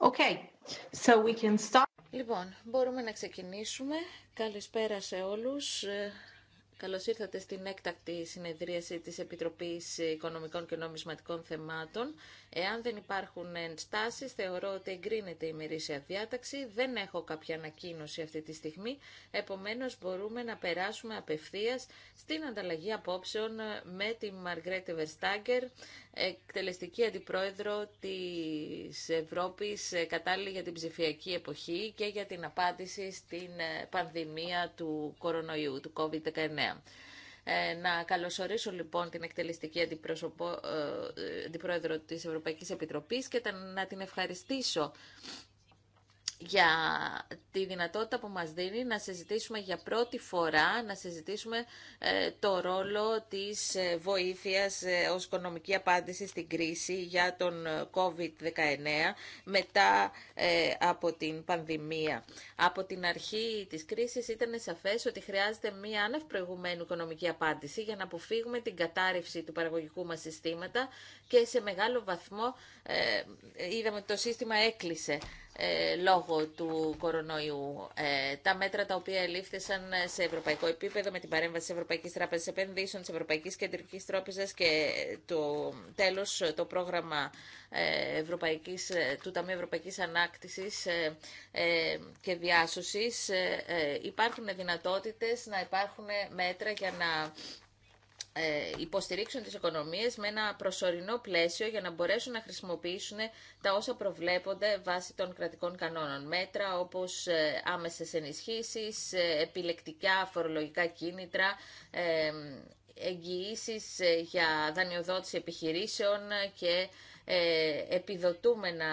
Okay. Λοιπόν, μπορούμε να ξεκινήσουμε. Καλησπέρα σε όλους. Ε, καλώς ήρθατε στην έκτακτη συνεδρίαση της Επιτροπής Οικονομικών και Νομισματικών Θεμάτων. Εάν δεν υπάρχουν ενστάσεις, θεωρώ ότι εγκρίνεται η μερίσια διάταξη. Δεν έχω κάποια ανακοίνωση αυτή τη στιγμή, επομένως μπορούμε να περάσουμε απευθείας στην ανταλλαγή απόψεων με τη Μαργρέτη Βερστάγκερ, εκτελεστική αντιπρόεδρο της Ευρώπης ε, κατάλληλη για την ψηφιακή εποχή και για την απάντηση στην ε, πανδημία του κορονοϊού, του COVID-19. Ε, να καλωσορίσω λοιπόν την εκτελεστική αντιπρόεδρο της Ευρωπαϊκής Επιτροπής και να την ευχαριστήσω για τη δυνατότητα που μας δίνει να συζητήσουμε για πρώτη φορά, να συζητήσουμε ε, το ρόλο της ε, βοήθειας ε, ως οικονομική απάντηση στην κρίση για τον ε, COVID-19 μετά από την πανδημία. Από την αρχή της κρίσης ήταν σαφές ότι χρειάζεται μία άνευ προηγουμένου οικονομική απάντηση για να αποφύγουμε την κατάρρευση του παραγωγικού μας συστήματα και σε μεγάλο βαθμό είδαμε ότι το σύστημα έκλεισε ε, λόγω του κορονοϊού. Ε, τα μέτρα τα οποία ελήφθησαν σε ευρωπαϊκό επίπεδο με την παρέμβαση της Ευρωπαϊκής Τράπεζας Επενδύσεων, της Ευρωπαϊκής Κεντρικής Τράπεζας και το τέλος το πρόγραμμα ε, Ευρωπαϊκής, του Ταμείου Ευρωπαϊκής Ανάκτησης και Διάσωσης υπάρχουν δυνατότητε να υπάρχουν μέτρα για να ε, υποστηρίξουν τις οικονομίες με ένα προσωρινό πλαίσιο για να μπορέσουν να χρησιμοποιήσουν τα όσα προβλέπονται βάσει των κρατικών κανόνων. Μέτρα όπως ε, άμεσες ενισχύσεις, ε, επιλεκτικά φορολογικά κίνητρα, εγγυήσεις για δανειοδότηση επιχειρήσεων και ε, επιδοτούμενα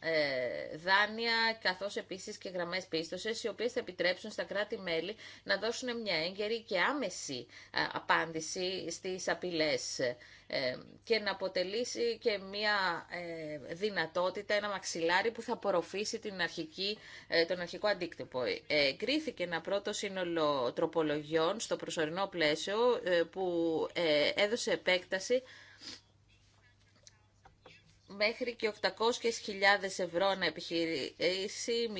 ε, δάνεια, καθώς επίσης και γραμμές πίστοσες, οι οποίες θα επιτρέψουν στα κράτη-μέλη να δώσουν μια έγκαιρη και άμεση ε, απάντηση στις απειλές και να αποτελήσει και μια δυνατότητα, ένα μαξιλάρι που θα απορροφήσει την αρχική, τον αρχικό αντίκτυπο. κρίθηκε ένα πρώτο σύνολο τροπολογιών στο προσωρινό πλαίσιο που έδωσε επέκταση μέχρι και 800.000 ευρώ να επιχειρήσει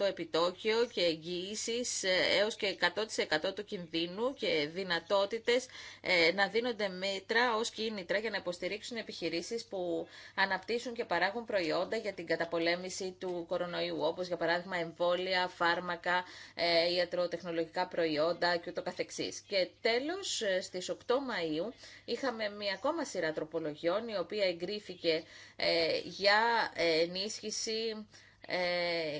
0% επιτόκιο και εγγυήσει ε, έως και 100% του κινδύνου και δυνατότητες ε, να δίνονται μέτρα ως κίνητρα για να υποστηρίξουν επιχειρήσεις που αναπτύσσουν και παράγουν προϊόντα για την καταπολέμηση του κορονοϊού όπως για παράδειγμα εμβόλια, φάρμακα, ε, ιατροτεχνολογικά προϊόντα και ούτω καθεξής. Και τέλος στις 8 Μαΐου είχαμε μια ακόμα σειρά τροπολογιών η οποία εγκρίθηκε ε, για ενίσχυση ε,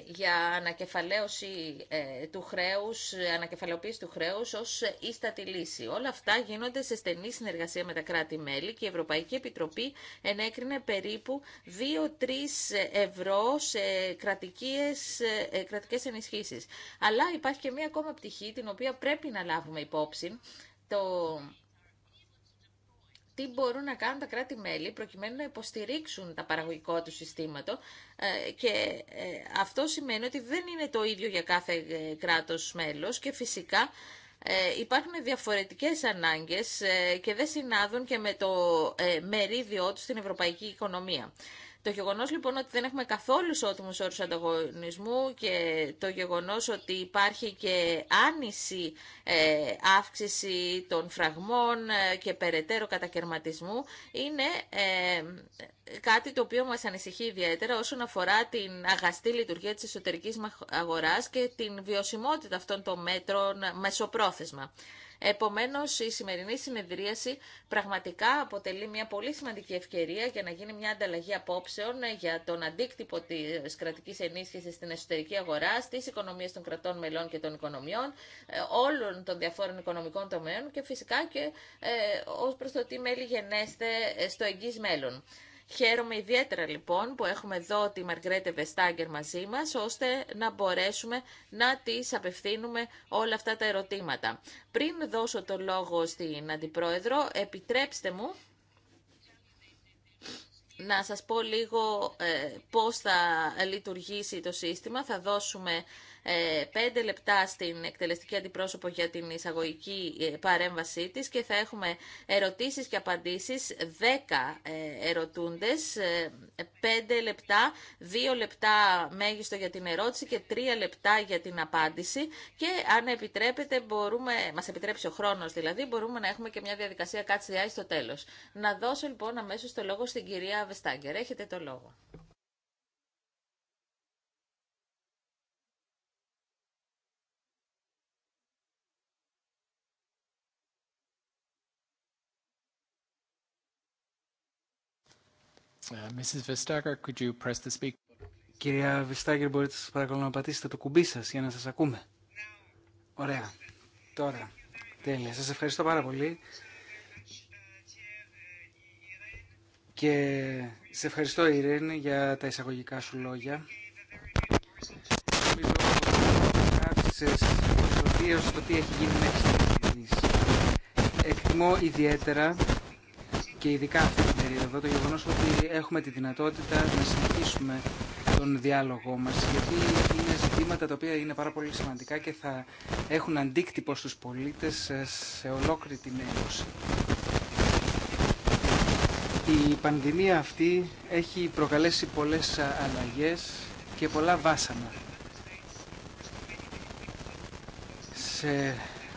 για ανακεφαλαίωση ε, του χρέους, ανακεφαλαιοποίηση του χρέους ως ίστατη λύση. Όλα αυτά γίνονται σε στενή συνεργασία με τα κράτη-μέλη και η Ευρωπαϊκή Επιτροπή ενέκρινε περίπου 2-3 ευρώ σε κρατικές, κρατικές ενισχύσεις. Αλλά υπάρχει και μία ακόμα πτυχή την οποία πρέπει να λάβουμε υπόψη. Το τι μπορούν να κάνουν τα κράτη-μέλη προκειμένου να υποστηρίξουν τα παραγωγικό του συστήματο ε, και ε, αυτό σημαίνει ότι δεν είναι το ίδιο για κάθε ε, κράτος μέλος και φυσικά υπάρχουν διαφορετικές ανάγκες και δεν συνάδουν και με το μερίδιο του στην ευρωπαϊκή οικονομία. Το γεγονό λοιπόν ότι δεν έχουμε καθόλου ισότιμου όρου ανταγωνισμού και το γεγονό ότι υπάρχει και άνηση ε, αύξηση των φραγμών ε, και περαιτέρω κατακαιρματισμού είναι ε, κάτι το οποίο μας ανησυχεί ιδιαίτερα όσον αφορά την αγαστή λειτουργία της εσωτερικής αγοράς και την βιωσιμότητα αυτών των μέτρων μεσοπρόθεσμα. Επομένως, η σημερινή συνεδρίαση πραγματικά αποτελεί μια πολύ σημαντική ευκαιρία για να γίνει μια ανταλλαγή απόψεων ε, για τον αντίκτυπο της κρατικής ενίσχυσης στην εσωτερική αγορά, στις οικονομίες των κρατών μελών και των οικονομιών, ε, όλων των διαφόρων οικονομικών τομέων και φυσικά και ε, ως προς το τι μέλη γενέστε στο εγγύς μέλλον. Χαίρομαι ιδιαίτερα λοιπόν που έχουμε εδώ τη Μαργκρέτε Βεστάγκερ μαζί μας, ώστε να μπορέσουμε να της απευθύνουμε όλα αυτά τα ερωτήματα. Πριν δώσω το λόγο στην Αντιπρόεδρο, επιτρέψτε μου να σας πω λίγο ε, πώς θα λειτουργήσει το σύστημα. Θα δώσουμε ε, πέντε λεπτά στην εκτελεστική αντιπρόσωπο για την εισαγωγική ε, παρέμβασή της και θα έχουμε ερωτήσεις και απαντήσεις. 10 ε, ερωτούντες, πέντε λεπτά, 2 λεπτά μέγιστο για την ερώτηση και τρία λεπτά για την απάντηση και αν επιτρέπετε μπορούμε, μας επιτρέψει ο χρόνος δηλαδή, μπορούμε να έχουμε και μια διαδικασία κάτσε στο τέλος. Να δώσω λοιπόν αμέσως το λόγο στην κυρία Βεστάγκερ. Έχετε το λόγο. Uh, Κυρία Βιστάγκερ, μπορείτε σας παρακαλώ να πατήσετε το κουμπί σας για να σας ακούμε. Ωραία. Τώρα. Τέλεια. Σας ευχαριστώ πάρα πολύ. Και σε ευχαριστώ Ειρήνη, για τα εισαγωγικά σου λόγια. Νομίζω ότι το τι έχει γίνει μέχρι Εκτιμώ ιδιαίτερα και ειδικά αυτή την εδώ το γεγονός ότι έχουμε τη δυνατότητα να συνεχίσουμε τον διάλογό μας γιατί είναι ζητήματα τα οποία είναι πάρα πολύ σημαντικά και θα έχουν αντίκτυπο στους πολίτες ε, σε ολόκληρη την Ένωση. Η πανδημία αυτή έχει προκαλέσει πολλές ε, αλλαγές και πολλά βάσανα σε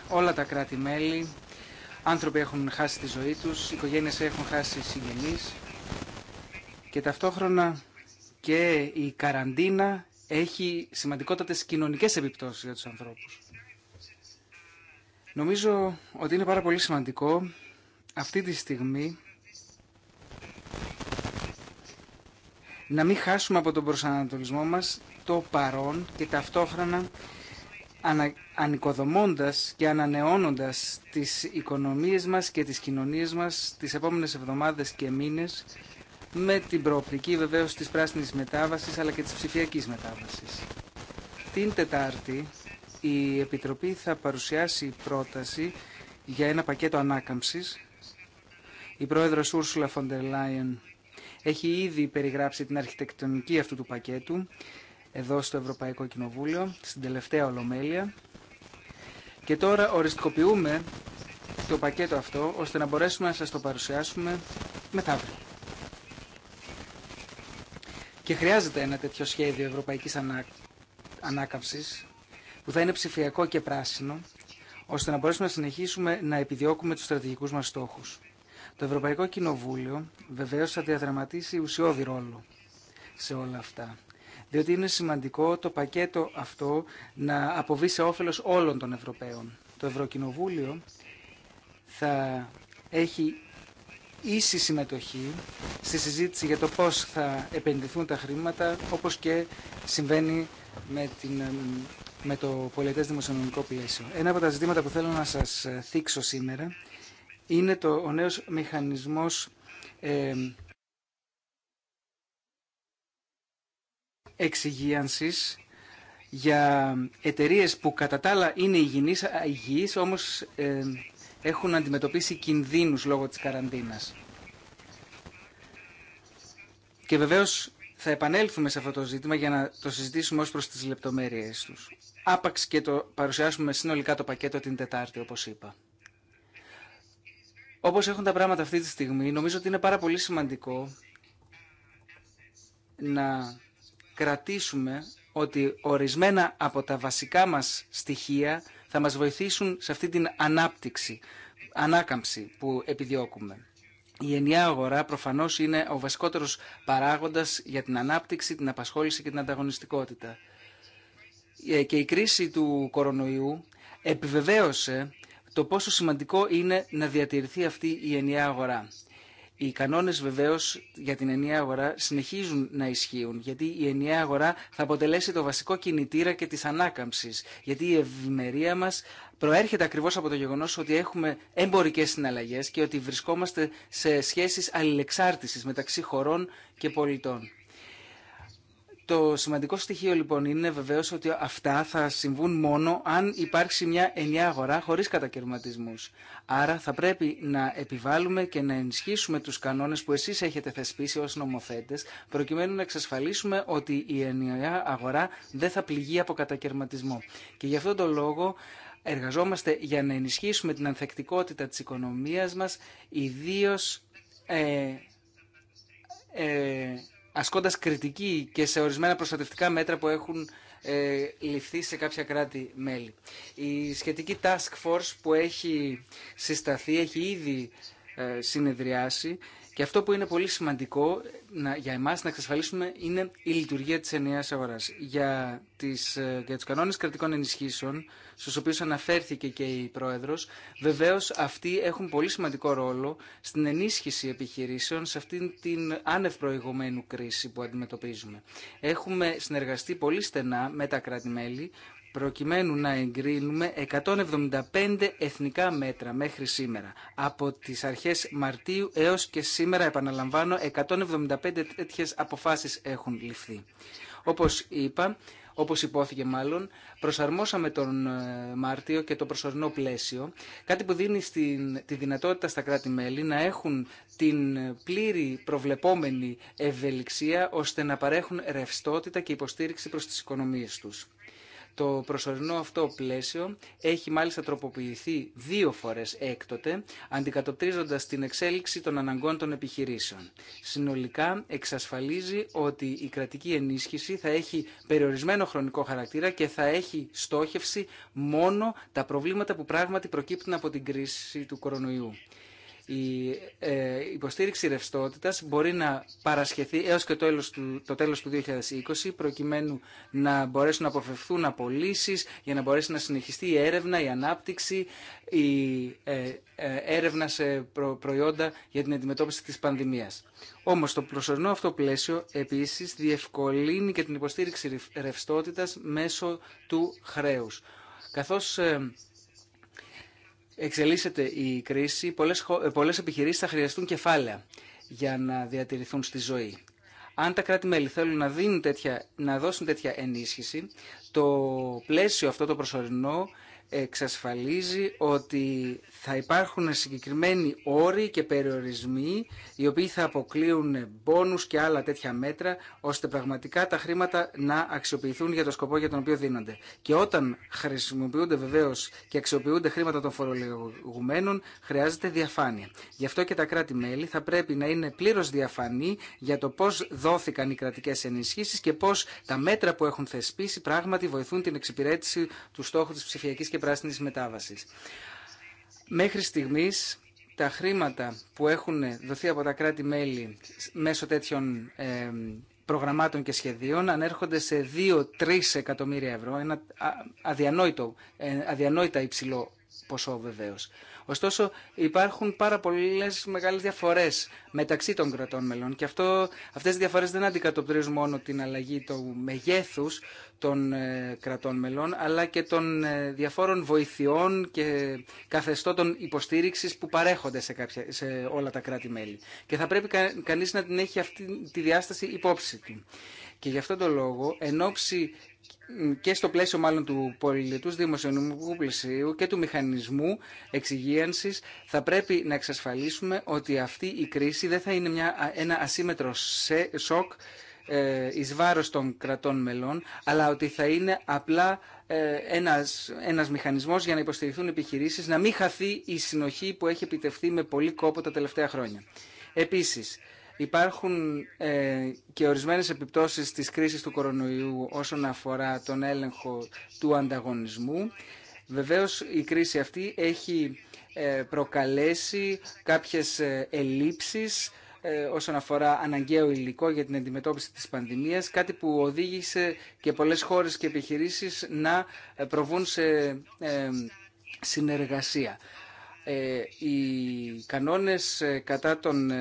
όλα τα κράτη-μέλη Άνθρωποι έχουν χάσει τη ζωή τους, οικογένειες έχουν χάσει συγγενείς και ταυτόχρονα και η καραντίνα έχει σημαντικότατες κοινωνικές επιπτώσεις για τους ανθρώπους. Νομίζω ότι είναι πάρα πολύ σημαντικό αυτή τη στιγμή να μην χάσουμε από τον προσανατολισμό μας το παρόν και ταυτόχρονα ανα, και ανανεώνοντας τις οικονομίες μας και τις κοινωνίες μας τις επόμενες εβδομάδες και μήνες με την προοπτική βεβαίως της πράσινης μετάβασης αλλά και της ψηφιακής μετάβασης. Την Τετάρτη η Επιτροπή θα παρουσιάσει πρόταση για ένα πακέτο ανάκαμψης. Η πρόεδρος Ursula von der έχει ήδη περιγράψει την αρχιτεκτονική αυτού του πακέτου εδώ στο Ευρωπαϊκό Κοινοβούλιο, στην τελευταία Ολομέλεια. Και τώρα οριστικοποιούμε το πακέτο αυτό, ώστε να μπορέσουμε να σας το παρουσιάσουμε μεθαύριο. Και χρειάζεται ένα τέτοιο σχέδιο ευρωπαϊκής ανά... που θα είναι ψηφιακό και πράσινο, ώστε να μπορέσουμε να συνεχίσουμε να επιδιώκουμε τους στρατηγικούς μας στόχους. Το Ευρωπαϊκό Κοινοβούλιο βεβαίως θα διαδραματίσει ουσιώδη ρόλο σε όλα αυτά διότι είναι σημαντικό το πακέτο αυτό να αποβεί σε όφελος όλων των Ευρωπαίων. Το Ευρωκοινοβούλιο θα έχει ίση συμμετοχή στη συζήτηση για το πώς θα επενδυθούν τα χρήματα, όπως και συμβαίνει με, την, το πολιτές δημοσιονομικό πλαίσιο. Ένα από τα ζητήματα που θέλω να σας θίξω σήμερα είναι το, ο νέος μηχανισμός ε, εξυγίανσης για εταιρείε που κατά τα άλλα είναι υγιείς, υγιείς όμως ε, έχουν αντιμετωπίσει κινδύνους λόγω της καραντίνας. Και βεβαίως θα επανέλθουμε σε αυτό το ζήτημα για να το συζητήσουμε ως προς τις λεπτομέρειες τους. Άπαξ και το παρουσιάσουμε συνολικά το πακέτο την Τετάρτη, όπως είπα. Όπως έχουν τα πράγματα αυτή τη στιγμή, νομίζω ότι είναι πάρα πολύ σημαντικό να κρατήσουμε ότι ορισμένα από τα βασικά μας στοιχεία θα μας βοηθήσουν σε αυτή την ανάπτυξη, ανάκαμψη που επιδιώκουμε. Η ενιαία αγορά προφανώς είναι ο βασικότερος παράγοντας για την ανάπτυξη, την απασχόληση και την ανταγωνιστικότητα. Ε, και η κρίση του κορονοϊού επιβεβαίωσε το πόσο σημαντικό είναι να διατηρηθεί αυτή η ενιαία αγορά. Οι κανόνες βεβαίως για την ενιαία αγορά συνεχίζουν να ισχύουν, γιατί η ενιαία αγορά θα αποτελέσει το βασικό κινητήρα και της ανάκαμψης, γιατί η ευημερία μας προέρχεται ακριβώς από το γεγονός ότι έχουμε εμπορικές συναλλαγές και ότι βρισκόμαστε σε σχέσεις αλληλεξάρτησης μεταξύ χωρών και πολιτών. Το σημαντικό στοιχείο λοιπόν είναι βεβαίως ότι αυτά θα συμβούν μόνο αν υπάρξει μια ενιαία αγορά χωρίς κατακαιρματισμούς. Άρα θα πρέπει να επιβάλλουμε και να ενισχύσουμε τους κανόνες που εσείς έχετε θεσπίσει ως νομοθέτες προκειμένου να εξασφαλίσουμε ότι η ενιαία αγορά δεν θα πληγεί από κατακαιρματισμό. Και γι' αυτόν τον λόγο εργαζόμαστε για να ενισχύσουμε την ανθεκτικότητα της οικονομίας μας ιδίως ε, ε, ασκώντα κριτική και σε ορισμένα προστατευτικά μέτρα που έχουν ε, ληφθεί σε κάποια κράτη-μέλη. Η σχετική task force που έχει συσταθεί, έχει ήδη ε, συνεδριάσει και αυτό που είναι πολύ σημαντικό για εμάς να εξασφαλίσουμε είναι η λειτουργία της ενιαία αγορά. Για, τις, ε, για κανόνες κρατικών ενισχύσεων, στους οποίους αναφέρθηκε και η Πρόεδρος, βεβαίως αυτοί έχουν πολύ σημαντικό ρόλο στην ενίσχυση επιχειρήσεων σε αυτήν την άνευ προηγουμένου κρίση που αντιμετωπίζουμε. Έχουμε συνεργαστεί πολύ στενά με τα κράτη-μέλη προκειμένου να εγκρίνουμε 175 εθνικά μέτρα μέχρι σήμερα. Από τις αρχές Μαρτίου έως και σήμερα, επαναλαμβάνω, 175 τέτοιες αποφάσεις έχουν ληφθεί. Όπως είπα, όπως υπόθηκε μάλλον, προσαρμόσαμε τον ε, Μάρτιο και το προσωρινό πλαίσιο, κάτι που δίνει στην, τη δυνατότητα στα κράτη-μέλη να έχουν την πλήρη προβλεπόμενη ευελιξία, ώστε να παρέχουν ρευστότητα και υποστήριξη προς τις οικονομίες τους. Το προσωρινό αυτό πλαίσιο έχει μάλιστα τροποποιηθεί δύο φορές έκτοτε, αντικατοπτρίζοντας την εξέλιξη των αναγκών των επιχειρήσεων. Συνολικά εξασφαλίζει ότι η κρατική ενίσχυση θα έχει περιορισμένο χρονικό χαρακτήρα και θα έχει στόχευση μόνο τα προβλήματα που πράγματι προκύπτουν από την κρίση του κορονοϊού η ε, υποστήριξη ρευστότητα μπορεί να παρασχεθεί έως και το τέλος, του, το τέλος του 2020 προκειμένου να μπορέσουν να αποφευθούν απολύσει, για να μπορέσει να συνεχιστεί η έρευνα, η ανάπτυξη, η ε, ε, έρευνα σε προϊόντα για την αντιμετώπιση της πανδημίας. Όμως το προσωρινό αυτό πλαίσιο επίσης διευκολύνει και την υποστήριξη ρευστότητας μέσω του χρέους. Καθώς εξελίσσεται η κρίση, πολλές, ε, πολλές επιχειρήσεις θα χρειαστούν κεφάλαια για να διατηρηθούν στη ζωή. Αν τα κράτη-μέλη θέλουν να, δίνουν τέτοια, να δώσουν τέτοια ενίσχυση, το πλαίσιο αυτό το προσωρινό εξασφαλίζει ότι θα υπάρχουν συγκεκριμένοι όροι και περιορισμοί οι οποίοι θα αποκλείουν μπόνους και άλλα τέτοια μέτρα ώστε πραγματικά τα χρήματα να αξιοποιηθούν για το σκοπό για τον οποίο δίνονται. Και όταν χρησιμοποιούνται βεβαίως και αξιοποιούνται χρήματα των φορολογουμένων χρειάζεται διαφάνεια. Γι' αυτό και τα κράτη-μέλη θα πρέπει να είναι πλήρως διαφανή για το πώς δόθηκαν οι κρατικές ενισχύσεις και πώς τα μέτρα που έχουν θεσπίσει πράγματι βοηθούν την εξυπηρέτηση του στόχου της ψηφιακής και πράσινης μετάβασης. Μέχρι στιγμής τα χρήματα που έχουν δοθεί από τα κράτη-μέλη μέσω τέτοιων ε, προγραμμάτων και σχεδίων ανέρχονται σε 2-3 εκατομμύρια ευρώ, ένα αδιανόητο, ε, αδιανόητα υψηλό ποσό βεβαίως. Ωστόσο υπάρχουν πάρα πολλέ μεγάλες διαφορές μεταξύ των κρατών μελών και αυτέ αυτές οι διαφορές δεν αντικατοπτρίζουν μόνο την αλλαγή του μεγέθου των ε, κρατών μελών αλλά και των ε, διαφόρων βοηθειών και καθεστώτων υποστήριξης που παρέχονται σε, κάποια, σε όλα τα κράτη-μέλη. Και θα πρέπει κα, κανείς να την έχει αυτή τη διάσταση υπόψη του. Και γι' αυτόν τον λόγο, εν ώψη και στο πλαίσιο μάλλον του πολιτού δημοσιονομικού πλησίου και του μηχανισμού εξυγίανσης θα πρέπει να εξασφαλίσουμε ότι αυτή η κρίση δεν θα είναι μια, ένα ασύμετρο σοκ ε, εις βάρος των κρατών μελών, αλλά ότι θα είναι απλά ε, ένας, ένας μηχανισμός για να υποστηριχθούν επιχειρήσεις, να μην χαθεί η συνοχή που έχει επιτευχθεί με πολύ κόπο τα τελευταία χρόνια. Επίσης, Υπάρχουν ε, και ορισμένες επιπτώσεις της κρίσης του κορονοϊού όσον αφορά τον έλεγχο του ανταγωνισμού. Βεβαίως η κρίση αυτή έχει ε, προκαλέσει κάποιες ε, ελλείψεις όσον αφορά αναγκαίο υλικό για την αντιμετώπιση της πανδημίας, κάτι που οδήγησε και πολλές χώρες και επιχειρήσεις να προβούν σε συνεργασία. Οι κανόνες κατά των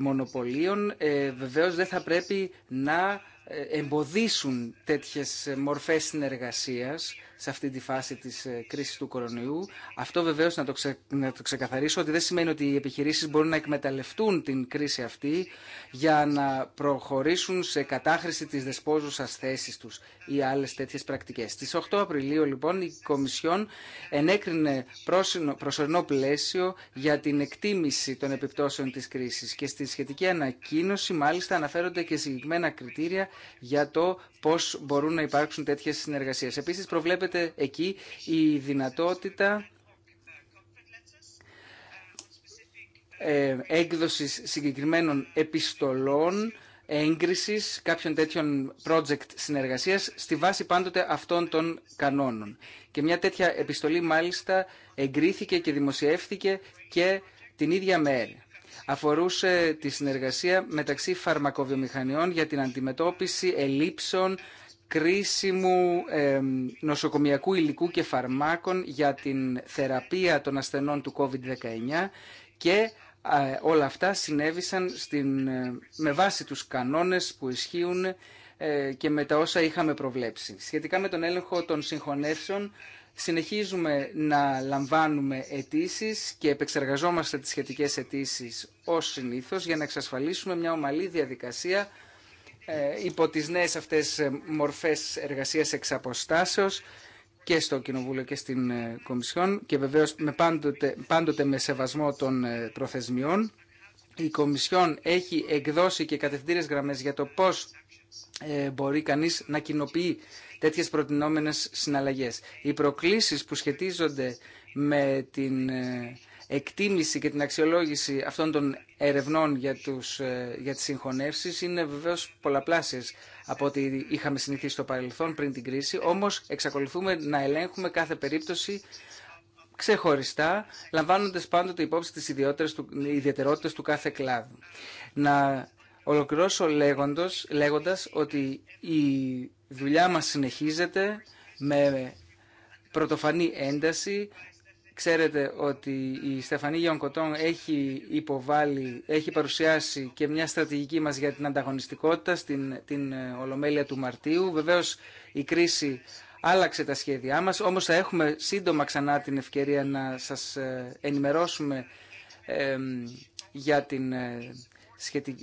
μονοπωλίων ε, βεβαίως δεν θα πρέπει να ε, εμποδίσουν τέτοιες μορφές συνεργασίας σε αυτή τη φάση τη ε, κρίση του κορονοϊού. Αυτό βεβαίω να το, ξε, το ξεκαθαρίσω ότι δεν σημαίνει ότι οι επιχειρήσει μπορούν να εκμεταλλευτούν την κρίση αυτή για να προχωρήσουν σε κατάχρηση τη δεσπόζουσα θέση του ή άλλε τέτοιε πρακτικέ. Στι 8 Απριλίου λοιπόν η Κομισιόν ενέκρινε προσωρινό πλαίσιο για την εκτίμηση των επιπτώσεων τη κρίση και στη σχετική ανακοίνωση μάλιστα αναφέρονται και συγκεκριμένα κριτήρια για το πώς μπορούν να υπάρξουν τέτοιες συνεργασίες. Επίσης προβλέπεται εκεί η δυνατότητα ε, έκδοσης συγκεκριμένων επιστολών έγκρισης κάποιων τέτοιων project συνεργασίας στη βάση πάντοτε αυτών των κανόνων. Και μια τέτοια επιστολή μάλιστα εγκρίθηκε και δημοσιεύθηκε και την ίδια μέρα. Αφορούσε τη συνεργασία μεταξύ φαρμακοβιομηχανιών για την αντιμετώπιση ελλείψεων κρίσιμου νοσοκομιακού υλικού και φαρμάκων για την θεραπεία των ασθενών του COVID-19 και όλα αυτά συνέβησαν στην, ε, με βάση τους κανόνες που ισχύουν ε, και με τα όσα είχαμε προβλέψει. Σχετικά με τον έλεγχο των συγχωνεύσεων, συνεχίζουμε να λαμβάνουμε αιτήσει και επεξεργαζόμαστε τις σχετικές αιτήσει ως συνήθως για να εξασφαλίσουμε μια ομαλή διαδικασία ε, υπό τις νέες αυτές ε, μορφές εργασίας εξ αποστάσεως και στο Κοινοβούλιο και στην ε, Κομισιόν και βεβαίως με πάντοτε, με σεβασμό των προθεσμιών. Η Κομισιόν έχει εκδώσει και κατευθυντήρες γραμμές για το πώς μπορεί κανείς να κοινοποιεί τέτοιες προτινόμενες συναλλαγές. Οι προκλήσεις που σχετίζονται με την εκτίμηση και την αξιολόγηση αυτών των ερευνών για, τους, ε, για τις συγχωνεύσεις είναι βεβαίως πολλαπλάσιες από ό,τι είχαμε συνηθίσει στο παρελθόν πριν την κρίση, όμως εξακολουθούμε να ελέγχουμε κάθε περίπτωση ξεχωριστά, λαμβάνοντας πάντοτε υπόψη τις ιδιαιτερότητες του κάθε κλάδου. Να ολοκληρώσω λέγοντας, λέγοντας ότι η δουλειά μας συνεχίζεται με πρωτοφανή ένταση Ξέρετε ότι η Στεφανή Γιονκοτών έχει υποβάλει, έχει παρουσιάσει και μια στρατηγική μας για την ανταγωνιστικότητα στην την ε, Ολομέλεια του Μαρτίου. Βεβαίως η κρίση άλλαξε τα σχέδιά μας, όμως θα έχουμε σύντομα ξανά την ευκαιρία να σας ε, ενημερώσουμε για την ε, για, τη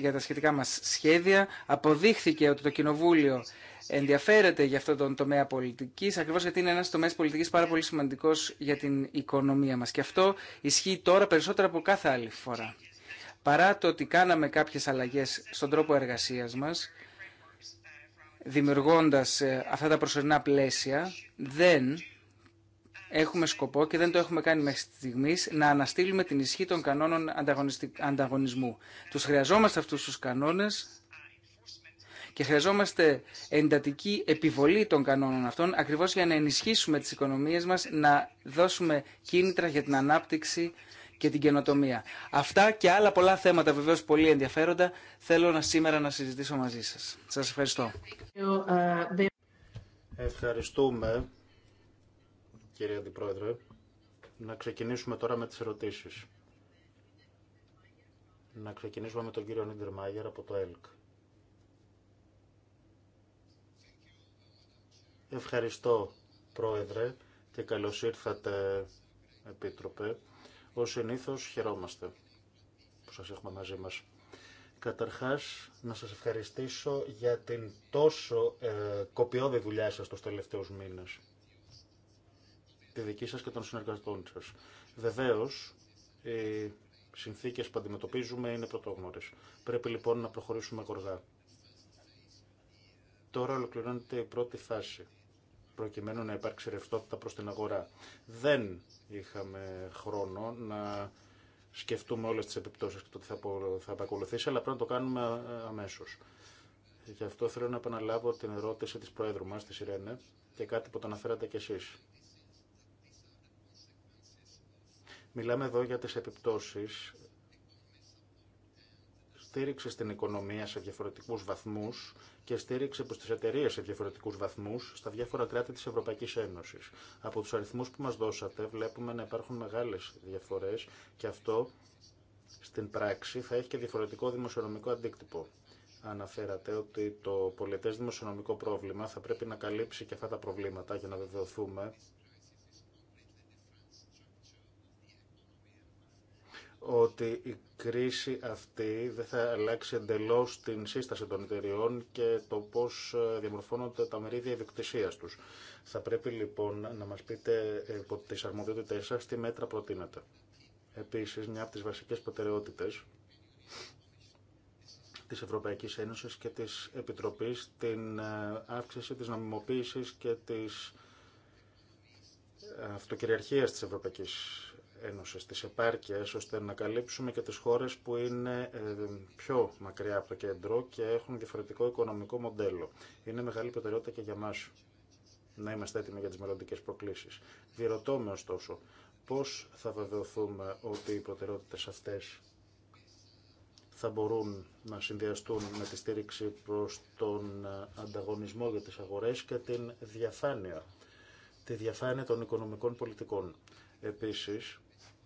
για τα σχετικά μας σχέδια. Αποδείχθηκε ότι το Κοινοβούλιο ενδιαφέρεται για αυτόν τον τομέα πολιτική, ακριβώ γιατί είναι ένα τομέα πολιτική πάρα πολύ σημαντικό για την οικονομία μα. Και αυτό ισχύει τώρα περισσότερο από κάθε άλλη φορά. Παρά το ότι κάναμε κάποιε αλλαγέ στον τρόπο εργασία μα, δημιουργώντα ε, αυτά τα προσωρινά πλαίσια, δεν έχουμε σκοπό και δεν το έχουμε κάνει μέχρι στιγμή να αναστείλουμε την ισχύ των κανόνων ανταγωνισμού. Του χρειαζόμαστε αυτού του κανόνε και χρειαζόμαστε εντατική επιβολή των κανόνων αυτών ακριβώς για να ενισχύσουμε τις οικονομίες μας, να δώσουμε κίνητρα για την ανάπτυξη και την καινοτομία. Αυτά και άλλα πολλά θέματα βεβαίως πολύ ενδιαφέροντα θέλω να σήμερα να συζητήσω μαζί σας. Σας ευχαριστώ. Ευχαριστούμε, κύριε Αντιπρόεδρε. Να ξεκινήσουμε τώρα με τις ερωτήσεις. Να ξεκινήσουμε με τον κύριο Νίντερ Μάγερ από το ΕΛΚ. Ευχαριστώ, Πρόεδρε, και καλώς ήρθατε, Επίτροπε. Ως συνήθως, χαιρόμαστε που σας έχουμε μαζί μας. Καταρχάς, να σας ευχαριστήσω για την τόσο ε, κοπιώδη δουλειά σας τους τελευταίους μήνες. Τη δική σας και των συνεργατών σας. Βεβαίως, οι συνθήκες που αντιμετωπίζουμε είναι πρωτόγνωρες. Πρέπει λοιπόν να προχωρήσουμε γοργά. Τώρα ολοκληρώνεται η πρώτη φάση προκειμένου να υπάρξει ρευστότητα προς την αγορά. Δεν είχαμε χρόνο να σκεφτούμε όλες τις επιπτώσεις και το τι θα ακολουθήσει αλλά πρέπει να το κάνουμε ε, αμέσως. Γι' αυτό θέλω να επαναλάβω την ερώτηση της Προέδρου μας, της Ιρένε, και κάτι που το αναφέρατε κι εσείς. Μιλάμε εδώ για τις επιπτώσεις στήριξη στην οικονομία σε διαφορετικού βαθμού και στήριξη προ τι εταιρείε σε διαφορετικού βαθμού στα διάφορα κράτη τη Ευρωπαϊκή Ένωση. Από του αριθμού που μα δώσατε, βλέπουμε να υπάρχουν μεγάλε διαφορέ και αυτό στην πράξη θα έχει και διαφορετικό δημοσιονομικό αντίκτυπο. Αναφέρατε ότι το πολιτέ δημοσιονομικό πρόβλημα θα πρέπει να καλύψει και αυτά τα προβλήματα για να βεβαιωθούμε ότι η κρίση αυτή δεν θα αλλάξει εντελώ την σύσταση των εταιριών και το πώς ε, διαμορφώνονται τα μερίδια ιδιοκτησία τους. Θα πρέπει λοιπόν να μα πείτε από ε, τι αρμοδιότητέ σα τι μέτρα προτείνετε. Επίση, μια από τι βασικέ προτεραιότητε τη Ευρωπαϊκή Ένωση και τη Επιτροπή την ε, αύξηση τη νομιμοποίηση και τη αυτοκυριαρχία τη Ευρωπαϊκή Ένωσης, τις επάρκειες, ώστε να καλύψουμε και τις χώρες που είναι ε, πιο μακριά από το κέντρο και έχουν διαφορετικό οικονομικό μοντέλο. Είναι μεγάλη προτεραιότητα και για μας να είμαστε έτοιμοι για τις μελλοντικέ προκλήσεις. Διερωτώ με ωστόσο, πώς θα βεβαιωθούμε ότι οι προτεραιότητες αυτές θα μπορούν να συνδυαστούν με τη στήριξη προς τον ε, ανταγωνισμό για τις αγορές και την διαφάνεια, τη διαφάνεια των οικονομικών πολιτικών. Επίσης,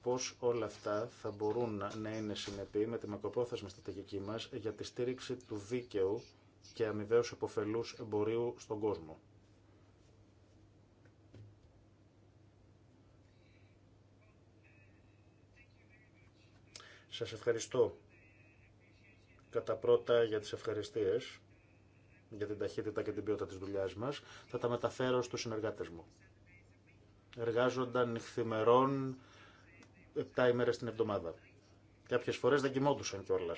πώς όλα αυτά θα μπορούν να είναι συνεπή με τη μακροπρόθεσμη στρατηγική μας για τη στήριξη του δίκαιου και αμοιβαίους εποφελούς εμπορίου στον κόσμο. Σας ευχαριστώ κατά πρώτα για τις ευχαριστίες, για την ταχύτητα και την ποιότητα της δουλειάς μας. Θα τα μεταφέρω στους συνεργάτες μου. Εργάζονταν νυχθημερών, Επτά ημέρε την εβδομάδα. Κάποιε φορέ δεν κοιμόντουσαν κιόλα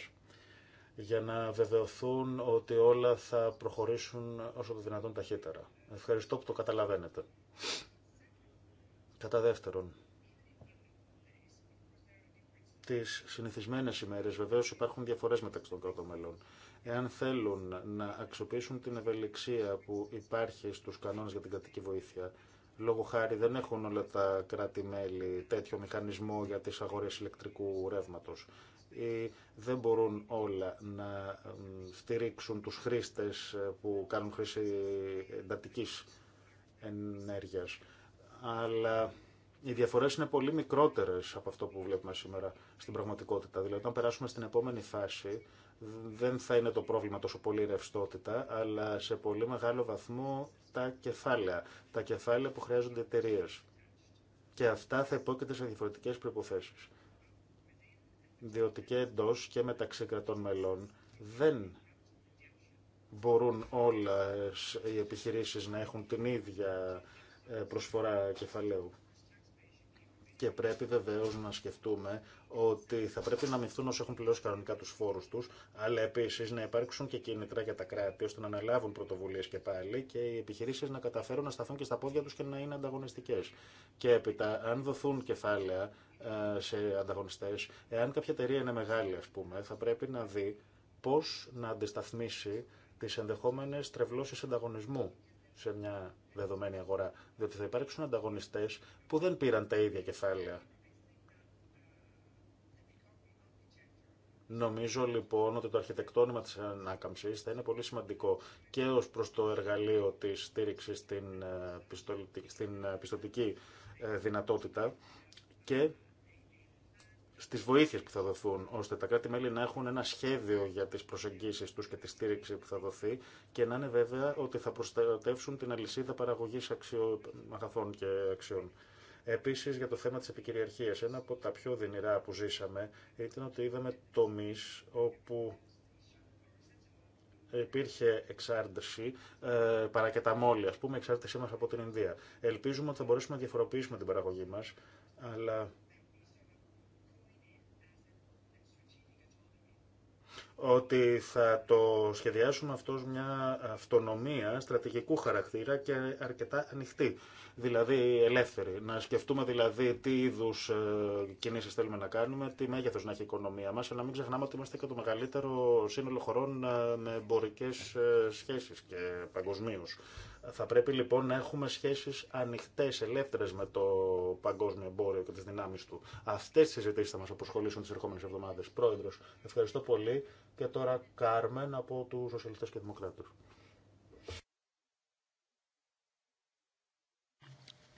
για να βεβαιωθούν ότι όλα θα προχωρήσουν όσο το δυνατόν ταχύτερα. Ευχαριστώ που το καταλαβαίνετε. Κατά δεύτερον, τις συνηθισμένες ημέρες βεβαίως υπάρχουν διαφορές μεταξύ των κρατών μελών. Εάν θέλουν να αξιοποιήσουν την ευελιξία που υπάρχει στους κανόνες για την κρατική βοήθεια, Λόγω χάρη δεν έχουν όλα τα κράτη-μέλη τέτοιο μηχανισμό για τις αγορές ηλεκτρικού ρεύματος ή ε, δεν μπορούν όλα να στηρίξουν τους χρήστες ε, που κάνουν χρήση εντατική ενέργειας. Αλλά οι διαφορές είναι πολύ μικρότερες από αυτό που βλέπουμε σήμερα στην πραγματικότητα. Δηλαδή, όταν περάσουμε στην επόμενη φάση, δεν θα είναι το πρόβλημα τόσο πολύ ρευστότητα, αλλά σε πολύ μεγάλο βαθμό τα κεφάλαια. Τα κεφάλαια που χρειάζονται εταιρείε. Και αυτά θα υπόκειται σε διαφορετικέ προποθέσει. Διότι και εντό και μεταξύ κρατών μελών δεν μπορούν όλες οι επιχειρήσεις να έχουν την ίδια ε, προσφορά κεφαλαίου και πρέπει βεβαίω να σκεφτούμε ότι θα πρέπει να μειχθούν όσοι έχουν πληρώσει κανονικά του φόρου του, αλλά επίση να υπάρξουν και κίνητρα για τα κράτη ώστε να αναλάβουν πρωτοβουλίε και πάλι και οι επιχειρήσει να καταφέρουν να σταθούν και στα πόδια του και να είναι ανταγωνιστικέ. Και έπειτα, αν δοθούν κεφάλαια ε, σε ανταγωνιστέ, εάν κάποια εταιρεία είναι μεγάλη, α πούμε, θα πρέπει να δει πώ να αντισταθμίσει τι ενδεχόμενε τρευλώσει ανταγωνισμού σε μια δεδομένη αγορά, διότι θα υπάρξουν ανταγωνιστές που δεν πήραν τα ίδια κεφάλαια. Νομίζω λοιπόν ότι το αρχιτεκτόνημα της ανάκαμψης θα είναι πολύ σημαντικό και ως προς το εργαλείο της στήριξης στην ε, ε, πιστοτική ε, δυνατότητα και Στι βοήθειε που θα δοθούν, ώστε τα κράτη-μέλη να έχουν ένα σχέδιο για τι προσεγγίσεις του και τη στήριξη που θα δοθεί και να είναι βέβαια ότι θα προστατεύσουν την αλυσίδα παραγωγή αξιο... αγαθών και αξιών. Επίση, για το θέμα τη επικυριαρχία, ένα από τα πιο δυνηρά που ζήσαμε ήταν ότι είδαμε τομεί όπου υπήρχε εξάρτηση, ε, παρακεταμόλη, α πούμε, εξάρτησή μα από την Ινδία. Ελπίζουμε ότι θα μπορέσουμε να διαφοροποιήσουμε την παραγωγή μα, αλλά ότι θα το σχεδιάσουμε αυτός μια αυτονομία στρατηγικού χαρακτήρα και αρκετά ανοιχτή δηλαδή ελεύθεροι. Να σκεφτούμε δηλαδή τι είδου ε, κινήσει θέλουμε να κάνουμε, τι μέγεθο να έχει η οικονομία μα, να μην ξεχνάμε ότι είμαστε και το μεγαλύτερο σύνολο χωρών ε, με εμπορικέ ε, σχέσει και παγκοσμίω. Θα πρέπει λοιπόν να έχουμε σχέσει ανοιχτέ, ελεύθερε με το παγκόσμιο εμπόριο και τι δυνάμει του. Αυτέ τι συζητήσει θα μα αποσχολήσουν τι ερχόμενε εβδομάδε. Πρόεδρο, ευχαριστώ πολύ. Και τώρα Κάρμεν από του Σοσιαλιστέ και Δημοκράτε.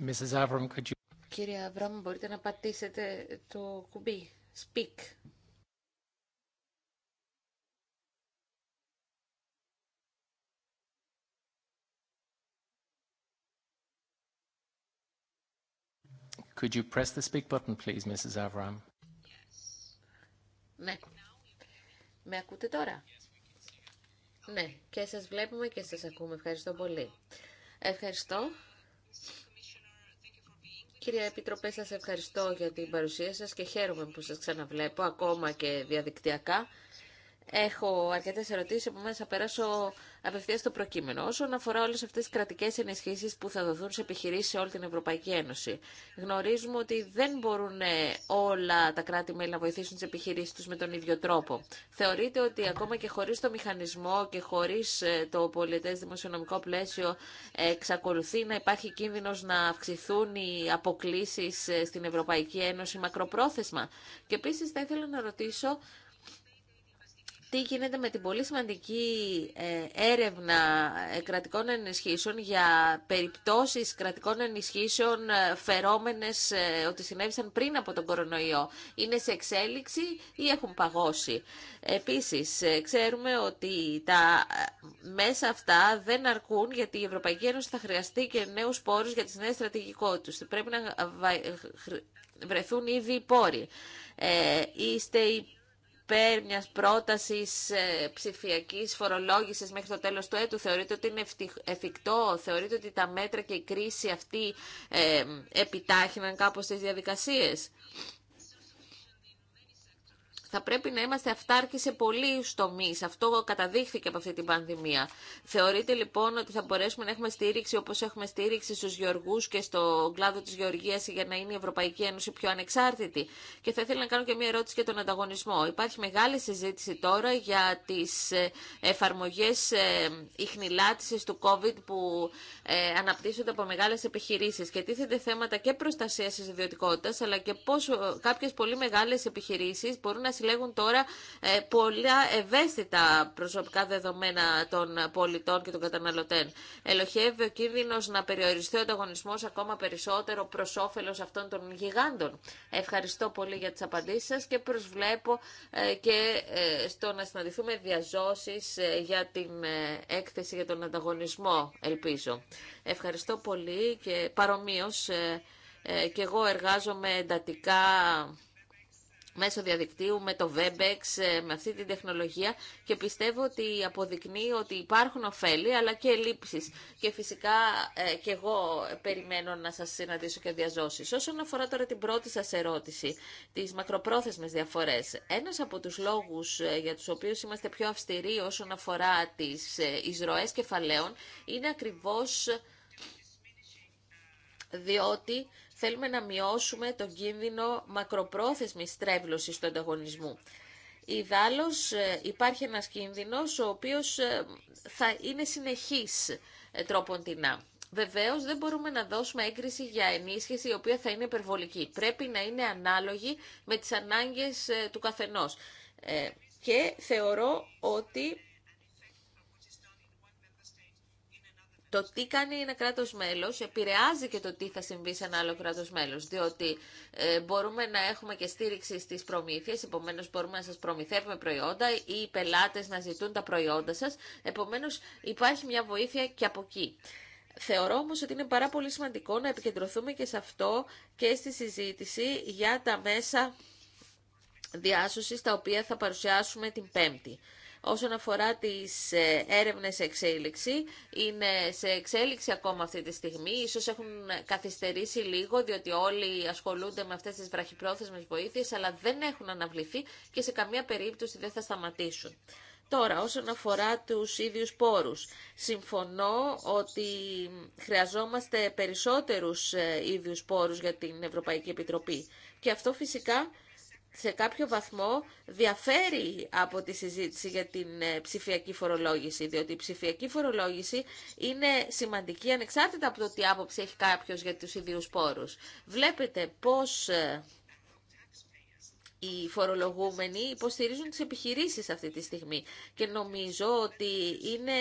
Mrs. Avram, Κύριε Αβραμ, μπορείτε να πατήσετε το κουμπί. Speak. Could you press the speak button, please, Mrs. Avram? Yes. Ναι. Με ακούτε τώρα? ναι. Και σας βλέπουμε και σας ακούμε. Ευχαριστώ πολύ. Ευχαριστώ. Κυρία Επιτροπέ, σας ευχαριστώ για την παρουσία σας και χαίρομαι που σας ξαναβλέπω, ακόμα και διαδικτυακά. Έχω αρκετές ερωτήσεις, επομένως θα περάσω απευθεία στο προκείμενο. Όσον αφορά όλε αυτέ τι κρατικέ ενισχύσει που θα δοθούν σε επιχειρήσει σε όλη την Ευρωπαϊκή Ένωση, γνωρίζουμε ότι δεν μπορούν ε, όλα τα κράτη-μέλη να βοηθήσουν τι επιχειρήσει του με τον ίδιο τρόπο. Θεωρείτε ότι ακόμα και χωρί το μηχανισμό και χωρί ε, το πολιτέ δημοσιονομικό πλαίσιο, εξακολουθεί να υπάρχει κίνδυνο να αυξηθούν οι αποκλήσει ε, στην Ευρωπαϊκή Ένωση μακροπρόθεσμα. Και επίση θα ήθελα να ρωτήσω τι γίνεται με την πολύ σημαντική ε, έρευνα ε, κρατικών ενισχύσεων για περιπτώσεις κρατικών ενισχύσεων ε, φερόμενες ότι συνέβησαν πριν από τον κορονοϊό. Είναι σε εξέλιξη ή έχουν παγώσει. Επίσης, ξέρουμε ότι τα μέσα αυτά δεν αρκούν γιατί η Ευρωπαϊκή Ένωση θα χρειαστεί και νέους πόρους για τις νέες στρατηγικότητες. Πρέπει να βρεθούν ήδη οι πόροι. Ε, υπέρ μια πρότασης ε, ψηφιακή φορολόγηση μέχρι το τέλο του έτου. Θεωρείτε ότι είναι εφικτό, θεωρείτε ότι τα μέτρα και η κρίση αυτή ε, επιτάχυναν κάπω τις διαδικασίε θα πρέπει να είμαστε αυτάρκοι σε πολλοί τομεί. Αυτό καταδείχθηκε από αυτή την πανδημία. Θεωρείτε λοιπόν ότι θα μπορέσουμε να έχουμε στήριξη όπω έχουμε στήριξη στου γεωργού και στον κλάδο τη γεωργία για να είναι η Ευρωπαϊκή Ένωση πιο ανεξάρτητη. Και θα ήθελα να κάνω και μία ερώτηση για τον ανταγωνισμό. Υπάρχει μεγάλη συζήτηση τώρα για τι ε, εφαρμογέ ηχνηλάτηση ε, του COVID που ε, αναπτύσσονται από μεγάλε επιχειρήσει και τίθεται θέματα και προστασία τη ιδιωτικότητα αλλά και πώ κάποιε πολύ μεγάλε επιχειρήσει μπορούν να συλλέγουν τώρα ε, πολλά ευαίσθητα προσωπικά δεδομένα των πολιτών και των καταναλωτών. Ελοχεύει ο κίνδυνο να περιοριστεί ο ανταγωνισμό ακόμα περισσότερο προ όφελο αυτών των γιγάντων. Ευχαριστώ πολύ για τι απαντήσει σα και προσβλέπω ε, και ε, στο να συναντηθούμε διαζώσει για την έκθεση για τον ανταγωνισμό, ελπίζω. Ευχαριστώ πολύ και παρομοίω και εγώ εργάζομαι εντατικά μέσω διαδικτύου, με το Webex, ε, με αυτή την τεχνολογία και πιστεύω ότι αποδεικνύει ότι υπάρχουν ωφέλη αλλά και ελλείψεις. Και φυσικά ε, και εγώ περιμένω να σας συναντήσω και διαζώσει. Όσον αφορά τώρα την πρώτη σας ερώτηση, τις μακροπρόθεσμες διαφορές, ένας από τους λόγους ε, για τους οποίους είμαστε πιο αυστηροί όσον αφορά τις ε, εισρωές κεφαλαίων είναι ακριβώς διότι Θέλουμε να μειώσουμε τον κίνδυνο μακροπρόθεσμης στρέβλωσης του ανταγωνισμού. Ιδάλλως ε, υπάρχει ένας κίνδυνος ο οποίος ε, θα είναι συνεχής ε, τρόπον τεινά. Βεβαίω δεν μπορούμε να δώσουμε έγκριση για ενίσχυση η οποία θα είναι υπερβολική. Πρέπει να είναι ανάλογη με τις ανάγκες του καθενός. Και θεωρώ ότι το τι κάνει ένα κράτο μέλο, επηρεάζει και το τι θα συμβεί σε ένα άλλο κράτο μέλο, διότι ε, μπορούμε να έχουμε και στήριξη στις προμήθειε, επομένως μπορούμε να σας προμηθεύουμε προϊόντα ή οι πελάτες να ζητούν τα προϊόντα σας, επομένως υπάρχει μια βοήθεια και από εκεί. Θεωρώ όμω ότι είναι πάρα πολύ σημαντικό να επικεντρωθούμε και σε αυτό και στη συζήτηση για τα μέσα διάσωση τα οποία θα παρουσιάσουμε την Πέμπτη. Όσον αφορά τις ε, έρευνες σε εξέλιξη, είναι σε εξέλιξη ακόμα αυτή τη στιγμή. Ίσως έχουν καθυστερήσει λίγο, διότι όλοι ασχολούνται με αυτές τις βραχυπρόθεσμες βοήθειες, αλλά δεν έχουν αναβληθεί και σε καμία περίπτωση δεν θα σταματήσουν. Τώρα, όσον αφορά τους ίδιους πόρους, συμφωνώ ότι χρειαζόμαστε περισσότερους ε, ίδιους πόρους για την Ευρωπαϊκή Επιτροπή. Και αυτό φυσικά σε κάποιο βαθμό διαφέρει από τη συζήτηση για την ε, ψηφιακή φορολόγηση, διότι η ψηφιακή φορολόγηση είναι σημαντική ανεξάρτητα από το τι άποψη έχει κάποιος για τους ιδίους πόρους. Βλέπετε πώς ε, οι φορολογούμενοι υποστηρίζουν τις επιχειρήσεις αυτή τη στιγμή και νομίζω ότι είναι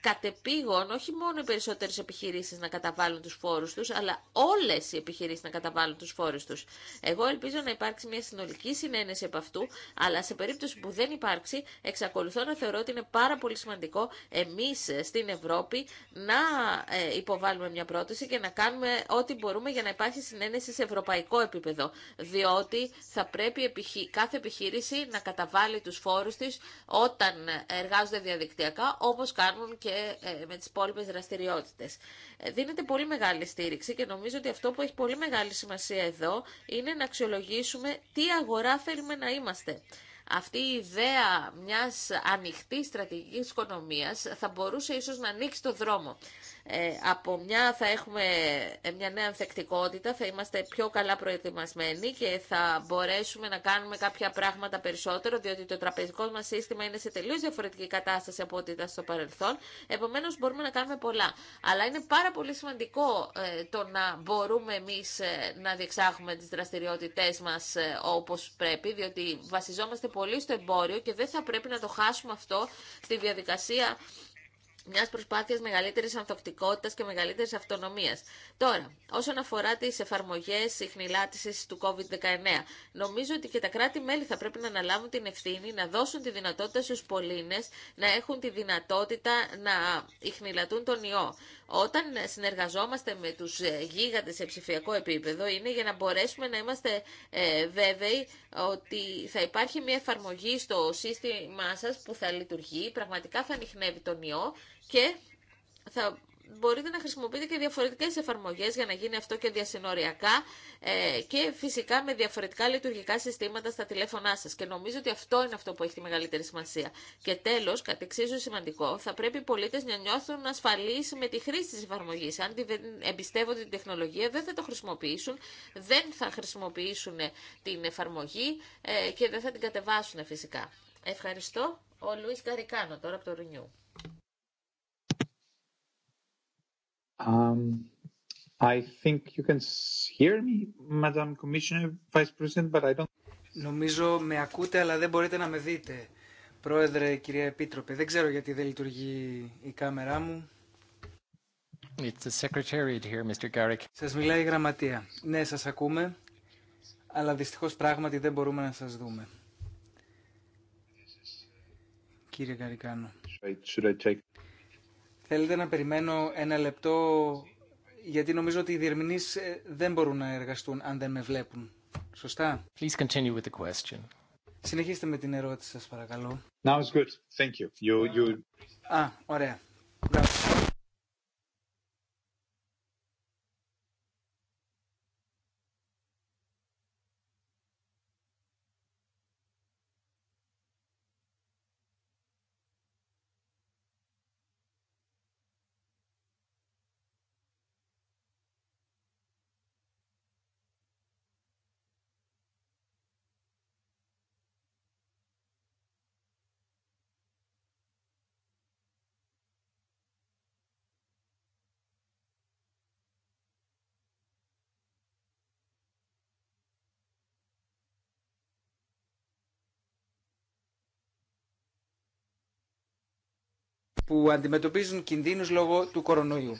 κατεπήγον όχι μόνο οι περισσότερε επιχειρήσει να καταβάλουν του φόρου του, αλλά όλε οι επιχειρήσει να καταβάλουν του φόρου του. Εγώ ελπίζω να υπάρξει μια συνολική συνένεση από αυτού, αλλά σε περίπτωση που δεν υπάρξει, εξακολουθώ να θεωρώ ότι είναι πάρα πολύ σημαντικό εμεί στην Ευρώπη να ε, υποβάλουμε μια πρόταση και να κάνουμε ό,τι μπορούμε για να υπάρχει συνένεση σε ευρωπαϊκό επίπεδο. Διότι θα πρέπει κάθε επιχείρηση να καταβάλει του φόρου τη όταν εργάζονται διαδικτυακά, όπω κάνουν και και ε, με τις υπόλοιπε δραστηριότητες. Ε, δίνεται πολύ μεγάλη στήριξη και νομίζω ότι αυτό που έχει πολύ μεγάλη σημασία εδώ είναι να αξιολογήσουμε τι αγορά θέλουμε να είμαστε. Αυτή η ιδέα μιας ανοιχτής στρατηγικής οικονομίας θα μπορούσε ίσως να ανοίξει το δρόμο. Ε, από μια θα έχουμε ε, μια νέα ανθεκτικότητα, θα είμαστε πιο καλά προετοιμασμένοι και θα μπορέσουμε να κάνουμε κάποια πράγματα περισσότερο, διότι το τραπεζικό μας σύστημα είναι σε τελείως διαφορετική κατάσταση από ό,τι ήταν στο παρελθόν. Επομένως μπορούμε να κάνουμε πολλά. Αλλά είναι πάρα πολύ σημαντικό ε, το να μπορούμε εμείς να διεξάγουμε τις δραστηριότητές μας όπως πρέπει, διότι βασιζόμαστε πολύ στο εμπόριο και δεν θα πρέπει να το χάσουμε αυτό στη διαδικασία μια προσπάθεια μεγαλύτερη ανθοκτικότητα και μεγαλύτερη αυτονομία. Τώρα, όσον αφορά τι εφαρμογέ συχνηλάτηση του COVID-19, νομίζω ότι και τα κράτη-μέλη θα πρέπει να αναλάβουν την ευθύνη να δώσουν τη δυνατότητα στου πολίτε να έχουν τη δυνατότητα να ιχνηλατούν τον ιό. Όταν συνεργαζόμαστε με τους ε, γίγαντες σε ψηφιακό επίπεδο είναι για να μπορέσουμε να είμαστε ε, βέβαιοι ότι θα υπάρχει μια εφαρμογή στο σύστημά σας που θα λειτουργεί, πραγματικά θα ανοιχνεύει τον ιό και θα μπορείτε να χρησιμοποιείτε και διαφορετικές εφαρμογές για να γίνει αυτό και διασυνοριακά ε, και φυσικά με διαφορετικά λειτουργικά συστήματα στα τηλέφωνά σας. Και νομίζω ότι αυτό είναι αυτό που έχει τη μεγαλύτερη σημασία. Και τέλος, κατ' εξίσου σημαντικό, θα πρέπει οι πολίτες να νιώθουν ασφαλείς με τη χρήση της εφαρμογής. Αν εμπιστεύονται την τεχνολογία δεν θα το χρησιμοποιήσουν, δεν θα χρησιμοποιήσουν την εφαρμογή ε, και δεν θα την κατεβάσουν φυσικά. Ευχαριστώ. Ο Λουίς Καρικάνο τώρα από το Ρινιού. Um, Νομίζω με ακούτε, αλλά δεν μπορείτε να με δείτε. Πρόεδρε, κυρία Επίτροπε, δεν ξέρω γιατί δεν λειτουργεί η κάμερά μου. It's the secretariat here, Mr. Garrick. Σας μιλάει η γραμματεία. Ναι, σας ακούμε, αλλά δυστυχώς πράγματι δεν μπορούμε να σας δούμε. Κύριε Γαρικάνο. Should I take... Θέλετε να περιμένω ένα λεπτό, γιατί νομίζω ότι οι διερμηνείς ε, δεν μπορούν να εργαστούν αν δεν με βλέπουν. Σωστά. Please continue with the question. Συνεχίστε με την ερώτηση σας παρακαλώ. Now it's good. Thank you. You, you... Α, ωραία. που αντιμετωπίζουν κινδύνους λόγω του κορονοϊού.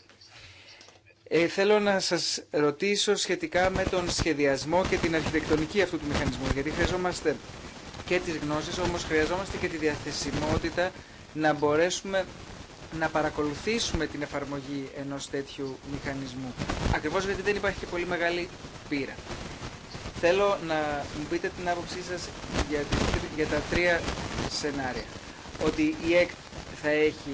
Ε, θέλω να σας ρωτήσω σχετικά με τον σχεδιασμό και την αρχιτεκτονική αυτού του μηχανισμού, γιατί χρειαζόμαστε και τις γνώσεις, όμως χρειαζόμαστε και τη διαθεσιμότητα να μπορέσουμε να παρακολουθήσουμε την εφαρμογή ενός τέτοιου μηχανισμού. Ακριβώς γιατί δεν υπάρχει και πολύ μεγάλη πείρα. Θέλω να μου πείτε την άποψή σας για, τα τρία σενάρια. Ότι η θα έχει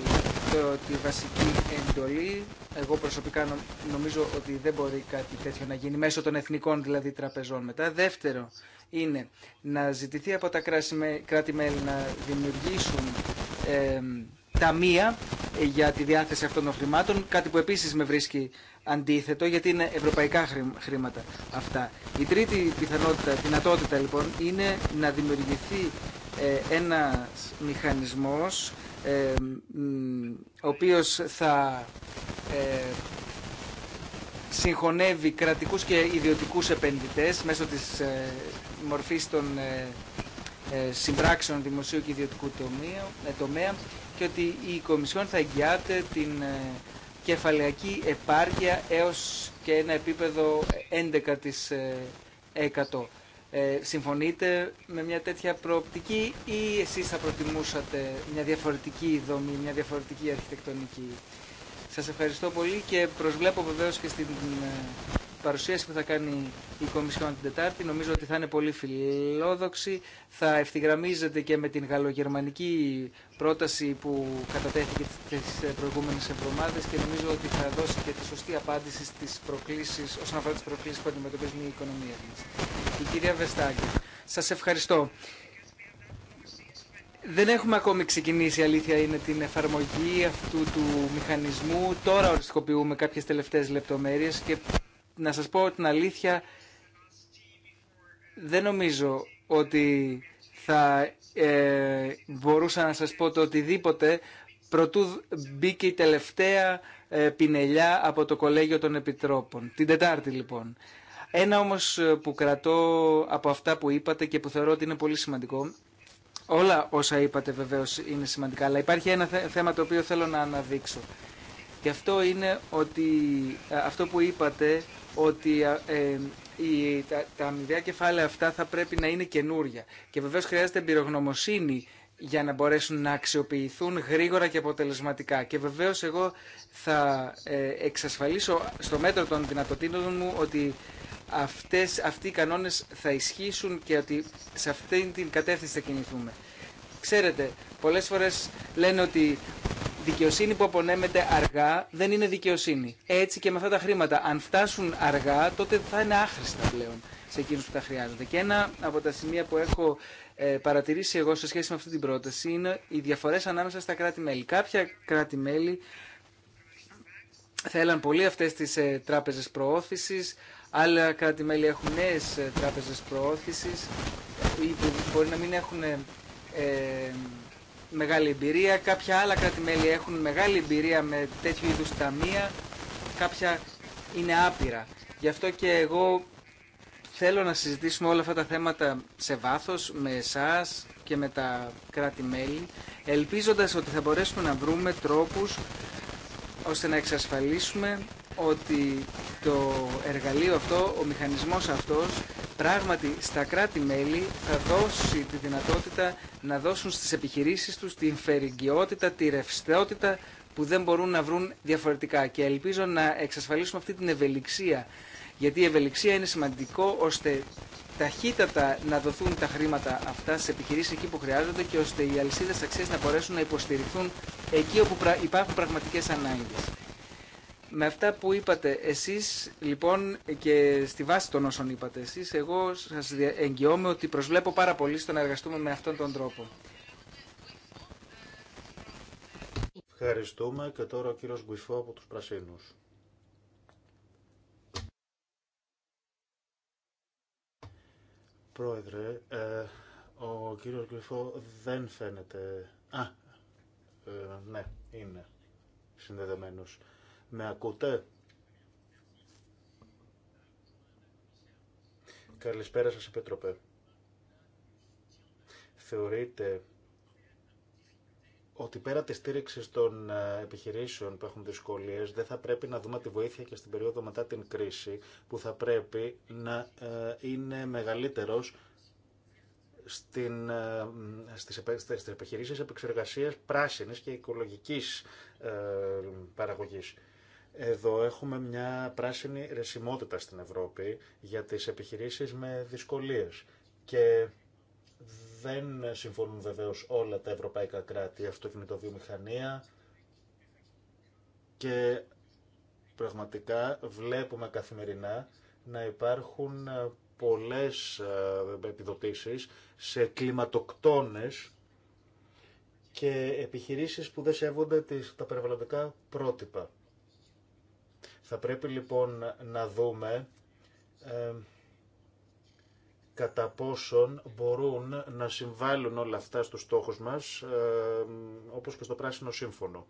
τη βασική εντολή. Εγώ προσωπικά νομίζω ότι δεν μπορεί κάτι τέτοιο να γίνει μέσω των εθνικών δηλαδή τραπεζών μετά. Δεύτερο είναι να ζητηθεί από τα κράτη-μέλη να δημιουργήσουν ε, ταμεία για τη διάθεση αυτών των χρημάτων, κάτι που επίσης με βρίσκει αντίθετο γιατί είναι ευρωπαϊκά χρήματα αυτά. Η τρίτη πιθανότητα, δυνατότητα λοιπόν είναι να δημιουργηθεί ένα ε, ένας μηχανισμός ο οποίος θα ε, συγχωνεύει κρατικούς και ιδιωτικούς επενδυτές μέσω της ε, μορφής των ε, συμπράξεων δημοσίου και ιδιωτικού τομέα και ότι η Κομισιόν θα εγγυάται την κεφαλαιακή επάρκεια έως και ένα επίπεδο 11%. Ε, συμφωνείτε με μια τέτοια προοπτική ή εσείς θα προτιμούσατε μια διαφορετική δομή, μια διαφορετική αρχιτεκτονική. Σας ευχαριστώ πολύ και προσβλέπω βεβαίως και στην ε, παρουσίαση που θα κάνει η Κομισιόν την Τετάρτη νομίζω ότι θα είναι πολύ φιλόδοξη. Θα ευθυγραμμίζεται και με την γαλλογερμανική πρόταση που κατατέθηκε τις προηγούμενες εβδομάδες και νομίζω ότι θα δώσει και τη σωστή απάντηση στις προκλήσεις, όσον αφορά τις προκλήσεις που αντιμετωπίζουν οι οικονομίες Η κυρία Βεστάγκη, σας ευχαριστώ. Δεν έχουμε ακόμη ξεκινήσει, η αλήθεια είναι, την εφαρμογή αυτού του μηχανισμού. Τώρα οριστικοποιούμε κάποιες τελευταίες λεπτομέρειες και να σας πω την αλήθεια, δεν νομίζω ότι θα ε, μπορούσα να σας πω το οτιδήποτε προτού μπήκε η τελευταία ε, πινελιά από το Κολέγιο των Επιτρόπων. Την Τετάρτη λοιπόν. Ένα όμως ε, που κρατώ από αυτά που είπατε και που θεωρώ ότι είναι πολύ σημαντικό, όλα όσα είπατε βεβαίως είναι σημαντικά, αλλά υπάρχει ένα θέμα το οποίο θέλω να αναδείξω. Και αυτό είναι ότι αυτό που είπατε ότι ε, ε, η, τα, τα κεφάλαια αυτά θα πρέπει να είναι καινούρια. Και βεβαίως χρειάζεται εμπειρογνωμοσύνη για να μπορέσουν να αξιοποιηθούν γρήγορα και αποτελεσματικά. Και βεβαίως εγώ θα ε, εξασφαλίσω στο μέτρο των δυνατοτήτων μου ότι αυτές, αυτοί οι κανόνες θα ισχύσουν και ότι σε αυτήν την κατεύθυνση θα κινηθούμε. Ξέρετε, πολλές φορές λένε ότι δικαιοσύνη που απονέμεται αργά δεν είναι δικαιοσύνη. Έτσι και με αυτά τα χρήματα. Αν φτάσουν αργά, τότε θα είναι άχρηστα πλέον σε εκείνους που τα χρειάζονται. Και ένα από τα σημεία που έχω ε, παρατηρήσει εγώ σε σχέση με αυτή την πρόταση είναι οι διαφορέ ανάμεσα στα κράτη-μέλη. Κάποια κράτη-μέλη θέλαν πολύ αυτές τις ε, τράπεζε προώθηση, προώθησης, άλλα κράτη-μέλη έχουν νέε τράπεζε προώθηση ή μπορεί να μην έχουν ε, μεγάλη εμπειρία, κάποια άλλα κράτη-μέλη έχουν μεγάλη εμπειρία με τέτοιου είδους ταμεία, κάποια είναι άπειρα. Γι' αυτό και εγώ θέλω να συζητήσουμε όλα αυτά τα θέματα σε βάθος με εσάς και με τα κράτη-μέλη, ελπίζοντας ότι θα μπορέσουμε να βρούμε τρόπους ώστε να εξασφαλίσουμε ότι το εργαλείο αυτό, ο μηχανισμός αυτός, πράγματι στα κράτη-μέλη θα δώσει τη δυνατότητα να δώσουν στις επιχειρήσεις τους την φερικιότητα, τη ρευστότητα που δεν μπορούν να βρουν διαφορετικά. Και ελπίζω να εξασφαλίσουμε αυτή την ευελιξία γιατί η ευελιξία είναι σημαντικό ώστε ταχύτατα να δοθούν τα χρήματα αυτά στι επιχειρήσει εκεί που χρειάζονται και ώστε οι αλυσίδε αξία να μπορέσουν να υποστηριχθούν εκεί όπου υπάρχουν πραγματικέ ανάγκε. Με αυτά που είπατε εσείς λοιπόν και στη βάση των όσων είπατε εσείς, εγώ σας εγγυώμαι ότι προσβλέπω πάρα πολύ στο να εργαστούμε με αυτόν τον τρόπο. Ευχαριστούμε και τώρα ο κύριος Γκουιφό από τους Πρασίνους. Πρόεδρε, ε, ο κύριος Γκριφό δεν φαίνεται... Α, ε, ναι, είναι συνδεδεμένος. Με ακούτε? Καλησπέρα σα Επίτροπε. Θεωρείτε ότι πέρα τη στήριξη των ε, επιχειρήσεων που έχουν δυσκολίε, δεν θα πρέπει να δούμε τη βοήθεια και στην περίοδο μετά την κρίση, που θα πρέπει να ε, είναι μεγαλύτερο στην, ε, στις, επεξεργασία, επιχειρήσεις επεξεργασίας πράσινης και οικολογικής παραγωγή. παραγωγής. Εδώ έχουμε μια πράσινη ρεσιμότητα στην Ευρώπη για τις επιχειρήσεις με δυσκολίες. Και δεν συμφωνούν βεβαίως όλα τα ευρωπαϊκά κράτη, αυτοκινητοβιομηχανία και πραγματικά βλέπουμε καθημερινά να υπάρχουν πολλές ε, επιδοτήσεις σε κλιματοκτόνες και επιχειρήσεις που δεν σέβονται τις, τα περιβαλλοντικά πρότυπα. Θα πρέπει λοιπόν να δούμε ε, κατά πόσον μπορούν να συμβάλλουν όλα αυτά στους στόχους μας, ε, όπως και στο Πράσινο Σύμφωνο.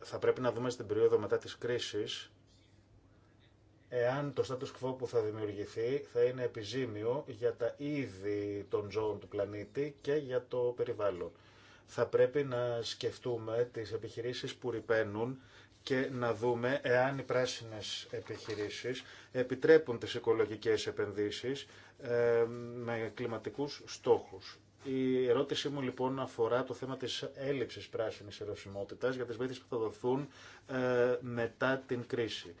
Θα πρέπει να δούμε στην περίοδο μετά της κρίσης, εάν το status quo που θα δημιουργηθεί θα είναι επιζήμιο για τα είδη των ζώων του πλανήτη και για το περιβάλλον. Θα πρέπει να σκεφτούμε τις επιχειρήσεις που ρηπαίνουν και να δούμε εάν οι πράσινες επιχειρήσεις επιτρέπουν τις οικολογικές επενδύσεις ε, με κλιματικούς στόχους. Η ερώτησή μου λοιπόν αφορά το θέμα της έλλειψης πράσινης ερωσιμότητας για τις βοήθειες που θα δοθούν ε, μετά την κρίση.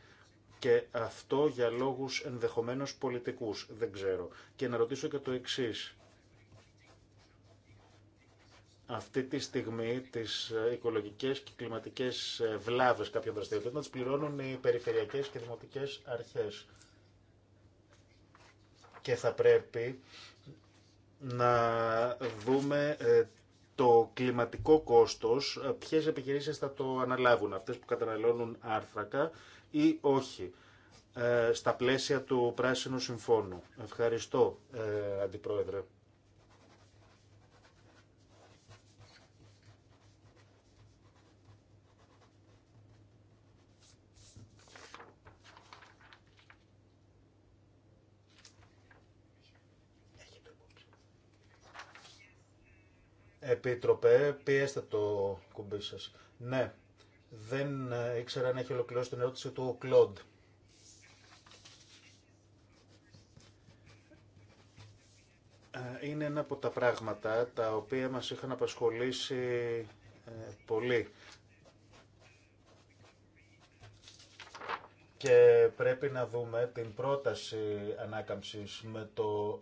Και αυτό για λόγους ενδεχομένως πολιτικούς, δεν ξέρω. Και να ρωτήσω και το εξής αυτή τη στιγμή τι ε, οικολογικέ και κλιματικές ε, βλάβες κάποιων δραστηριοτήτων τι πληρώνουν οι περιφερειακές και δημοτικές αρχές. Και θα πρέπει να δούμε ε, το κλιματικό κόστος, ποιες επιχειρήσεις θα το αναλάβουν, αυτές που καταναλώνουν άρθρακα ή όχι, στα πλαίσια του Πράσινου Συμφώνου. Ευχαριστώ, Αντιπρόεδρε. Επίτροπε, πιέστε το κουμπί σα. Ναι, δεν ε, ήξερα αν έχει ολοκληρώσει την ερώτηση του Κλοντ. Ε, είναι ένα από τα πράγματα τα οποία μας είχαν απασχολήσει ε, πολύ Και πρέπει να δούμε την πρόταση ανάκαμψης με το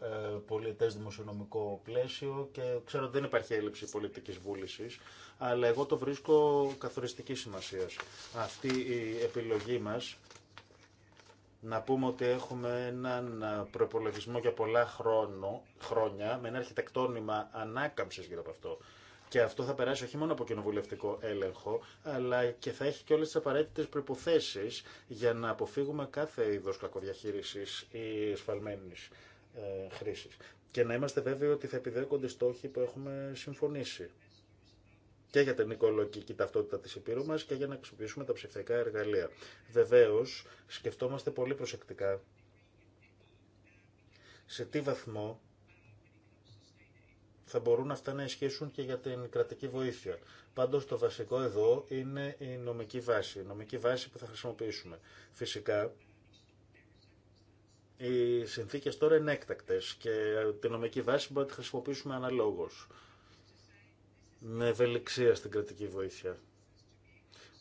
ε, δημοσιονομικό πλαίσιο και ξέρω ότι δεν υπάρχει έλλειψη πολιτικής βούλησης, αλλά εγώ το βρίσκω καθοριστική σημασίας. Αυτή η επιλογή μας, να πούμε ότι έχουμε έναν προπολογισμό για πολλά χρόνο, χρόνια, με ένα αρχιτεκτόνημα ανάκαμψης γύρω από αυτό. Και αυτό θα περάσει όχι μόνο από κοινοβουλευτικό έλεγχο, αλλά και θα έχει και όλε τι απαραίτητε προποθέσει για να αποφύγουμε κάθε είδο κακοδιαχείριση ή εσφαλμένη ε, χρήση. Και να είμαστε βέβαιοι ότι θα επιδέκονται στόχοι που έχουμε συμφωνήσει και για την οικολογική ταυτότητα τη Επίρου μα και για να αξιοποιήσουμε τα ψηφιακά εργαλεία. Βεβαίω σκεφτόμαστε πολύ προσεκτικά σε τι βαθμό θα μπορούν αυτά να ισχύσουν και για την κρατική βοήθεια. Πάντως το βασικό εδώ είναι η νομική βάση, η νομική βάση που θα χρησιμοποιήσουμε. Φυσικά οι συνθήκε τώρα είναι έκτακτε και τη νομική βάση μπορούμε να τη χρησιμοποιήσουμε αναλόγως. Με ευελιξία στην κρατική βοήθεια.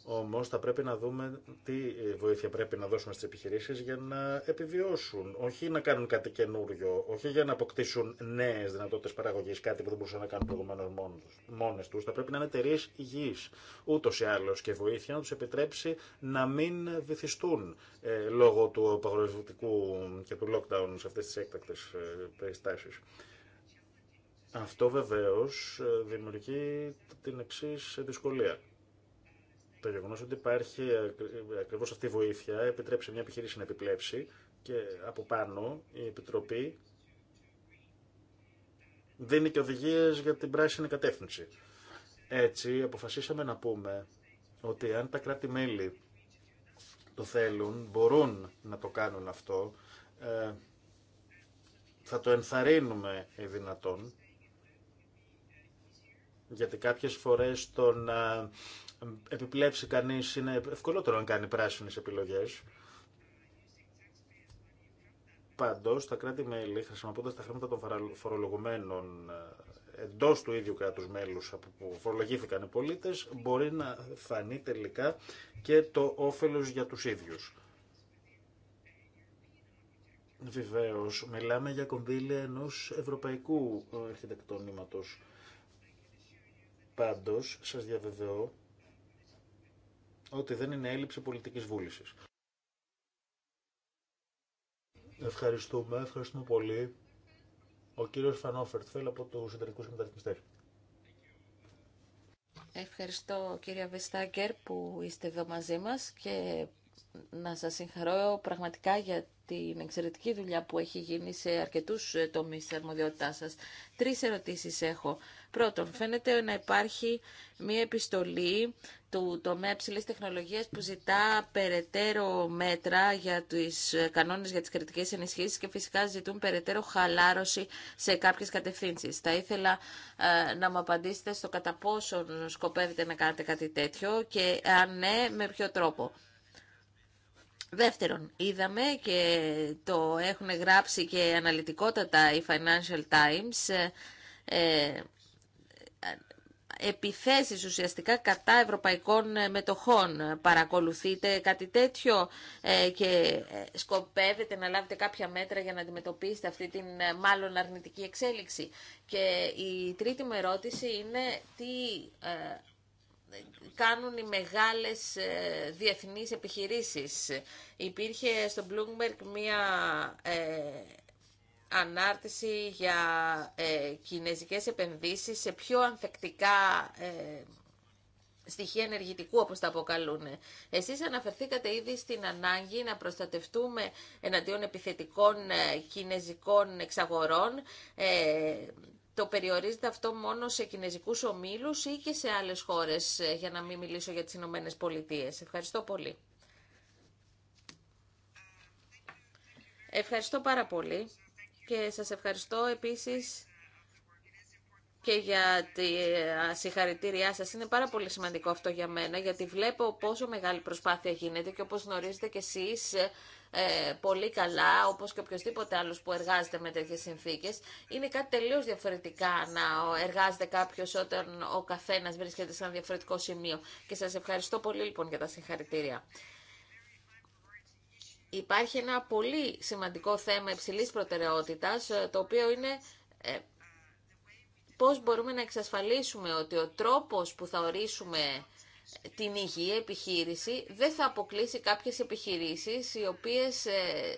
Όμω θα πρέπει να δούμε τι βοήθεια πρέπει να δώσουμε στι επιχειρήσει για να επιβιώσουν. Όχι να κάνουν κάτι καινούριο, όχι για να αποκτήσουν νέε δυνατότητε παραγωγή, κάτι που δεν μπορούσαν να κάνουν προηγουμένω μόνε του. Θα πρέπει να είναι εταιρείε υγιεί. Ούτω ή άλλω και βοήθεια να του επιτρέψει να μην βυθιστούν ε, λόγω του απαγορευτικού και του lockdown σε αυτέ τι έκτακτε περιστάσει. Αυτό βεβαίω ε, δημιουργεί την εξή δυσκολία το γεγονό ότι υπάρχει ακριβώ αυτή η βοήθεια επιτρέψει μια επιχείρηση να επιπλέψει και από πάνω η Επιτροπή δίνει και οδηγίε για την πράσινη κατεύθυνση. Έτσι, αποφασίσαμε να πούμε ότι αν τα κράτη-μέλη το θέλουν, μπορούν να το κάνουν αυτό, ε, θα το ενθαρρύνουμε οι δυνατόν, γιατί κάποιες φορές το να επιπλέψει κανείς είναι ευκολότερο να κάνει πράσινες επιλογές. Πάντως, τα κράτη-μέλη, χρησιμοποιώντα τα χρήματα των φορολογουμένων ε, εντό του ίδιου κράτου μέλου που φορολογήθηκαν οι πολίτε, μπορεί να φανεί τελικά και το όφελο για τους ίδιου. Βεβαίω, μιλάμε για κονδύλια ενό ευρωπαϊκού ε, αρχιτεκτονήματο. Πάντω, σα διαβεβαιώ ότι δεν είναι έλλειψη πολιτικής βούλησης. Ευχαριστούμε, ευχαριστούμε πολύ. Ο κύριος Φανόφερτ, θέλω από τους συντηρητικούς μεταρρυθμιστές. Ευχαριστώ κύριε Βεστάγκερ που είστε εδώ μαζί μας και να σας συγχαρώ πραγματικά για την εξαιρετική δουλειά που έχει γίνει σε αρκετούς τομείς της αρμοδιότητάς σας. Τρεις ερωτήσεις έχω. Πρώτον, φαίνεται να υπάρχει μία επιστολή του τομέα ψηλή τεχνολογία που ζητά περαιτέρω μέτρα για του ε, κανόνε για τι κριτικές ενισχύσει και φυσικά ζητούν περαιτέρω χαλάρωση σε κάποιε κατευθύνσει. Θα ήθελα ε, να μου απαντήσετε στο κατά πόσον σκοπεύετε να κάνετε κάτι τέτοιο και αν ναι, με ποιο τρόπο. Δεύτερον, είδαμε και το έχουν γράψει και αναλυτικότατα οι Financial Times. Ε, επιθέσεις ουσιαστικά κατά ευρωπαϊκών ε, μετοχών. Παρακολουθείτε κάτι τέτοιο ε, και ε, σκοπεύετε να λάβετε κάποια μέτρα για να αντιμετωπίσετε αυτή την μάλλον αρνητική εξέλιξη. Και η τρίτη μου ερώτηση είναι τι κάνουν οι μεγάλες διεθνείς επιχειρήσεις. Υπήρχε στο Bloomberg μία ανάρτηση για ε, κινέζικες επενδύσεις σε πιο ανθεκτικά ε, στοιχεία ενεργητικού όπως τα αποκαλούν. Εσείς αναφερθήκατε ήδη στην ανάγκη να προστατευτούμε εναντίον επιθετικών ε, κινέζικων εξαγορών. Ε, το περιορίζεται αυτό μόνο σε κινέζικους ομίλους ή και σε άλλες χώρες, για να μην μιλήσω για τις Ηνωμένε Πολιτείε. Ευχαριστώ πολύ. Ευχαριστώ πάρα πολύ και σας ευχαριστώ επίσης και για τη συγχαρητήριά σας. Είναι πάρα πολύ σημαντικό αυτό για μένα, γιατί βλέπω πόσο μεγάλη προσπάθεια γίνεται και όπως γνωρίζετε και εσείς ε, πολύ καλά, όπως και οποιοδήποτε άλλος που εργάζεται με τέτοιες συνθήκες, είναι κάτι τελείως διαφορετικά να εργάζεται κάποιος όταν ο καθένας βρίσκεται σε ένα διαφορετικό σημείο. Και σας ευχαριστώ πολύ λοιπόν για τα συγχαρητήρια υπάρχει ένα πολύ σημαντικό θέμα υψηλής προτεραιότητας, ε, το οποίο είναι ε, πώς μπορούμε να εξασφαλίσουμε ότι ο τρόπος που θα ορίσουμε την υγιή επιχείρηση δεν θα αποκλείσει κάποιες επιχειρήσεις οι οποίες ε,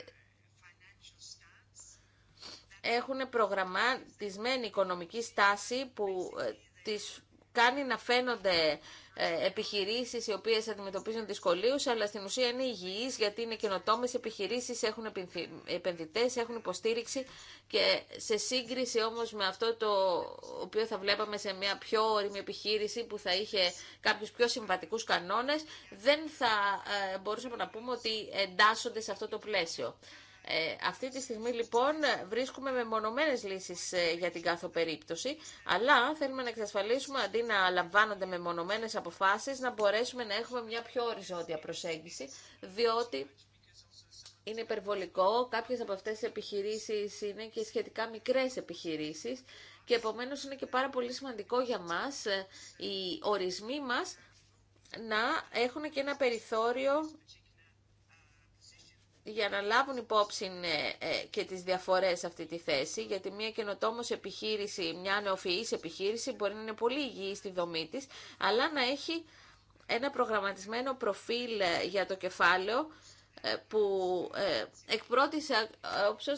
έχουν προγραμματισμένη οικονομική στάση που τις κάνει να φαίνονται ε, επιχειρήσεις οι οποίες αντιμετωπίζουν δυσκολίε, αλλά στην ουσία είναι υγιεί γιατί είναι καινοτόμε, επιχειρήσεις, έχουν επενδυτέ, έχουν υποστήριξη και σε σύγκριση όμως με αυτό το οποίο θα βλέπαμε σε μια πιο όρημη επιχείρηση που θα είχε κάποιους πιο συμβατικού κανόνες, δεν θα ε, μπορούσαμε να πούμε ότι εντάσσονται σε αυτό το πλαίσιο. Ε, αυτή τη στιγμή λοιπόν βρίσκουμε μεμονωμένες λύσεις ε, για την κάθε περίπτωση, αλλά θέλουμε να εξασφαλίσουμε αντί να λαμβάνονται μεμονωμένες αποφάσεις, να μπορέσουμε να έχουμε μια πιο οριζόντια προσέγγιση, διότι είναι υπερβολικό. Κάποιες από αυτές τις επιχειρήσεις είναι και σχετικά μικρές επιχειρήσεις και επομένως είναι και πάρα πολύ σημαντικό για μας ε, οι ορισμοί μας να έχουν και ένα περιθώριο για να λάβουν υπόψη ε, ε, και τις διαφορές σε αυτή τη θέση, γιατί μια καινοτόμος επιχείρηση, μια νεοφυής επιχείρηση μπορεί να είναι πολύ υγιή στη δομή της, αλλά να έχει ένα προγραμματισμένο προφίλ ε, για το κεφάλαιο που εκ πρώτης ε,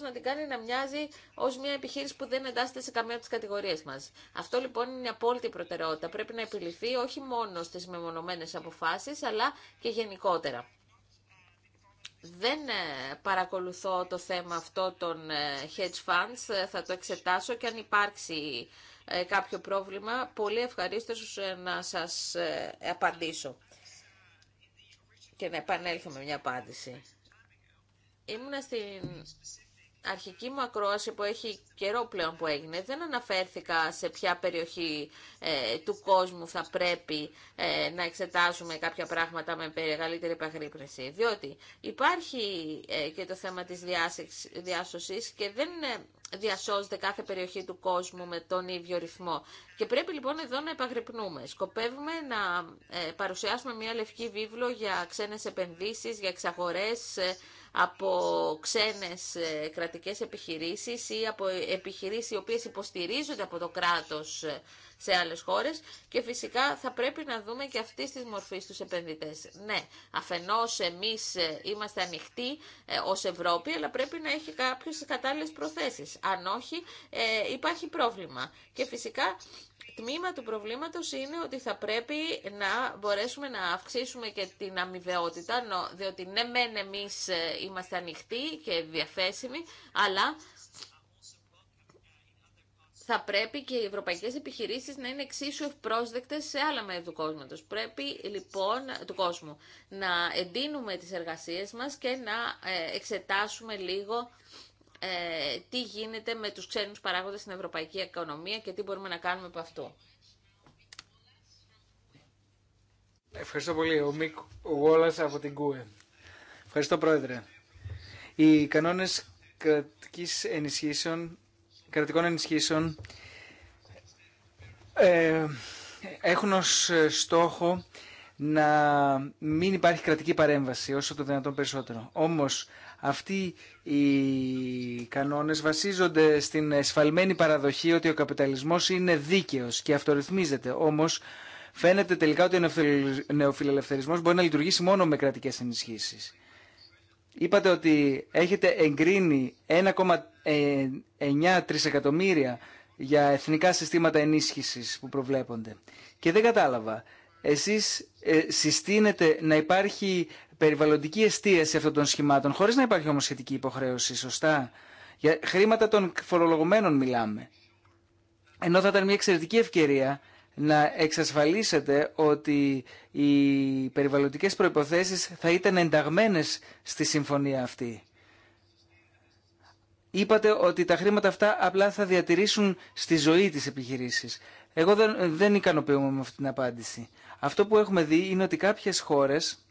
να την κάνει να μοιάζει ως μια επιχείρηση που δεν εντάσσεται σε καμία από τις κατηγορίες μας. Αυτό λοιπόν είναι απόλυτη προτεραιότητα. Πρέπει να επιληθεί όχι μόνο στις μεμονωμένες αποφάσεις, αλλά και γενικότερα δεν ε, παρακολουθώ το θέμα αυτό των ε, hedge funds, ε, θα το εξετάσω και αν υπάρξει κάποιο πρόβλημα, πολύ ευχαρίστως να σας απαντήσω και να επανέλθω με μια απάντηση. Ήμουν στην αρχική μου ακρόαση που έχει καιρό πλέον που έγινε, δεν αναφέρθηκα σε ποια περιοχή ε, του κόσμου θα πρέπει ε, να εξετάζουμε κάποια πράγματα με μεγαλύτερη επαγρύπνηση. Διότι υπάρχει ε, και το θέμα της διάσωσης και δεν διασώζεται κάθε περιοχή του κόσμου με τον ίδιο ρυθμό. Και πρέπει λοιπόν εδώ να επαγρυπνούμε. Σκοπεύουμε να παρουσιάσουμε μια λευκή βίβλο για ξένες επενδύσεις, για εξαγορές, από ξένες ε, κρατικές επιχειρήσεις ή από επιχειρήσεις οι οποίες υποστηρίζονται από το κράτος ε, σε άλλες χώρες και φυσικά θα πρέπει να δούμε και αυτή τη μορφή τους επενδυτές. Ναι, αφενός εμείς ε, είμαστε ανοιχτοί ως Ευρώπη, αλλά πρέπει να έχει κάποιες κατάλληλες προθέσεις. Αν όχι, υπάρχει πρόβλημα. Και φυσικά τμήμα του προβλήματος είναι ότι θα πρέπει να μπορέσουμε να αυξήσουμε και την αμοιβαιότητα, διότι ναι μεν εμείς ε, είμαστε ανοιχτοί και διαθέσιμοι, αλλά θα πρέπει και οι ευρωπαϊκές επιχειρήσεις να είναι εξίσου ευπρόσδεκτες σε άλλα μέρη του κόσμου. Πρέπει λοιπόν του κόσμου να εντείνουμε τις εργασίες μας και να ε, εξετάσουμε λίγο ε, τι γίνεται με τους ξένους παράγοντες στην ευρωπαϊκή οικονομία και τι μπορούμε να κάνουμε από αυτό; Ευχαριστώ πολύ. Ο Μικ Γόλας από την ΚΟΕ. Ευχαριστώ Πρόεδρε. Οι κανόνες κρατικής ενισχύσεων, κρατικών ενισχύσεων ε, έχουν ως στόχο να μην υπάρχει κρατική παρέμβαση όσο το δυνατόν περισσότερο. Όμως αυτοί οι κανόνες βασίζονται στην εσφαλμένη παραδοχή ότι ο καπιταλισμός είναι δίκαιος και αυτορυθμίζεται. Όμως φαίνεται τελικά ότι ο νεοφιλελευθερισμός μπορεί να λειτουργήσει μόνο με κρατικές ενισχύσεις. Είπατε ότι έχετε εγκρίνει 1,9 τρισεκατομμύρια για εθνικά συστήματα ενίσχυσης που προβλέπονται. Και δεν κατάλαβα. Εσείς ε, συστήνετε να υπάρχει περιβαλλοντική εστίαση αυτών των σχημάτων, χωρίς να υπάρχει όμως σχετική υποχρέωση, σωστά. Για χρήματα των φορολογουμένων μιλάμε. Ενώ θα ήταν μια εξαιρετική ευκαιρία να εξασφαλίσετε ότι οι περιβαλλοντικές προϋποθέσεις θα ήταν ενταγμένες στη συμφωνία αυτή. Είπατε ότι τα χρήματα αυτά απλά θα διατηρήσουν στη ζωή της επιχειρήσης. Εγώ δεν, δεν ικανοποιούμαι με αυτή την απάντηση. Αυτό που έχουμε δει είναι ότι κάποιες χώρες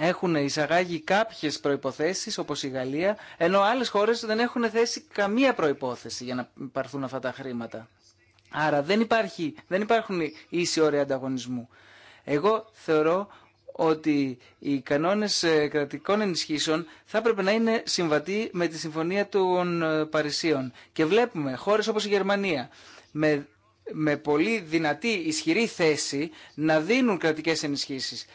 έχουν εισαγάγει κάποιες προϋποθέσεις όπως η Γαλλία, ενώ άλλες χώρες δεν έχουν θέσει καμία προϋπόθεση για να παρθούν αυτά τα χρήματα. Άρα δεν, υπάρχει, δεν υπάρχουν ίσοι όροι ανταγωνισμού. Εγώ θεωρώ ότι οι κανόνες ε, κρατικών ενισχύσεων θα έπρεπε να είναι συμβατοί με τη Συμφωνία των ε, Παρισίων. Και βλέπουμε χώρες όπως η Γερμανία με, με πολύ δυνατή ισχυρή θέση να δίνουν κρατικές ενισχύσεις.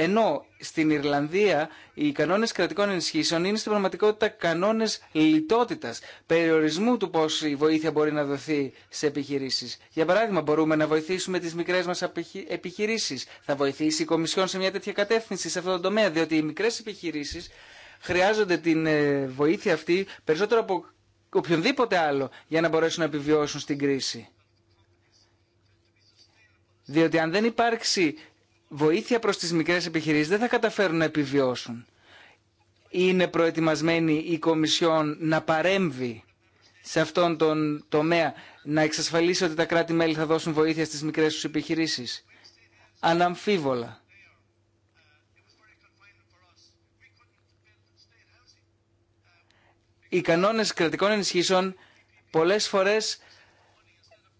Ενώ στην Ιρλανδία οι κανόνε κρατικών ενισχύσεων είναι στην πραγματικότητα κανόνε λιτότητα, περιορισμού του πώ η βοήθεια μπορεί να δοθεί σε επιχειρήσει. Για παράδειγμα, μπορούμε να βοηθήσουμε τι μικρέ μα επιχειρήσει. Θα βοηθήσει η Κομισιόν σε μια τέτοια κατεύθυνση, σε αυτό το τομέα, διότι οι μικρέ επιχειρήσει χρειάζονται την ε, βοήθεια αυτή περισσότερο από οποιονδήποτε άλλο για να μπορέσουν να επιβιώσουν στην κρίση. Διότι αν δεν υπάρξει βοήθεια προς τις μικρές επιχειρήσεις δεν θα καταφέρουν να επιβιώσουν. Είναι προετοιμασμένη η Κομισιόν να παρέμβει σε αυτόν τον τομέα, να εξασφαλίσει ότι τα κράτη-μέλη θα δώσουν βοήθεια στις μικρές τους επιχειρήσεις. Αναμφίβολα. Οι κανόνες κρατικών ενισχύσεων πολλές φορές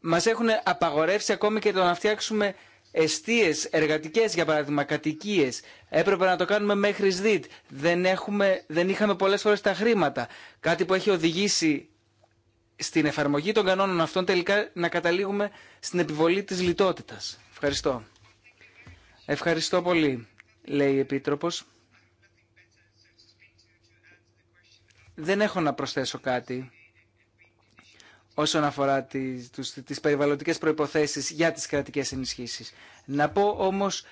μας έχουν απαγορεύσει ακόμη και το να φτιάξουμε εστίες, εργατικές για παράδειγμα, κατοικίε. Έπρεπε να το κάνουμε μέχρι ΣΔΙΤ. Δεν, έχουμε, δεν είχαμε πολλές φορές τα χρήματα. Κάτι που έχει οδηγήσει στην εφαρμογή των κανόνων αυτών τελικά να καταλήγουμε στην επιβολή της λιτότητας. Ευχαριστώ. Ευχαριστώ πολύ, λέει η Επίτροπος. Δεν έχω να προσθέσω κάτι όσον αφορά τις, τους, τις περιβαλλοντικές προϋποθέσεις για τις κρατικές ενισχύσεις. Να πω όμως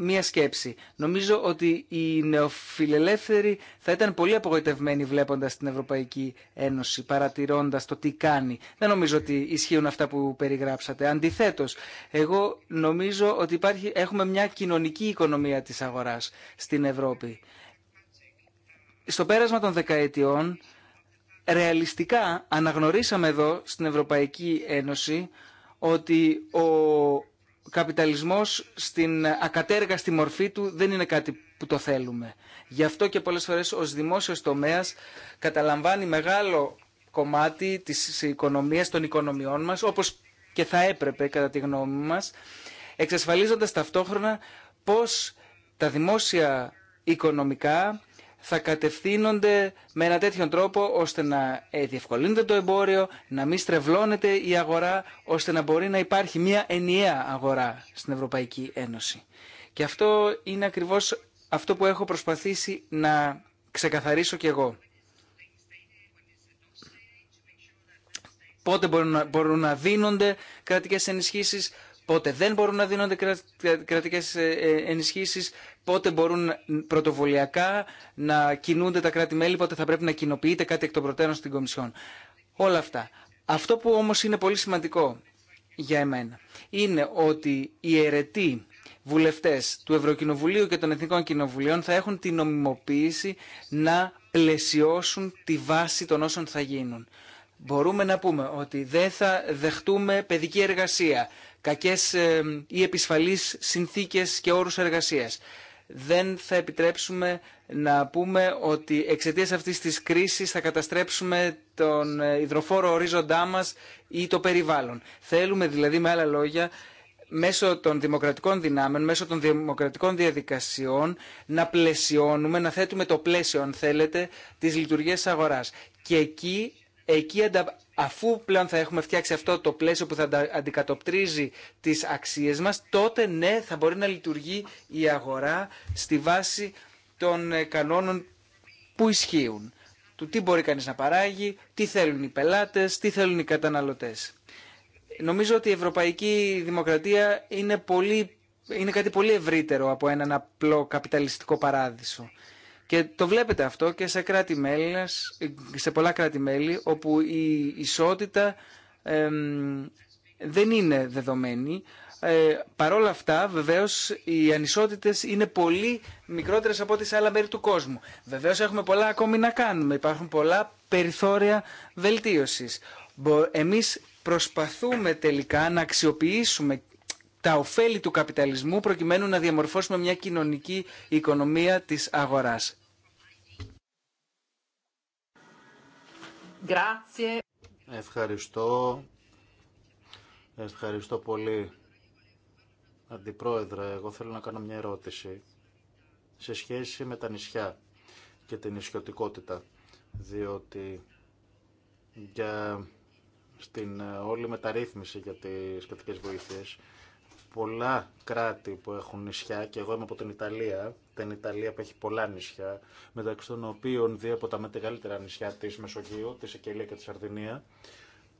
μία σκέψη. Νομίζω ότι οι νεοφιλελεύθεροι θα ήταν πολύ απογοητευμένοι βλέποντας την Ευρωπαϊκή Ένωση, παρατηρώντας το τι κάνει. Δεν νομίζω ότι ισχύουν αυτά που περιγράψατε. Αντιθέτως, εγώ νομίζω ότι υπάρχει, έχουμε μια κοινωνική οικονομία της αγοράς στην Ευρώπη. Στο πέρασμα των δεκαετιών ρεαλιστικά αναγνωρίσαμε εδώ στην Ευρωπαϊκή Ένωση ότι ο καπιταλισμός στην ακατέργαστη μορφή του δεν είναι κάτι που το θέλουμε. Γι' αυτό και πολλές φορές ως δημόσιος τομέας καταλαμβάνει μεγάλο κομμάτι της οικονομίας των οικονομιών μας, όπως και θα έπρεπε κατά τη γνώμη μας, εξασφαλίζοντας ταυτόχρονα πώς τα δημόσια οικονομικά θα κατευθύνονται με ένα τέτοιον τρόπο ώστε να ε, διευκολύνεται το εμπόριο, να μην στρεβλώνεται η αγορά, ώστε να μπορεί να υπάρχει μια ενιαία αγορά στην Ευρωπαϊκή Ένωση. Και αυτό είναι ακριβώς αυτό που έχω προσπαθήσει να ξεκαθαρίσω κι εγώ. Πότε μπορούν να, μπορούν να δίνονται κρατικές ενισχύσεις, πότε δεν μπορούν να δίνονται κρατικέ ε, ε, ενισχύσει, πότε μπορούν πρωτοβουλιακά να κινούνται τα κράτη-μέλη, πότε θα πρέπει να κοινοποιείται κάτι εκ των προτέρων στην Κομισιόν. Όλα αυτά. Αυτό που όμω είναι πολύ σημαντικό για εμένα είναι ότι οι αιρετοί βουλευτέ του Ευρωκοινοβουλίου και των Εθνικών Κοινοβουλίων θα έχουν την νομιμοποίηση να πλαισιώσουν τη βάση των όσων θα γίνουν. Μπορούμε να πούμε ότι δεν θα δεχτούμε παιδική εργασία, κακές ή επισφαλείς συνθήκες και όρους εργασίας. Δεν θα επιτρέψουμε να πούμε ότι εξαιτίας αυτής της κρίσης θα καταστρέψουμε τον ε, υδροφόρο ορίζοντά μας ή το περιβάλλον. Θέλουμε δηλαδή με άλλα λόγια μέσω των δημοκρατικών δυνάμεων, μέσω των δημοκρατικών διαδικασιών να πλαισιώνουμε, να θέτουμε το πλαίσιο αν θέλετε της λειτουργίας αγοράς. Και εκεί εκεί αφού πλέον θα έχουμε φτιάξει αυτό το πλαίσιο που θα αντικατοπτρίζει τις αξίες μας, τότε ναι θα μπορεί να λειτουργεί η αγορά στη βάση των ε, κανόνων που ισχύουν. Του τι μπορεί κανείς να παράγει, τι θέλουν οι πελάτες, τι θέλουν οι καταναλωτές. Νομίζω ότι η ευρωπαϊκή δημοκρατία είναι, πολύ, είναι κάτι πολύ ευρύτερο από έναν απλό καπιταλιστικό παράδεισο. Και το βλέπετε αυτό και σε, κράτη -μέλη, σε πολλά κράτη-μέλη όπου η ισότητα δεν είναι δεδομένη. Ε, όλα αυτά, βεβαίω, οι ανισότητε είναι πολύ μικρότερε από ό,τι σε άλλα μέρη του κόσμου. Βεβαίω, έχουμε πολλά ακόμη να κάνουμε. Υπάρχουν πολλά περιθώρια βελτίωση. Εμεί προσπαθούμε τελικά να αξιοποιήσουμε τα ωφέλη του καπιταλισμού προκειμένου να διαμορφώσουμε μια κοινωνική οικονομία της αγοράς. Ευχαριστώ. Ευχαριστώ πολύ. Αντιπρόεδρε, εγώ θέλω να κάνω μια ερώτηση σε σχέση με τα νησιά και την νησιωτικότητα, διότι για στην ε, όλη μεταρρύθμιση για τις κρατικές βοήθειες πολλά κράτη που έχουν νησιά και εγώ είμαι από την Ιταλία, την Ιταλία που έχει πολλά νησιά, μεταξύ των οποίων δύο από τα μεγαλύτερα νησιά της Μεσογείου, τη Σικελία και τη Σαρδινία.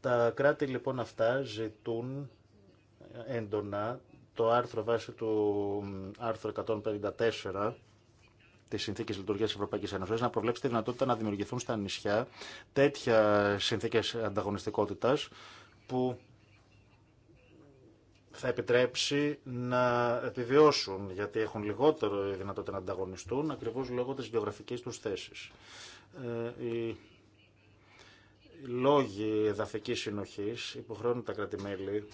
Τα κράτη λοιπόν αυτά ζητούν έντονα το άρθρο βάσει του άρθρου 154 τη συνθήκη Λειτουργίας της Ευρωπαϊκής Ένωσης να προβλέψει τη δυνατότητα να δημιουργηθούν στα νησιά τέτοια συνθήκες ανταγωνιστικότητα που θα επιτρέψει να επιβιώσουν, γιατί έχουν λιγότερο δυνατότητα να ανταγωνιστούν, ακριβώς λόγω της γεωγραφικής τους θέσης. Ε, οι λόγοι εδαφικής συνοχής υποχρεώνουν τα κρατημέλη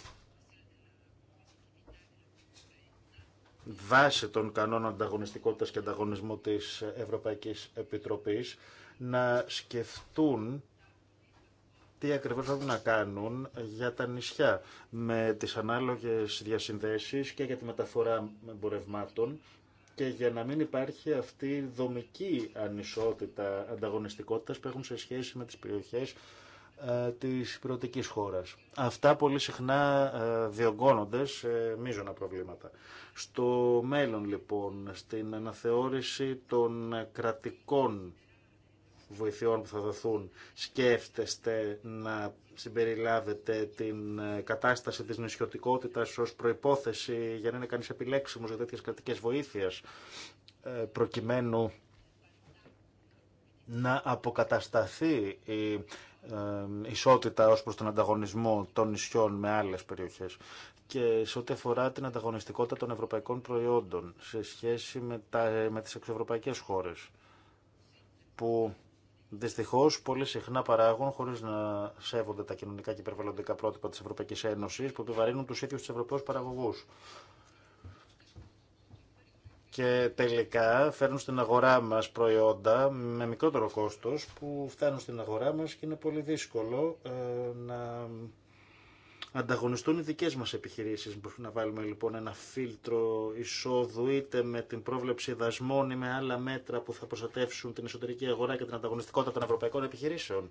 βάσει των κανόνων ανταγωνιστικότητας και ανταγωνισμού της Ευρωπαϊκής Επιτροπής να σκεφτούν τι ακριβώς θα να κάνουν για τα νησιά με τις ανάλογες διασυνδέσεις και για τη μεταφορά εμπορευμάτων και για να μην υπάρχει αυτή η δομική ανισότητα ανταγωνιστικότητας που έχουν σε σχέση με τις περιοχές ε, της πρωτικής χώρας. Αυτά πολύ συχνά ε, διωγγώνονται σε μείζωνα προβλήματα. Στο μέλλον λοιπόν, στην αναθεώρηση των κρατικών βοηθειών που θα δοθούν σκέφτεστε να συμπεριλάβετε την ε, κατάσταση της νησιωτικότητας ως προϋπόθεση για να είναι κανείς επιλέξιμος για τέτοιες κρατικές βοήθειες ε, προκειμένου να αποκατασταθεί η ε, ισότητα ως προς τον ανταγωνισμό των νησιών με άλλες περιοχές και σε ό,τι αφορά την ανταγωνιστικότητα των ευρωπαϊκών προϊόντων σε σχέση με, τα, με τις χώρες που Δυστυχώ, πολύ συχνά παράγουν χωρί να σέβονται τα κοινωνικά και περιβαλλοντικά πρότυπα τη Ευρωπαϊκή Ένωση που επιβαρύνουν του ίδιου του Ευρωπαίου παραγωγού. Και τελικά φέρνουν στην αγορά μα προϊόντα με μικρότερο κόστο που φτάνουν στην αγορά μα και είναι πολύ δύσκολο ε, να ανταγωνιστούν οι δικές μας επιχειρήσεις. Μπορούμε να βάλουμε λοιπόν ένα φίλτρο εισόδου είτε με την πρόβλεψη δασμών ή με άλλα μέτρα που θα προστατεύσουν την εσωτερική αγορά και την ανταγωνιστικότητα των ευρωπαϊκών επιχειρήσεων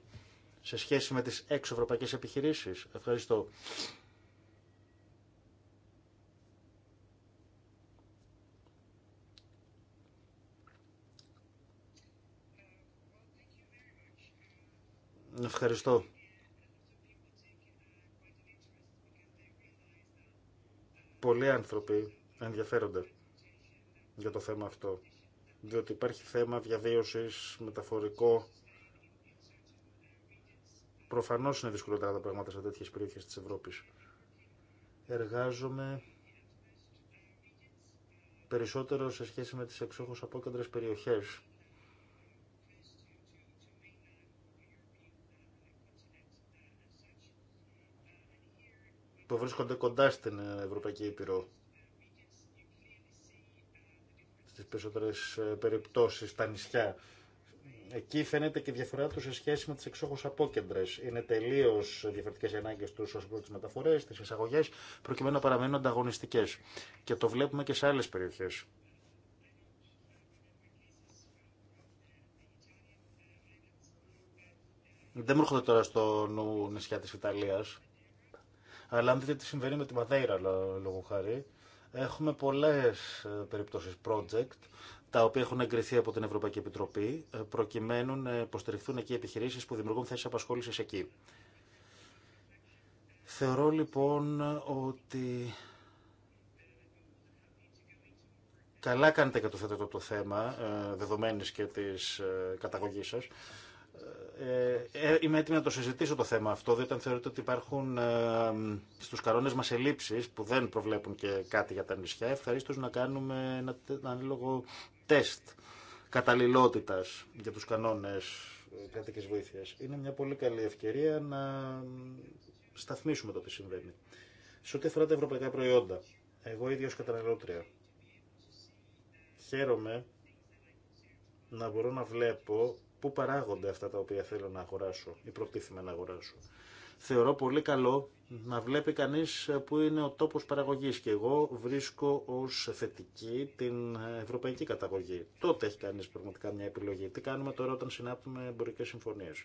σε σχέση με τις έξω ευρωπαϊκές επιχειρήσεις. Ευχαριστώ. Ευχαριστώ. πολλοί άνθρωποι ενδιαφέρονται για το θέμα αυτό. Διότι υπάρχει θέμα διαβίωσης, μεταφορικό. Προφανώς είναι δυσκολότερα τα πράγματα σε τέτοιες περιοχές της Ευρώπης. Εργάζομαι περισσότερο σε σχέση με τις εξόχως απόκεντρες περιοχές που βρίσκονται κοντά στην Ευρωπαϊκή Ήπειρο. Στις περισσότερες ε, περιπτώσεις, τα νησιά. Εκεί φαίνεται και η διαφορά του σε σχέση με τι εξόχω απόκεντρε. Είναι τελείω διαφορετικέ οι ανάγκε του ω προ τι μεταφορέ, τι εισαγωγέ, προκειμένου να παραμείνουν ανταγωνιστικέ. Και το βλέπουμε και σε άλλε περιοχέ. Δεν μου έρχονται τώρα στο νου νησιά τη Ιταλία. Αλλά αν δείτε τι συμβαίνει με τη Μαδέιρα, λόγω χάρη, έχουμε πολλές ε, περιπτώσεις project, τα οποία έχουν εγκριθεί από την Ευρωπαϊκή Επιτροπή, ε, προκειμένου να υποστηριχθούν εκεί επιχειρήσεις που δημιουργούν θέσεις απασχόλησης εκεί. Θεωρώ λοιπόν ότι καλά κάνετε και το το θέμα, ε, δεδομένης και της καταγωγής σας. Ε, ε, είμαι έτοιμη να το συζητήσω το θέμα αυτό, διότι αν θεωρείτε ότι υπάρχουν ε, στους καρόνες μας ελλείψεις που δεν προβλέπουν και κάτι για τα νησιά, ευχαρίστως να κάνουμε ένα, ένα ανάλογο τεστ καταλληλότητας για τους κανόνες ε, κρατικής βοήθειας. Είναι μια πολύ καλή ευκαιρία να σταθμίσουμε το τι συμβαίνει. Σε ό,τι αφορά τα ευρωπαϊκά προϊόντα, εγώ ίδιος καταναλώτρια, χαίρομαι να μπορώ να βλέπω Πού παράγονται αυτά τα οποία θέλω να αγοράσω ή προτίθεμαι να αγοράσω. Θεωρώ πολύ καλό να βλέπει κανείς που είναι ο τόπος παραγωγής και εγώ βρίσκω ως θετική την ευρωπαϊκή καταγωγή. Τότε έχει κανείς πραγματικά μια επιλογή. Τι κάνουμε τώρα όταν συνάπτουμε εμπορικές συμφωνίες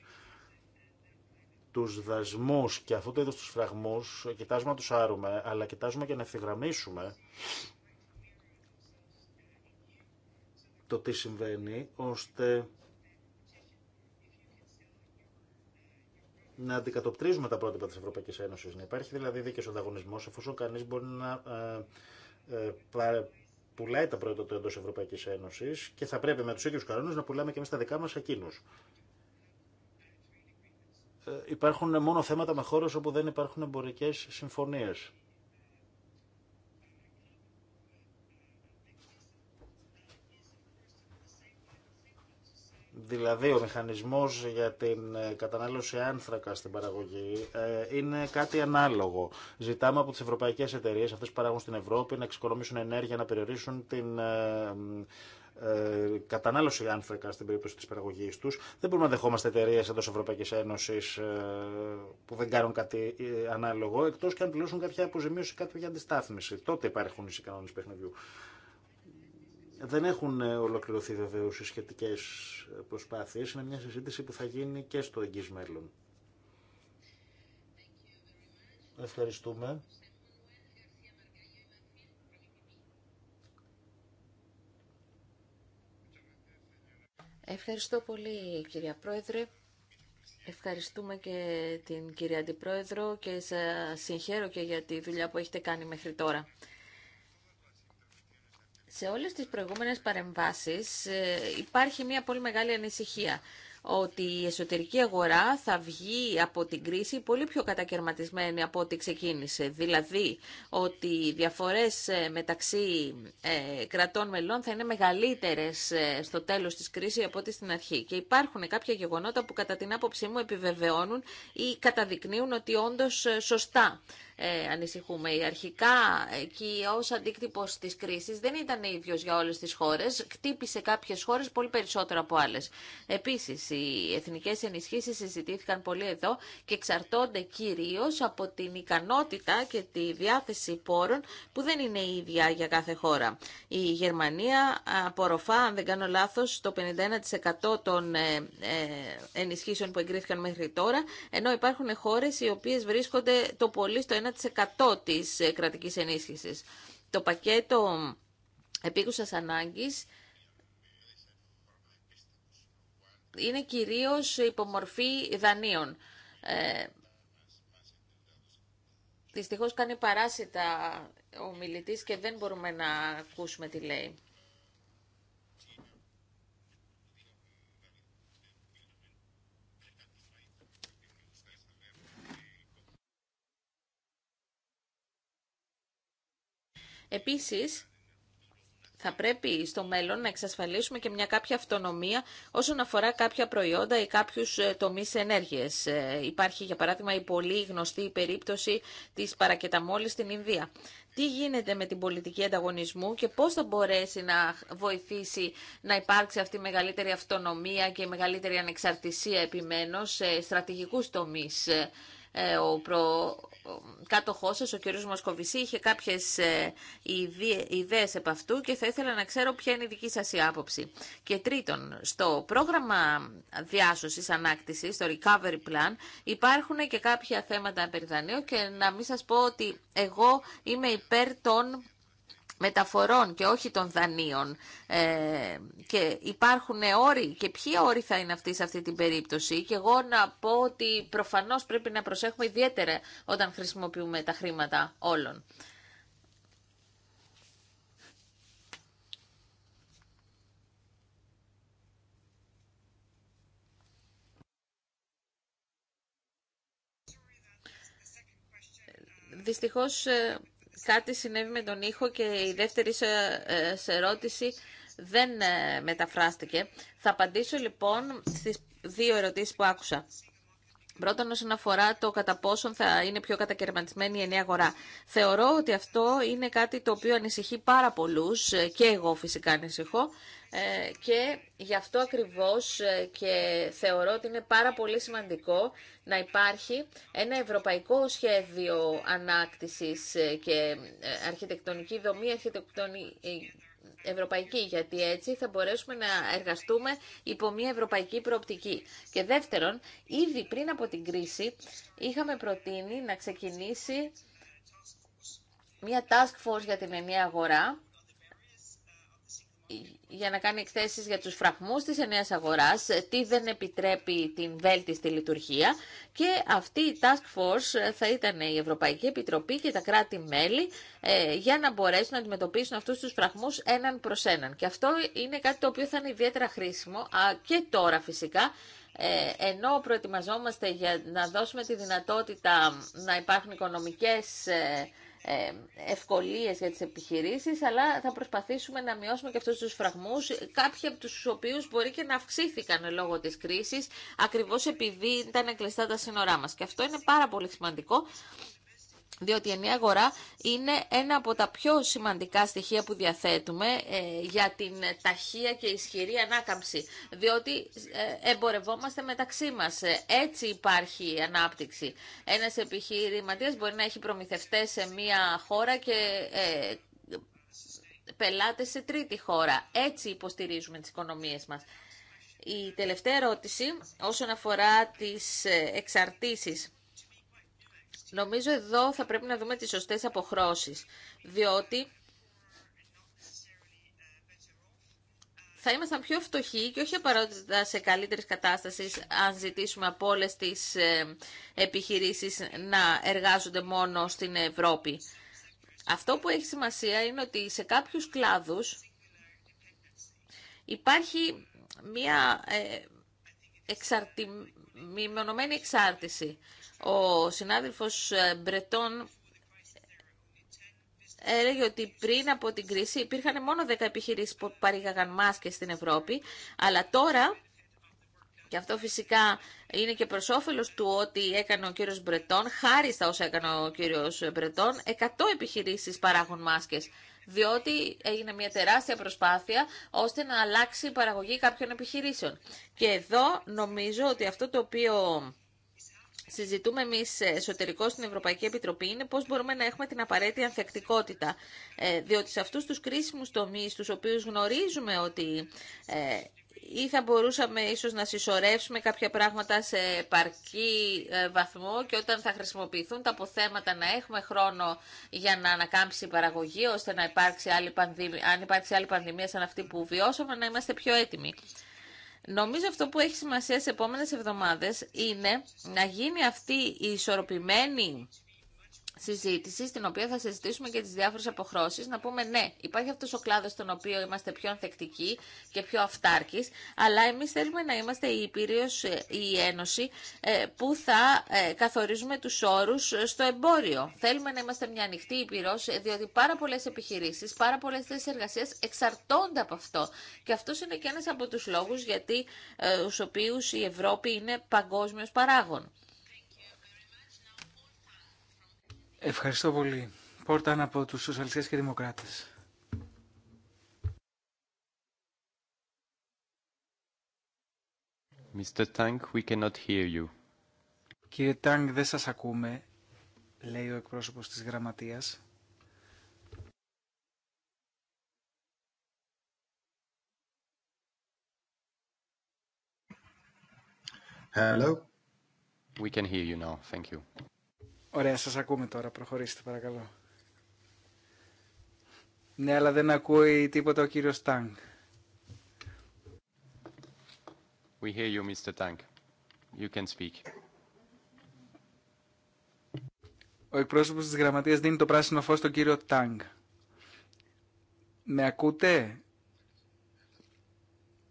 τους δασμούς και αυτό το είδος τους φραγμούς κοιτάζουμε να τους άρουμε, αλλά κοιτάζουμε και να ευθυγραμμίσουμε το τι συμβαίνει, ώστε να αντικατοπτρίζουμε τα πρότυπα τη Ευρωπαϊκή Ένωσης. Να υπάρχει δηλαδή δίκαιος ανταγωνισμό, εφόσον κανείς μπορεί να ε, ε, πουλάει τα πρότυπα του εντό Ευρωπαϊκής Ένωσης και θα πρέπει με τους ίδιους κανόνες να πουλάμε και εμεί τα δικά μας Ε, Υπάρχουν μόνο θέματα με χώρε όπου δεν υπάρχουν εμπορικέ συμφωνίε. Δηλαδή ο μηχανισμός για την ε, κατανάλωση άνθρακα στην παραγωγή ε, είναι κάτι ανάλογο. Ζητάμε από τις ευρωπαϊκές εταιρείες, αυτές που παράγουν στην Ευρώπη, να εξοικονομήσουν ενέργεια, να περιορίσουν την ε, κατανάλωση άνθρακα στην περίπτωση τη παραγωγή του. Δεν μπορούμε να δεχόμαστε εταιρείε εντό Ευρωπαϊκή Ένωση ε, που δεν κάνουν κάτι ανάλογο, εκτό και αν πληρώσουν κάποια αποζημίωση ή για αντιστάθμιση. Τότε υπάρχουν οι κανόνε παιχνιδιού. Δεν έχουν ε, ολοκληρωθεί βεβαίω οι σχετικέ ε, προσπάθειε. Είναι μια συζήτηση που θα γίνει και στο εγγύ μέλλον. Ευχαριστούμε. Ευχαριστώ πολύ κυρία Πρόεδρε. Ευχαριστούμε και την κυρία Αντιπρόεδρο και σας συγχαίρω και για τη δουλειά που έχετε κάνει μέχρι τώρα. Σε όλες τις προηγούμενες παρεμβάσεις ε, υπάρχει μια πολύ μεγάλη ανησυχία ότι η εσωτερική αγορά θα βγει από την κρίση πολύ πιο κατακαιρματισμένη από ό,τι ξεκίνησε. Δηλαδή ότι οι διαφορές ε, μεταξύ ε, κρατών μελών θα είναι μεγαλύτερες στο τέλος της κρίσης από ό,τι στην αρχή. Και υπάρχουν κάποια γεγονότα που κατά την άποψή μου επιβεβαιώνουν ή καταδεικνύουν ότι όντως σωστά ε, ανησυχούμε. Η αρχικά εκεί ω αντίκτυπο της κρίσης δεν ήταν ίδιο για όλε τι χώρε. Κτύπησε κάποιε χώρε πολύ περισσότερο από άλλε. Επίση, οι εθνικέ ενισχύσει συζητήθηκαν πολύ εδώ και εξαρτώνται κυρίω από την ικανότητα και τη διάθεση πόρων που δεν είναι ίδια για κάθε χώρα. Η Γερμανία απορροφά, αν δεν κάνω λάθος, το 51% των ε, ε, ενισχύσεων που εγκρίθηκαν μέχρι τώρα, ενώ υπάρχουν χώρες οι οποίε βρίσκονται το πολύ στο 1% της ε, κρατικής ενίσχυσης. Το πακέτο επίκουσας ανάγκης είναι κυρίως υπομορφή δανείων. Ε, δυστυχώς κάνει παράσιτα ο μιλητής και δεν μπορούμε να ακούσουμε τι λέει. Επίσης, θα πρέπει στο μέλλον να εξασφαλίσουμε και μια κάποια αυτονομία όσον αφορά κάποια προϊόντα ή κάποιους ε, τομείς ενέργειας. Ε, υπάρχει, για παράδειγμα, η πολύ γνωστή περίπτωση της παρακεταμόλης στην Ινδία. Τι γίνεται με την πολιτική ανταγωνισμού και πώς θα μπορέσει να βοηθήσει να υπάρξει αυτή η μεγαλύτερη αυτονομία και η μεγαλύτερη ανεξαρτησία επιμένως σε στρατηγικούς τομείς ε, ε, ο προ... κάτοχός σας, ο κ. Μοσκοβισή, είχε κάποιες ε, ιδέες επ' αυτού και θα ήθελα να ξέρω ποια είναι η δική σας η άποψη. Και τρίτον, στο πρόγραμμα διάσωσης, ανάκτησης, το Recovery Plan, υπάρχουν και κάποια θέματα περιδανείου και να μην σας πω ότι εγώ είμαι υπέρ των μεταφορών και όχι των δανείων ε, και υπάρχουν όροι και ποιοι όροι θα είναι αυτοί σε αυτή την περίπτωση και εγώ να πω ότι προφανώς πρέπει να προσέχουμε ιδιαίτερα όταν χρησιμοποιούμε τα χρήματα όλων. Δυστυχώς ε, κάτι συνέβη με τον ήχο και η δεύτερη σε ε, ερώτηση δεν ε, μεταφράστηκε. Θα απαντήσω λοιπόν στις δύο ερωτήσεις που άκουσα. Πρώτον, όσον αφορά το κατά πόσον θα είναι πιο κατακαιρματισμένη η ενιαία αγορά. Θεωρώ ότι αυτό είναι κάτι το οποίο ανησυχεί πάρα πολλού, ε, και εγώ φυσικά ανησυχώ ε, και γι' αυτό ακριβώς ε, και θεωρώ ότι είναι πάρα πολύ σημαντικό να υπάρχει ένα ευρωπαϊκό σχέδιο ανάκτησης και αρχιτεκτονική δομή, αρχιτεκτονική ευρωπαϊκή, γιατί έτσι θα μπορέσουμε να εργαστούμε υπό μια ευρωπαϊκή προοπτική. Και δεύτερον, ήδη πριν από την κρίση είχαμε προτείνει να ξεκινήσει μια task force για την ενιαία αγορά, για να κάνει εκθέσεις για τους φραγμούς της ενέας αγοράς, τι δεν επιτρέπει την βέλτιστη λειτουργία και αυτή η Task Force θα ήταν η Ευρωπαϊκή Επιτροπή και τα κράτη-μέλη ε, για να μπορέσουν να αντιμετωπίσουν αυτούς τους φραγμούς έναν προς έναν. Και αυτό είναι κάτι το οποίο θα είναι ιδιαίτερα χρήσιμο και τώρα φυσικά ε, ενώ προετοιμαζόμαστε για να δώσουμε τη δυνατότητα να υπάρχουν οικονομικές ε, ε, ευκολίες για τις επιχειρήσεις, αλλά θα προσπαθήσουμε να μειώσουμε και αυτούς τους φραγμούς, κάποιοι από τους οποίους μπορεί και να αυξήθηκαν λόγω της κρίσης, ακριβώς επειδή ήταν κλειστά τα σύνορά μας. Και αυτό είναι πάρα πολύ σημαντικό, διότι η αγορά είναι ένα από τα πιο σημαντικά στοιχεία που διαθέτουμε ε, για την ταχεία και ισχυρή ανάκαμψη, διότι ε, εμπορευόμαστε μεταξύ μας. Ε, έτσι υπάρχει η ανάπτυξη. Ένας επιχειρηματίας μπορεί να έχει προμηθευτές σε μία χώρα και ε, πελάτες σε τρίτη χώρα. Έτσι υποστηρίζουμε τις οικονομίες μας. Η τελευταία ερώτηση όσον αφορά τις εξαρτήσεις Νομίζω εδώ θα πρέπει να δούμε τις σωστές αποχρώσεις, διότι θα ήμασταν πιο φτωχοί και όχι απαραίτητα σε καλύτερη κατάσταση αν ζητήσουμε από όλε τι ε, επιχειρήσεις να εργάζονται μόνο στην Ευρώπη. Αυτό που έχει σημασία είναι ότι σε κάποιους κλάδους υπάρχει μια ε, εξαρτημενωμένη εξάρτηση. Ο συνάδελφος ε, Μπρετών έλεγε ότι πριν από την κρίση υπήρχαν μόνο 10 επιχειρήσεις που παρήγαγαν μάσκες στην Ευρώπη, αλλά τώρα και αυτό φυσικά είναι και προ όφελο του ότι έκανε ο κύριος Μπρετόν, χάρη στα όσα έκανε ο κύριος Μπρετόν, 100 επιχειρήσεις παράγουν μάσκες διότι έγινε μια τεράστια προσπάθεια ώστε να αλλάξει η παραγωγή κάποιων επιχειρήσεων. Και εδώ νομίζω ότι αυτό το οποίο συζητούμε εμεί εσωτερικώ στην Ευρωπαϊκή Επιτροπή είναι πώ μπορούμε να έχουμε την απαραίτητη ανθεκτικότητα. Ε, διότι σε αυτού του κρίσιμου τομεί, του οποίου γνωρίζουμε ότι ε, ή θα μπορούσαμε ίσως να συσσωρεύσουμε κάποια πράγματα σε παρκή ε, βαθμό και όταν θα χρησιμοποιηθούν τα αποθέματα να έχουμε χρόνο για να ανακάμψει η παραγωγή ώστε να υπάρξει άλλη πανδημία, αν υπάρξει άλλη πανδημία σαν αυτή που βιώσαμε να είμαστε πιο έτοιμοι. Νομίζω αυτό που έχει σημασία σε επόμενες εβδομάδες είναι να γίνει αυτή η ισορροπημένη συζήτηση, στην οποία θα συζητήσουμε και τι διάφορε αποχρώσει, να πούμε ναι, υπάρχει αυτό ο κλάδο στον οποίο είμαστε πιο ανθεκτικοί και πιο αυτάρκη, αλλά εμεί θέλουμε να είμαστε η Υπήρειο ή η Ένωση, ε, που θα ε, καθορίζουμε του όρου ε, στο εμπόριο. Θέλουμε να είμαστε μια ανοιχτή Υπήρο, διότι πάρα πολλέ επιχειρήσει, πάρα πολλέ θέσει εργασία εξαρτώνται από αυτό. Και αυτό είναι και ένα από του λόγου γιατί ε, του οποίου η Ευρώπη είναι παγκόσμιο παράγων. Ευχαριστώ πολύ. Πόρτα από τους Σοσιαλιστές και Δημοκράτες. Mr. Tang, we cannot hear you. Κύριε Τάγκ, δεν σας ακούμε, λέει ο εκπρόσωπος της γραμματείας. Hello. We can hear you now. Thank you. Ωραία, σας ακούμε τώρα. Προχωρήστε παρακαλώ. Ναι, αλλά δεν ακούει τίποτα ο κύριος Τάγκ. We hear you, Mr. Tank. You can speak. Ο εκπρόσωπος της γραμματείας δίνει το πράσινο φως στον κύριο Τάγκ. Με ακούτε?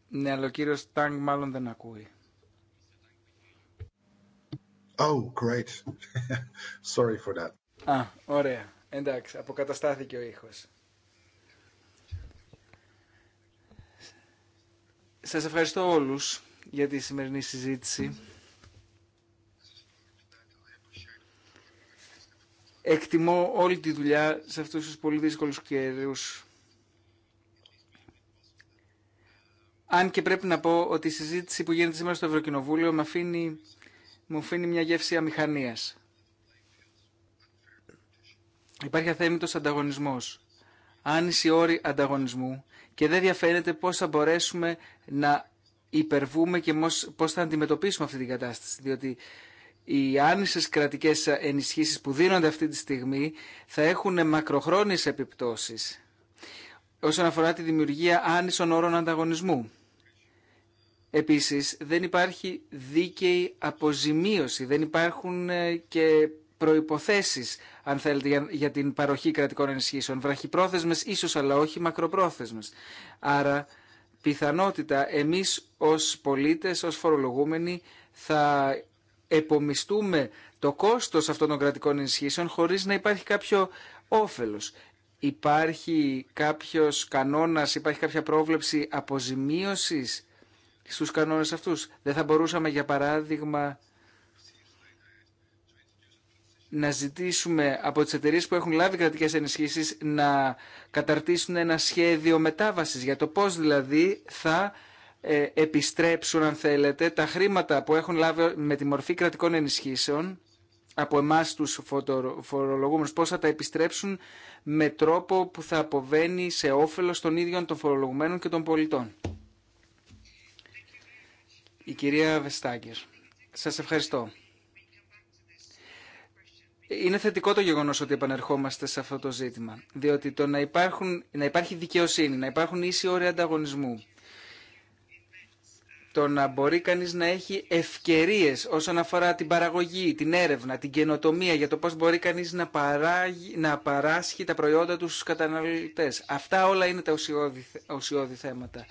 Ναι, αλλά ο κύριος Τάγκ μάλλον δεν ακούει. Oh, great. Sorry for that. Α, ωραία. Εντάξει, αποκαταστάθηκε ο ήχος. Σας ευχαριστώ όλους για τη σημερινή συζήτηση. Εκτιμώ όλη τη δουλειά σε αυτούς τους πολύ δύσκολους καιρούς. Αν και πρέπει να πω ότι η συζήτηση που γίνεται σήμερα στο Ευρωκοινοβούλιο με αφήνει μου αφήνει μια γεύση αμηχανίας. Υπάρχει αθέμητος ανταγωνισμός, άνιση όρη ανταγωνισμού και δεν διαφαίνεται πώς θα μπορέσουμε να υπερβούμε και πώς θα αντιμετωπίσουμε αυτή την κατάσταση. Διότι οι άνισες κρατικές ενισχύσεις που δίνονται αυτή τη στιγμή θα έχουν μακροχρόνιες επιπτώσεις όσον αφορά τη δημιουργία άνισων όρων ανταγωνισμού. Επίσης δεν υπάρχει δίκαιη αποζημίωση, δεν υπάρχουν ε, και προϋποθέσεις αν θέλετε για την παροχή κρατικών ενισχύσεων, βραχυπρόθεσμες ίσως αλλά όχι μακροπρόθεσμες. Άρα πιθανότητα εμείς ως πολίτες, ως φορολογούμενοι θα επομιστούμε το κόστος αυτών των κρατικών ενισχύσεων χωρίς να υπάρχει κάποιο όφελος. Υπάρχει κάποιος κανόνας, υπάρχει κάποια πρόβλεψη αποζημίωσης στους κανόνες αυτούς. Δεν θα μπορούσαμε για παράδειγμα να ζητήσουμε από τις εταιρείε που έχουν λάβει κρατικές ενισχύσεις να καταρτήσουν ένα σχέδιο μετάβασης για το πώς δηλαδή θα ε, επιστρέψουν αν θέλετε τα χρήματα που έχουν λάβει με τη μορφή κρατικών ενισχύσεων από εμάς τους φορολογούμενους πώς θα τα επιστρέψουν με τρόπο που θα αποβαίνει σε όφελος των ίδιων των φορολογουμένων και των πολιτών. Η κυρία Βεστάγκερ. Σας ευχαριστώ. Είναι θετικό το γεγονός ότι επανερχόμαστε σε αυτό το ζήτημα, διότι το να, υπάρχουν, να υπάρχει δικαιοσύνη, να υπάρχουν ίσοι όροι ανταγωνισμού, το να μπορεί κανείς να έχει ευκαιρίες όσον αφορά την παραγωγή, την έρευνα, την καινοτομία για το πώς μπορεί κανείς να, παράγει, να παράσχει τα προϊόντα του στους καταναλωτές. Αυτά όλα είναι τα ουσιώδη, ουσιώδη θέματα.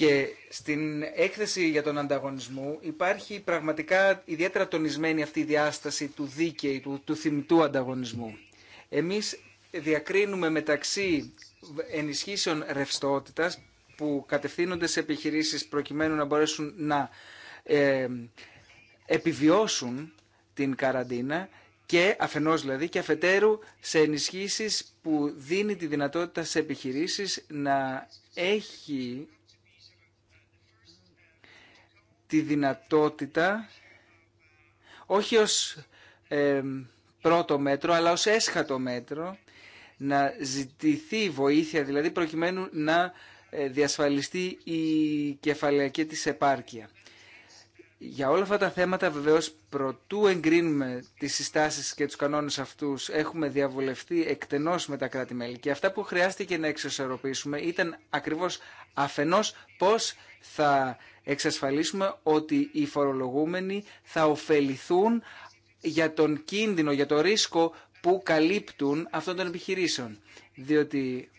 Και στην έκθεση για τον ανταγωνισμό υπάρχει πραγματικά ιδιαίτερα τονισμένη αυτή η διάσταση του δίκαιου, του, του ανταγωνισμού. Εμείς διακρίνουμε μεταξύ ενισχύσεων ρευστότητας που κατευθύνονται σε επιχειρήσεις προκειμένου να μπορέσουν να ε, επιβιώσουν την καραντίνα και αφενός δηλαδή και αφετέρου σε ενισχύσεις που δίνει τη δυνατότητα σε επιχειρήσεις να έχει τη δυνατότητα όχι ως πρώτο μέτρο αλλά ως έσχατο μέτρο να ζητηθεί βοήθεια δηλαδή προκειμένου να ε, διασφαλιστεί η κεφαλαιακή της επάρκεια. Για όλα αυτά τα θέματα βεβαίως προτού εγκρίνουμε τις συστάσεις και τους κανόνες αυτούς έχουμε διαβολευτεί εκτενώς με τα κράτη-μέλη και αυτά που χρειάστηκε να εξωσορροπήσουμε ήταν ακριβώς αφενός πώς θα εξασφαλίσουμε ότι οι φορολογούμενοι θα ωφεληθούν για τον κίνδυνο, για το ρίσκο που καλύπτουν αυτών των επιχειρήσεων. Διότι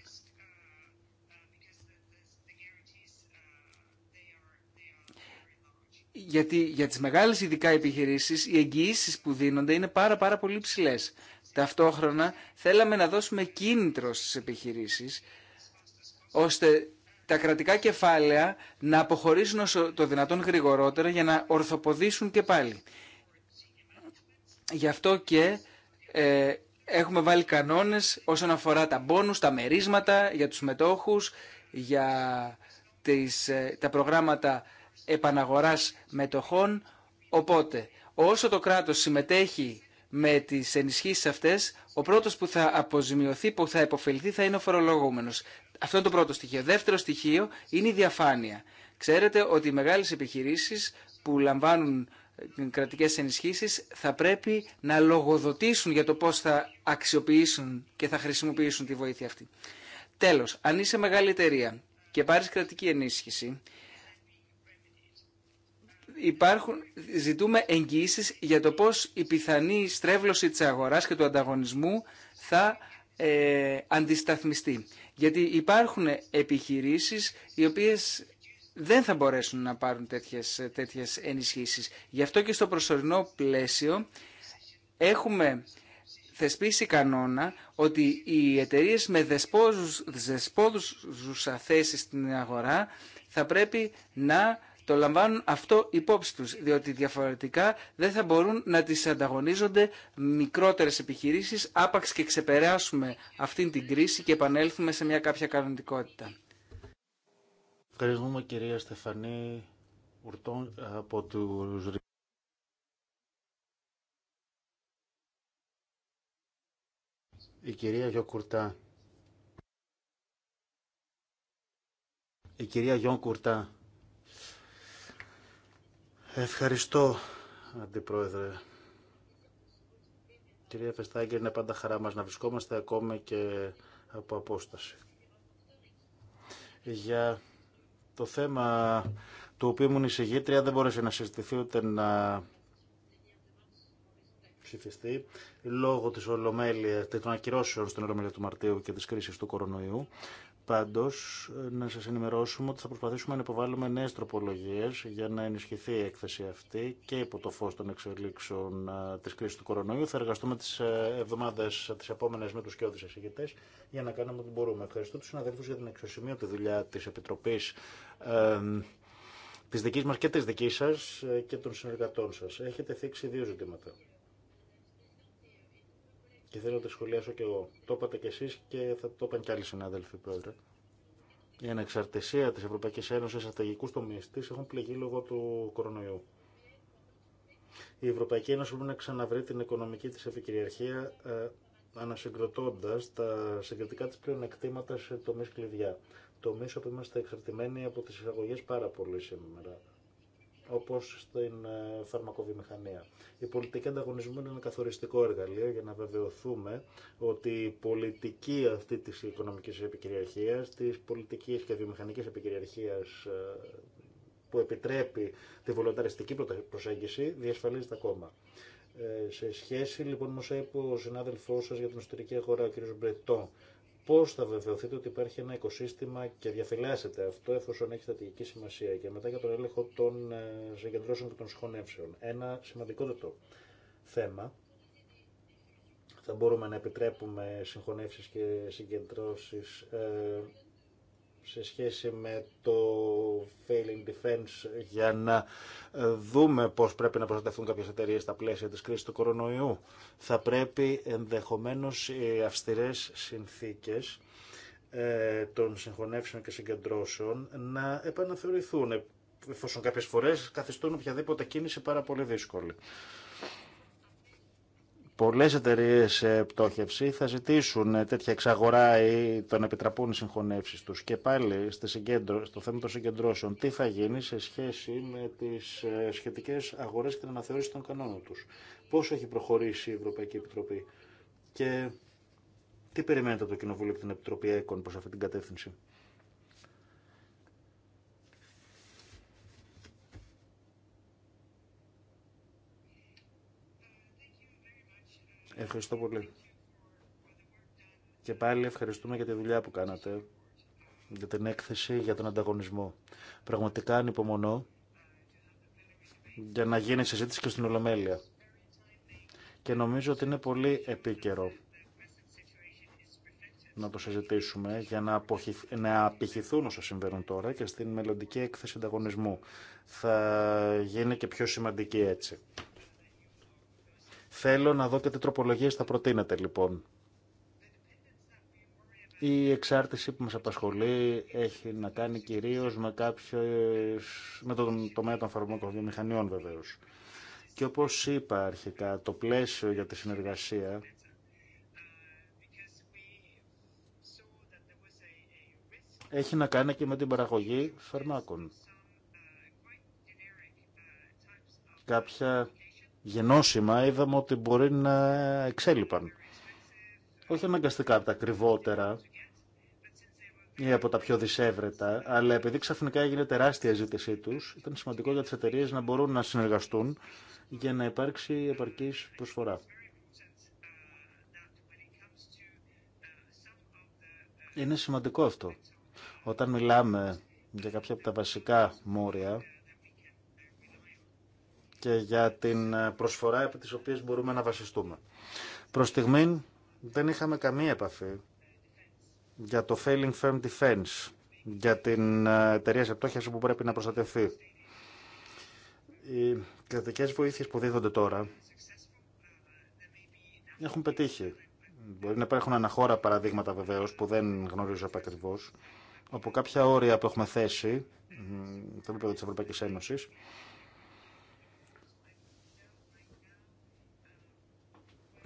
γιατί για τις μεγάλες ειδικά επιχειρήσεις οι εγγυήσεις που δίνονται είναι πάρα πάρα πολύ ψηλές. Ταυτόχρονα θέλαμε να δώσουμε κίνητρο στις επιχειρήσεις ώστε τα κρατικά κεφάλαια να αποχωρήσουν όσο το δυνατόν γρηγορότερα για να ορθοποδήσουν και πάλι. Γι' αυτό και ε, έχουμε βάλει κανόνες όσον αφορά τα μπόνους, τα μερίσματα για τους μετόχους, για τις, ε, τα προγράμματα επαναγοράς μετοχών, οπότε όσο το κράτος συμμετέχει με τις ενισχύσεις αυτές, ο πρώτος που θα αποζημιωθεί, που θα υποφεληθεί θα είναι ο φορολογούμενος. Αυτό είναι το πρώτο στοιχείο. Δεύτερο στοιχείο είναι η διαφάνεια. Ξέρετε ότι οι μεγάλες επιχειρήσεις που λαμβάνουν ε, κρατικές ενισχύσεις θα πρέπει να λογοδοτήσουν για το πώς θα αξιοποιήσουν και θα χρησιμοποιήσουν τη βοήθεια αυτή. Τέλος, αν είσαι μεγάλη εταιρεία και πάρεις κρατική ενίσχυση, υπάρχουν, ζητούμε εγγυήσεις για το πώς η πιθανή στρέβλωση της αγοράς και του ανταγωνισμού θα ε, αντισταθμιστεί. Γιατί υπάρχουν επιχειρήσεις οι οποίες δεν θα μπορέσουν να πάρουν τέτοιες, τέτοιες ενισχύσεις. Γι' αυτό και στο προσωρινό πλαίσιο έχουμε θεσπίσει κανόνα ότι οι εταιρείε με δεσπόδους θέση στην αγορά θα πρέπει να το λαμβάνουν αυτό υπόψη τους, διότι διαφορετικά δεν θα μπορούν να τις ανταγωνίζονται μικρότερες επιχειρήσεις, άπαξ και ξεπεράσουμε αυτήν την κρίση και επανέλθουμε σε μια κάποια κανονικότητα. Ευχαριστούμε κυρία Στεφανή Ουρτών από τους Η κυρία Γιώκουρτα. Η κυρία Ευχαριστώ, Αντιπρόεδρε. Κυρία Φεστάγκερ, είναι πάντα χαρά μας να βρισκόμαστε ακόμα και από απόσταση. Για το θέμα του οποίου ήμουν εισηγήτρια δεν μπόρεσε να συζητηθεί ούτε να ψηφιστεί λόγω της, ολομέλειας, των ακυρώσεων στην Ολομέλεια του Μαρτίου και της κρίσης του κορονοϊού πάντω να σα ενημερώσουμε ότι θα προσπαθήσουμε να υποβάλουμε νέε τροπολογίε για να ενισχυθεί η έκθεση αυτή και υπό το φω των εξελίξεων ε, τη κρίσης του κορονοϊού. Θα εργαστούμε τι ε, εβδομάδε, ε, τι επόμενε με τους κοιόδης εισηγητέ για να κάνουμε ό,τι μπορούμε. Ευχαριστώ του συναδέλφου για την εξωσημείωτη δουλειά της Επιτροπής τη δική μα και τη δική σα και των συνεργατών σα. Έχετε θίξει δύο ζητήματα. Και θέλω να το σχολιάσω και εγώ. Το είπατε κι εσείς και θα το είπαν κι άλλοι συνάδελφοι, πρόεδρε. Η ανεξαρτησία της Ευρωπαϊκής Ένωσης στρατηγικού τομεί τη έχουν πληγεί λόγω του κορονοϊού. Η Ευρωπαϊκή Ένωση πρέπει να ξαναβρει την οικονομική τη επικυριαρχία ε, ανασυγκροτώντας τα συγκριτικά τη πλεονεκτήματα σε τομεί κλειδιά. Τομεί όπου είμαστε εξαρτημένοι από τι εισαγωγέ πάρα πολύ σήμερα. Όπω στην ε, φαρμακοβιομηχανία. Η πολιτική ανταγωνισμού είναι ένα καθοριστικό εργαλείο για να βεβαιωθούμε ότι η πολιτική αυτή της οικονομικής επικυριαρχίας, της πολιτικής και βιομηχανική επικυριαρχίας ε, που επιτρέπει τη βολονταριστική προσέγγιση, διασφαλίζεται ακόμα. Ε, σε σχέση λοιπόν με όσα είπε ο συνάδελφό σα για την εσωτερική αγορά, ο κ. Μπρετό, Πώ θα βεβαιωθείτε ότι υπάρχει ένα οικοσύστημα και διαφυλάσσεται αυτό εφόσον έχει στρατηγική σημασία και μετά για τον έλεγχο των ε, συγκεντρώσεων και των συγχωνεύσεων. Ένα σημαντικότερο θέμα θα μπορούμε να επιτρέπουμε συγχωνεύσεις και συγκεντρώσεις ε, σε σχέση με το failing defense για να ε, δούμε πώς πρέπει να προστατευτούν κάποιες εταιρείε στα πλαίσια της κρίσης του κορονοϊού. Θα πρέπει ενδεχομένως οι αυστηρές συνθήκες ε, των συγχωνεύσεων και συγκεντρώσεων να επαναθεωρηθούν εφόσον κάποιες φορές καθιστούν οποιαδήποτε κίνηση πάρα πολύ δύσκολη. Πολλέ εταιρείε πτώχευση θα ζητήσουν ε, τέτοια εξαγορά ή τον επιτραπούν οι συγχωνεύσει τους. Και πάλι στη στο θέμα των συγκεντρώσεων, τι θα γίνει σε σχέση με τις ε, σχετικές αγορές και την αναθεώρηση των κανόνων τους. Πώς έχει προχωρήσει η Ευρωπαϊκή Επιτροπή και τι περιμένετε από το Κοινοβούλιο και την Επιτροπή ΕΚΟΝ προ αυτή την κατεύθυνση. Ευχαριστώ πολύ. Και πάλι ευχαριστούμε για τη δουλειά που κάνατε, για την έκθεση, για τον ανταγωνισμό. Πραγματικά ανυπομονώ για να γίνει συζήτηση και στην Ολομέλεια. Και νομίζω ότι είναι πολύ επίκαιρο να το συζητήσουμε για να, να απηχηθούν όσα συμβαίνουν τώρα και στην μελλοντική έκθεση ανταγωνισμού. Θα γίνει και πιο σημαντική έτσι. Θέλω να δω και τι τροπολογίες θα προτείνετε λοιπόν. Η εξάρτηση που μας απασχολεί έχει να κάνει κυρίως με, κάποιο με τον τομέα των φαρμακοβιομηχανιών βεβαίως. Και όπως είπα αρχικά, το πλαίσιο για τη συνεργασία έχει να κάνει και με την παραγωγή φαρμάκων. Κάποια γενώσιμα είδαμε ότι μπορεί να εξέλιπαν. Όχι αναγκαστικά από τα ακριβότερα ή από τα πιο δυσέβρετα, αλλά επειδή ξαφνικά έγινε τεράστια ζήτησή τους, ήταν σημαντικό για τις εταιρείε να μπορούν να συνεργαστούν για να υπάρξει επαρκής προσφορά. Είναι σημαντικό αυτό. Όταν μιλάμε για κάποια από τα βασικά μόρια, και για την ε, προσφορά επί τις οποίες μπορούμε να βασιστούμε. Προς στιγμήν δεν είχαμε καμία επαφή για το Failing Firm Defense, για την ε, εταιρεία σε πτώχευση που πρέπει να προστατευτεί. Οι κρατικέ βοήθειες που δίδονται τώρα έχουν πετύχει. Μπορεί να υπάρχουν αναχώρα παραδείγματα βεβαίω που δεν γνωρίζω ακριβώ, όπου κάποια όρια που έχουμε θέσει το επίπεδο τη Ευρωπαϊκή Ένωση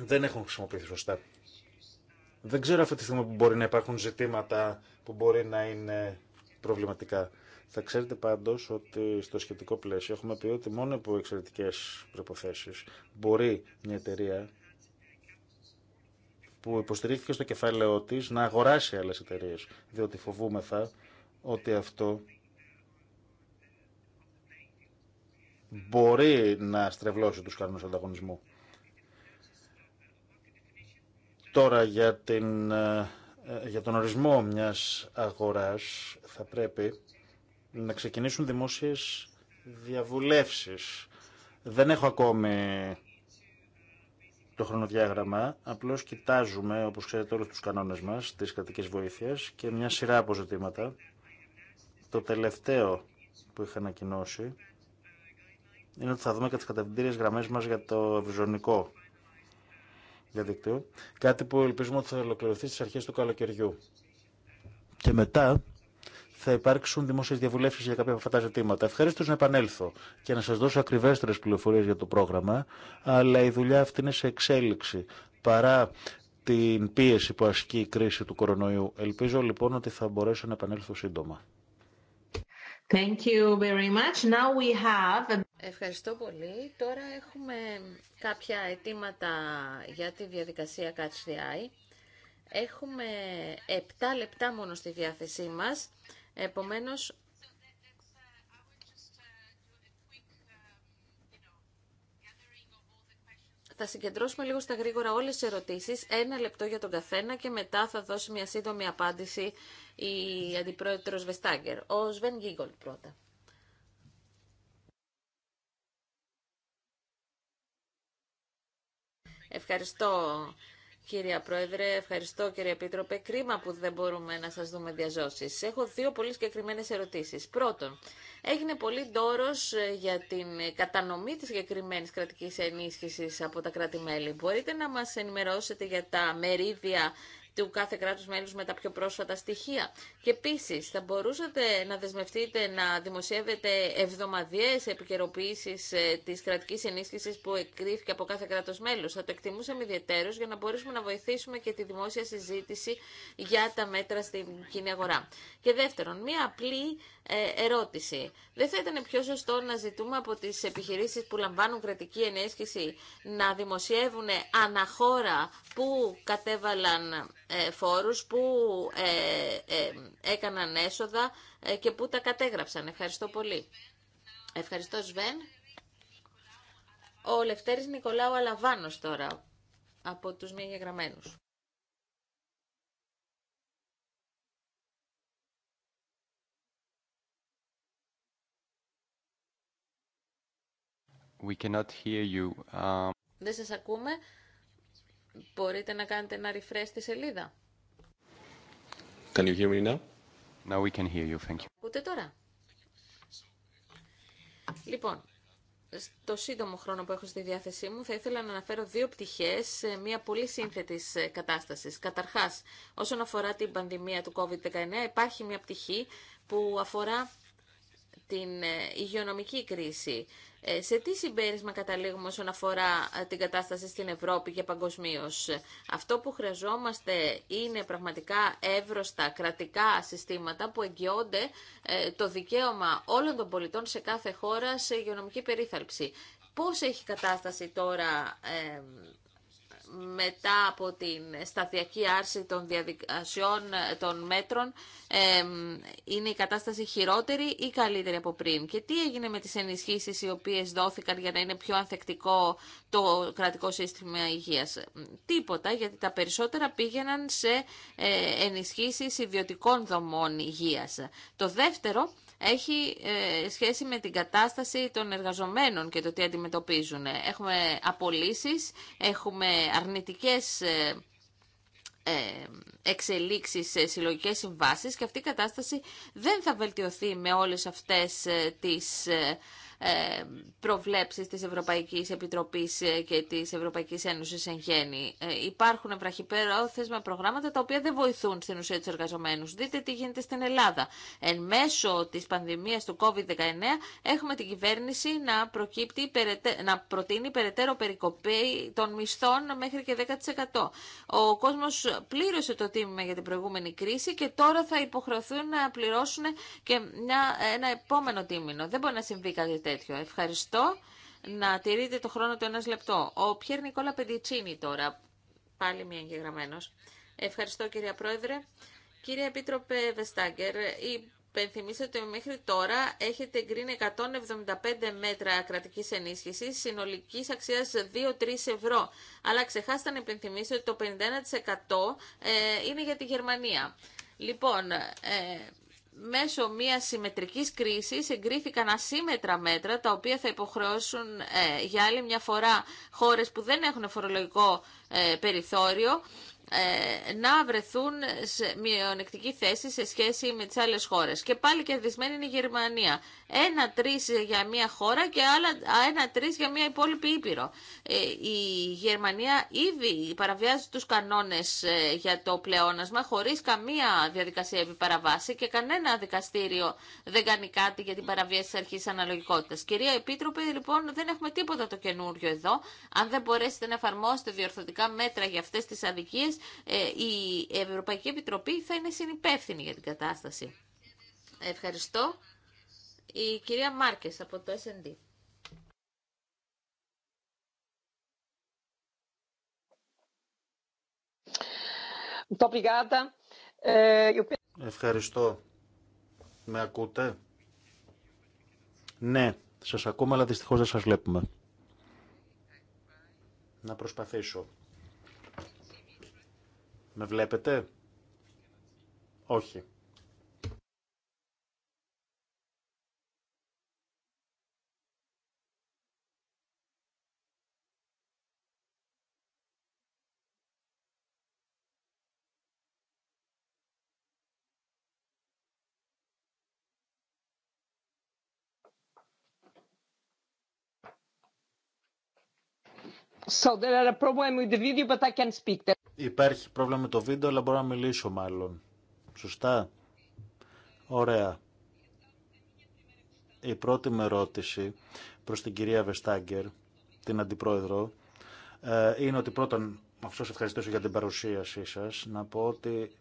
δεν έχουν χρησιμοποιηθεί σωστά. Δεν ξέρω αυτή τη στιγμή που μπορεί να υπάρχουν ζητήματα που μπορεί να είναι προβληματικά. Θα ξέρετε πάντω ότι στο σχετικό πλαίσιο έχουμε πει ότι μόνο από εξαιρετικέ προποθέσει μπορεί μια εταιρεία που υποστηρίχθηκε στο κεφάλαιό τη να αγοράσει άλλε εταιρείε. Διότι φοβούμεθα ότι αυτό μπορεί να στρεβλώσει τους κανόνες ανταγωνισμού. Τώρα για, την, ε, ε, για τον ορισμό μιας αγοράς θα πρέπει να ξεκινήσουν δημόσιες διαβουλεύσεις. Δεν έχω ακόμη το χρονοδιάγραμμα. Απλώς κοιτάζουμε, όπως ξέρετε, όλους τους κανόνες μας, της κρατική βοήθειας και μια σειρά αποζητήματα. Το τελευταίο που είχα ανακοινώσει είναι ότι θα δούμε και τις κατευθυντήριες γραμμές μας για το διαδικτύου. Κάτι που ελπίζουμε ότι θα ολοκληρωθεί στι αρχές του καλοκαιριού. Και μετά θα υπάρξουν δημόσιε διαβουλεύσει για κάποια από αυτά τα ζητήματα. Ευχαρίστω να επανέλθω και να σα δώσω ακριβέστερε πληροφορίε για το πρόγραμμα, αλλά η δουλειά αυτή είναι σε εξέλιξη παρά την πίεση που ασκεί η κρίση του κορονοϊού. Ελπίζω λοιπόν ότι θα μπορέσω να επανέλθω σύντομα. Thank you very much. Now we have... Ευχαριστώ πολύ. Τώρα έχουμε κάποια αιτήματα για τη διαδικασία Catch the Eye. Έχουμε 7 λεπτά μόνο στη διάθεσή μας. Επομένως, θα συγκεντρώσουμε λίγο στα γρήγορα όλες τις ερωτήσεις, ένα λεπτό για τον καθένα και μετά θα δώσει μια σύντομη απάντηση η Αντιπρόεδρος Βεστάγκερ. Ο Σβεν Γίγκολ πρώτα. Ευχαριστώ Κυρία Πρόεδρε, ευχαριστώ κύριε Επίτροπε. Κρίμα που δεν μπορούμε να σας δούμε διαζώσεις. Έχω δύο πολύ συγκεκριμένε ερωτήσεις. Πρώτον, έγινε πολύ ντόρος ε, για την κατανομή της συγκεκριμένη κρατικής ενίσχυσης από τα κράτη-μέλη. Μπορείτε να μας ενημερώσετε για τα μερίδια του κάθε κράτους μέλους με τα πιο πρόσφατα στοιχεία. Και επίση, θα μπορούσατε να δεσμευτείτε να δημοσιεύετε εβδομαδιαίες επικαιροποίησεις ε, της κρατικής ενίσχυσης που εκκρίθηκε από κάθε κράτος μέλος. Θα το εκτιμούσαμε ιδιαίτερως για να μπορέσουμε να βοηθήσουμε και τη δημόσια συζήτηση για τα μέτρα στην κοινή αγορά. Και δεύτερον, μία απλή ε, ερώτηση. Δεν θα ήταν πιο σωστό να ζητούμε από τις επιχειρήσεις που λαμβάνουν κρατική ενίσχυση να δημοσιεύουν αναχώρα που κατέβαλαν ε, φόρους που ε, ε, έκαναν έσοδα και που τα κατέγραψαν. Ευχαριστώ πολύ. Ευχαριστώ Σβέν. Ο Λευτέρης Νικολάου Αλαβάνος τώρα από τους μη We cannot hear you. Um... Δεν σας ακούμε. Μπορείτε να κάνετε ένα refresh στη σελίδα. Can you hear me now? Now we can hear you, thank you. Ακούτε τώρα. Λοιπόν, στο σύντομο χρόνο που έχω στη διάθεσή μου θα ήθελα να αναφέρω δύο πτυχές μια πολύ σύνθετη κατάσταση. Καταρχάς, όσον αφορά την πανδημία του COVID-19 υπάρχει μια πτυχή που αφορά την ε, υγειονομική κρίση ε, σε τι συμπέρισμα καταλήγουμε όσον αφορά ε, την κατάσταση στην Ευρώπη και παγκοσμίω. Αυτό που χρειαζόμαστε είναι πραγματικά εύρωστα κρατικά συστήματα που εγγυώνται ε, το δικαίωμα όλων των πολιτών σε κάθε χώρα σε υγειονομική περίθαλψη. Πώς έχει κατάσταση τώρα μετά από την σταδιακή άρση των διαδικασιών των μέτρων ε, είναι η κατάσταση χειρότερη ή καλύτερη από πριν. Και τι έγινε με τις ενισχύσεις οι οποίες δόθηκαν για να είναι πιο ανθεκτικό το κρατικό σύστημα υγείας. Τίποτα, γιατί τα περισσότερα πήγαιναν σε ε, ενισχύσεις ιδιωτικών δομών υγείας. Το δεύτερο έχει ε, σχέση με την κατάσταση των εργαζομένων και το τι αντιμετωπίζουν. Έχουμε απολύσεις, έχουμε αρνητικές ε, ε, εξελίξεις σε συλλογικές συμβάσεις και αυτή η κατάσταση δεν θα βελτιωθεί με όλες αυτές τις ε, προβλέψεις της Ευρωπαϊκής Επιτροπής ε, και της Ευρωπαϊκής Ένωσης εν γέννη. Ε, υπάρχουν με προγράμματα τα οποία δεν βοηθούν στην ουσία τους εργαζομένους. Δείτε τι γίνεται στην Ελλάδα. Εν μέσω της πανδημίας του COVID-19 έχουμε την κυβέρνηση να, προκύπτει, να προτείνει περαιτέρω περικοπή των μισθών μέχρι και 10%. Ο κόσμος πλήρωσε το τίμημα για την προηγούμενη κρίση και τώρα θα υποχρεωθούν να πληρώσουν και μια, ένα επόμενο τίμηνο. Δεν μπορεί να συμβεί κάτι τέτοιο. Ευχαριστώ. Να τηρείτε το χρόνο του ένα λεπτό. Ο Πιέρ Νικόλα Πεντιτσίνη τώρα, πάλι μία εγγεγραμμένο. Ευχαριστώ κυρία Πρόεδρε. Κύριε Επίτροπε Βεστάγκερ, η ότι μέχρι τώρα έχετε εγκρίνει 175 μέτρα κρατική ενίσχυση συνολική αξία 2-3 ευρώ. Αλλά ξεχάσατε να υπενθυμίσετε ότι το 51% ε, είναι για τη Γερμανία. Λοιπόν, ε, μέσω μιας συμμετρικής κρίσης εγκρίθηκαν ασύμετρα μέτρα τα οποία θα υποχρεώσουν ε, για άλλη μια φορά χώρες που δεν έχουν φορολογικό ε, περιθώριο ε, να βρεθούν σε μειονεκτική θέση σε σχέση με τις άλλες χώρες. Και πάλι κερδισμένη είναι η Γερμανία. Ένα τρεις για μία χώρα και άλλα ένα τρεις για μία υπόλοιπη ήπειρο. Ε, η Γερμανία ήδη παραβιάζει τους κανόνες ε, για το πλεόνασμα χωρίς καμία διαδικασία επιπαραβάση και κανένα δικαστήριο δεν κάνει κάτι για την παραβίαση της αρχής αναλογικότητας. Κυρία Επίτροπε, λοιπόν, δεν έχουμε τίποτα το καινούριο εδώ. Αν δεν μπορέσετε να εφαρμόσετε διορθωτικά μέτρα για αυτές τις αδικίες, ε, η Ευρωπαϊκή Επιτροπή θα είναι συνυπεύθυνη για την κατάσταση. Ευχαριστώ. Η κυρία Μάρκες από το S&D. Ε, Ευχαριστώ. Με ακούτε? Ναι, σας ακούμε, αλλά δυστυχώς δεν σας βλέπουμε. Να προσπαθήσω. Με βλέπετε? Όχι. So Υπάρχει πρόβλημα με το βίντεο, αλλά μπορώ να μιλήσω μάλλον. Σωστά. Ωραία. Η πρώτη με ερώτηση προς την κυρία Βεστάγκερ, την Αντιπρόεδρο, ε, είναι ότι πρώτον, αυτό σας ευχαριστήσω για την παρουσίασή σας, να πω ότι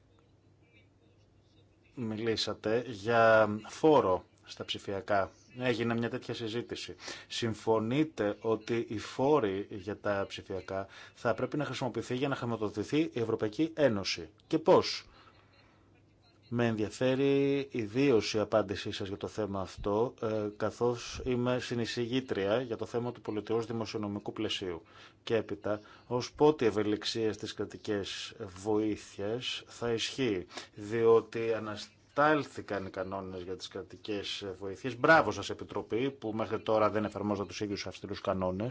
μιλήσατε για φόρο στα ψηφιακά έγινε μια τέτοια συζήτηση. Συμφωνείτε ότι οι φόροι για τα ψηφιακά θα πρέπει να χρησιμοποιηθεί για να χρηματοδοτηθεί η Ευρωπαϊκή Ένωση. Και πώς. Με ενδιαφέρει ιδίω η απάντησή σας για το θέμα αυτό, ε, καθώς είμαι συνεισηγήτρια για το θέμα του πολιτιούς δημοσιονομικού πλαισίου. Και έπειτα, ως πότε η ευελιξία στις κρατικές βοήθειες θα ισχύει, διότι Τάλθηκαν οι κανόνε για τι κρατικέ βοήθειε. Μπράβο σα, Επιτροπή, που μέχρι τώρα δεν εφαρμόζονται του ίδιου αυστηρού κανόνε.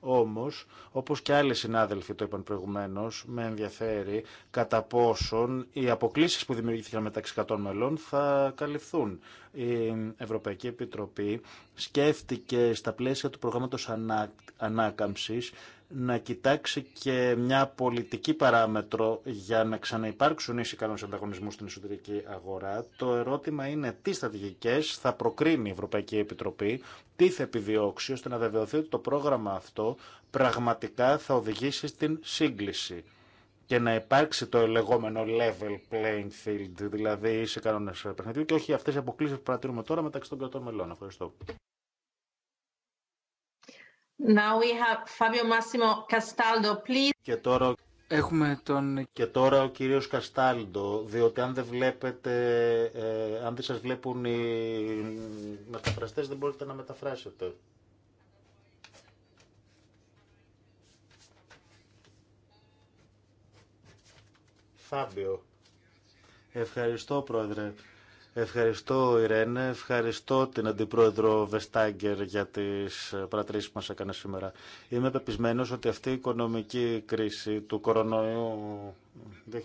Όμω, όπω και άλλοι συνάδελφοι το είπαν προηγουμένω, με ενδιαφέρει κατά πόσον οι αποκλήσει που δημιουργήθηκαν μεταξύ 100 μελών θα καλυφθούν. Η Ευρωπαϊκή Επιτροπή σκέφτηκε στα πλαίσια του προγράμματο ανάκαμψη να κοιτάξει και μια πολιτική παράμετρο για να ξαναυπάρξουν ίσοι κανόνες ανταγωνισμού στην εσωτερική αγορά. Το ερώτημα είναι τι στρατηγικές θα προκρίνει η Ευρωπαϊκή Επιτροπή, τι θα επιδιώξει ώστε να βεβαιωθεί ότι το πρόγραμμα αυτό πραγματικά θα οδηγήσει στην σύγκληση και να υπάρξει το λεγόμενο level playing field, δηλαδή σε κανόνες παιχνιδιού και όχι αυτές οι αποκλήσεις που παρατηρούμε τώρα μεταξύ των κρατών μελών. Ευχαριστώ. Now we have Fabio Massimo Castaldo, please. Και τώρα... Έχουμε τον... Και τώρα ο κύριος Καστάλντο, διότι αν δεν βλέπετε, ε, αν δεν σας βλέπουν οι μεταφραστές δεν μπορείτε να μεταφράσετε. Φάμπιο. Ευχαριστώ πρόεδρε. Ευχαριστώ Ιρένε, ευχαριστώ την Αντιπρόεδρο Βεστάγκερ για τις παρατηρήσεις που μα έκανε σήμερα. Είμαι πεπισμένο ότι αυτή η οικονομική κρίση του κορονοϊού 2019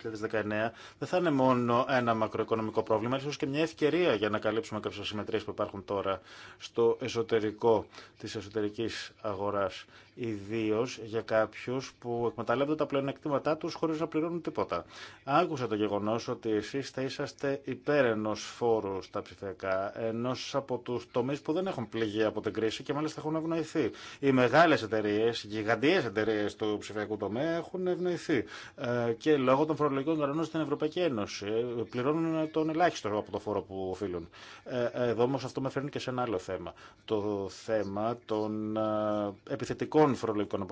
δεν θα είναι μόνο ένα μακροοικονομικό πρόβλημα, ίσω και μια ευκαιρία για να καλύψουμε κάποιε ασυμμετρίε που υπάρχουν τώρα στο εσωτερικό τη εσωτερική αγορά. Ιδίω για κάποιου που εκμεταλλεύονται τα πλεονεκτήματά του χωρί να πληρώνουν τίποτα. Άκουσα το γεγονό ότι εσεί θα είσαστε υπέρ ενό φόρου στα ψηφιακά, ενό από του τομεί που δεν έχουν πληγεί από την κρίση και μάλιστα έχουν ευνοηθεί. Οι μεγάλε εταιρείε, οι γιγαντιέ εταιρείε του ψηφιακού τομέα έχουν ευνοηθεί. Ε, και λόγω των φορολογικών κανόνων στην Ευρωπαϊκή Ένωση ε, πληρώνουν τον ελάχιστο από το φόρο που οφείλουν. Ε, εδώ όμω αυτό με φέρνει και σε ένα άλλο θέμα. Το θέμα των επιθετικών φορολογικών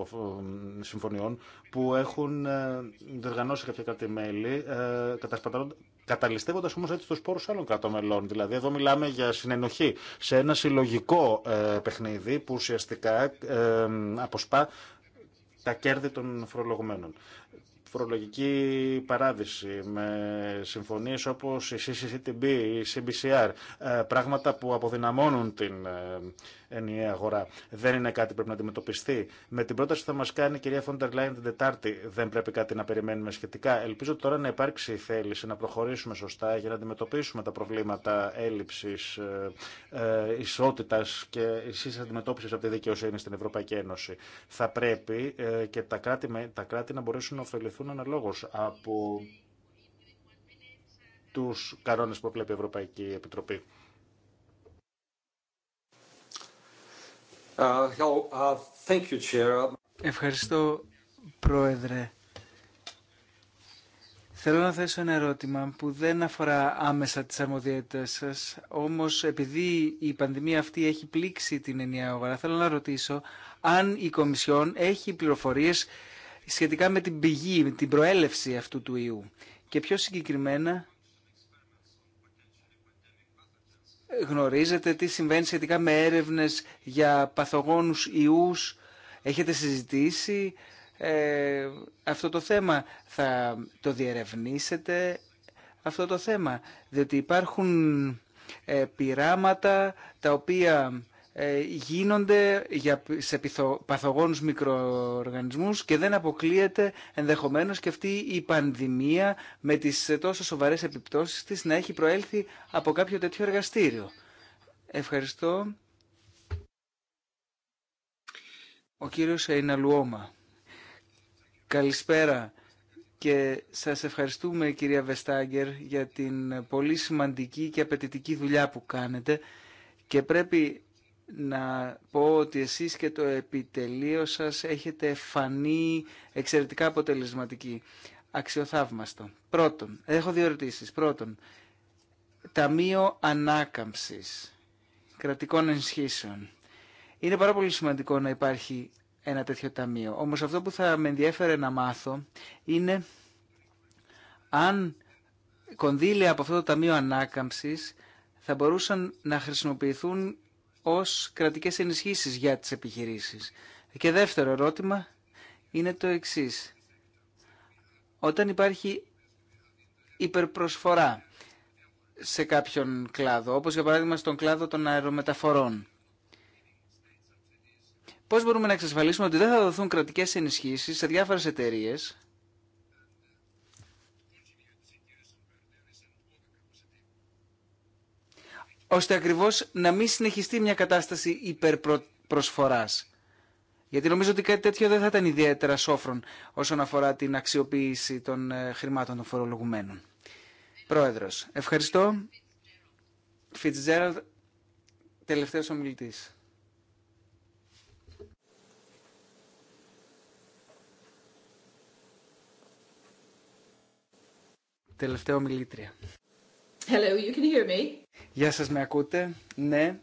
συμφωνιών που έχουν ε, διοργανώσει κάποια κάποια μέλη, ε, καταλυστεύοντα όμω έτσι του πόρου άλλων κρατομελών. Δηλαδή, εδώ μιλάμε για συνενοχή σε ένα συλλογικό ε, παιχνίδι που ουσιαστικά αποσπά τα κέρδη των φορολογουμένων φορολογική παράδειση, με συμφωνίες όπως η CCCTB, η CBCR, πράγματα που αποδυναμώνουν την ενιαία αγορά. Δεν είναι κάτι που πρέπει να αντιμετωπιστεί. Με την πρόταση που θα μα κάνει η κυρία Φόντερ Λάιν την Τετάρτη, δεν πρέπει κάτι να περιμένουμε σχετικά. Ελπίζω τώρα να υπάρξει η θέληση να προχωρήσουμε σωστά για να αντιμετωπίσουμε τα προβλήματα έλλειψη ε, ε, ισότητα και εσύ αντιμετώπιση από τη δικαιοσύνη στην Ευρωπαϊκή Ένωση. Θα πρέπει ε, και τα κράτη, τα κράτη να μπορέσουν να ωφεληθούν αναλόγω από του κανόνε που βλέπει η Ευρωπαϊκή Επιτροπή. Ευχαριστώ, Πρόεδρε. Θέλω να θέσω ένα ερώτημα που δεν αφορά άμεσα τις αρμοδιότητες σας, όμως επειδή η πανδημία αυτή έχει πλήξει την ενιαία αγορά, θέλω να ρωτήσω αν η Κομισιόν έχει πληροφορίες σχετικά με την πηγή, την προέλευση αυτού του ιού. Και πιο συγκεκριμένα, γνωρίζετε τι συμβαίνει σχετικά με έρευνες για παθογόνους ιούς. Έχετε συζητήσει ε, αυτό το θέμα. Θα το διερευνήσετε αυτό το θέμα. Διότι υπάρχουν ε, πειράματα τα οποία ε, γίνονται για, σε παθογόνους μικροοργανισμούς και δεν αποκλείεται ενδεχομένως και αυτή η πανδημία με τις τόσο σοβαρές επιπτώσεις της να έχει προέλθει από κάποιο τέτοιο εργαστήριο. Ευχαριστώ. Ο κύριος Αιναλουόμα. Καλησπέρα και σας ευχαριστούμε κυρία Βεστάγκερ για την πολύ σημαντική και απαιτητική δουλειά που κάνετε και πρέπει να πω ότι εσείς και το επιτελείο σας έχετε φανεί εξαιρετικά αποτελεσματικοί. Αξιοθαύμαστο. Πρώτον, έχω δύο ερωτήσεις. Πρώτον, Ταμείο Ανάκαμψης Κρατικών Ενσχύσεων. Είναι πάρα πολύ σημαντικό να υπάρχει ένα τέτοιο ταμείο. Όμως αυτό που θα με ενδιέφερε να μάθω είναι αν κονδύλια από αυτό το Ταμείο Ανάκαμψης θα μπορούσαν να χρησιμοποιηθούν ως κρατικές ενισχύσεις για τις επιχειρήσεις. Και δεύτερο ερώτημα είναι το εξής. Όταν υπάρχει υπερπροσφορά σε κάποιον κλάδο, όπως για παράδειγμα στον κλάδο των αερομεταφορών, πώς μπορούμε να εξασφαλίσουμε ότι δεν θα δοθούν κρατικές ενισχύσεις σε διάφορες εταιρείες ώστε ακριβώς να μην συνεχιστεί μια κατάσταση υπερπροσφοράς. Γιατί νομίζω ότι κάτι τέτοιο δεν θα ήταν ιδιαίτερα σόφρον όσον αφορά την αξιοποίηση των ε, χρημάτων των φορολογουμένων. Πρόεδρος, ευχαριστώ. Fitzgerald, τελευταίος ομιλητής. Τελευταίο ομιλήτρια. Hello, you can hear me. Γεια σας, με ακούτε. Ναι,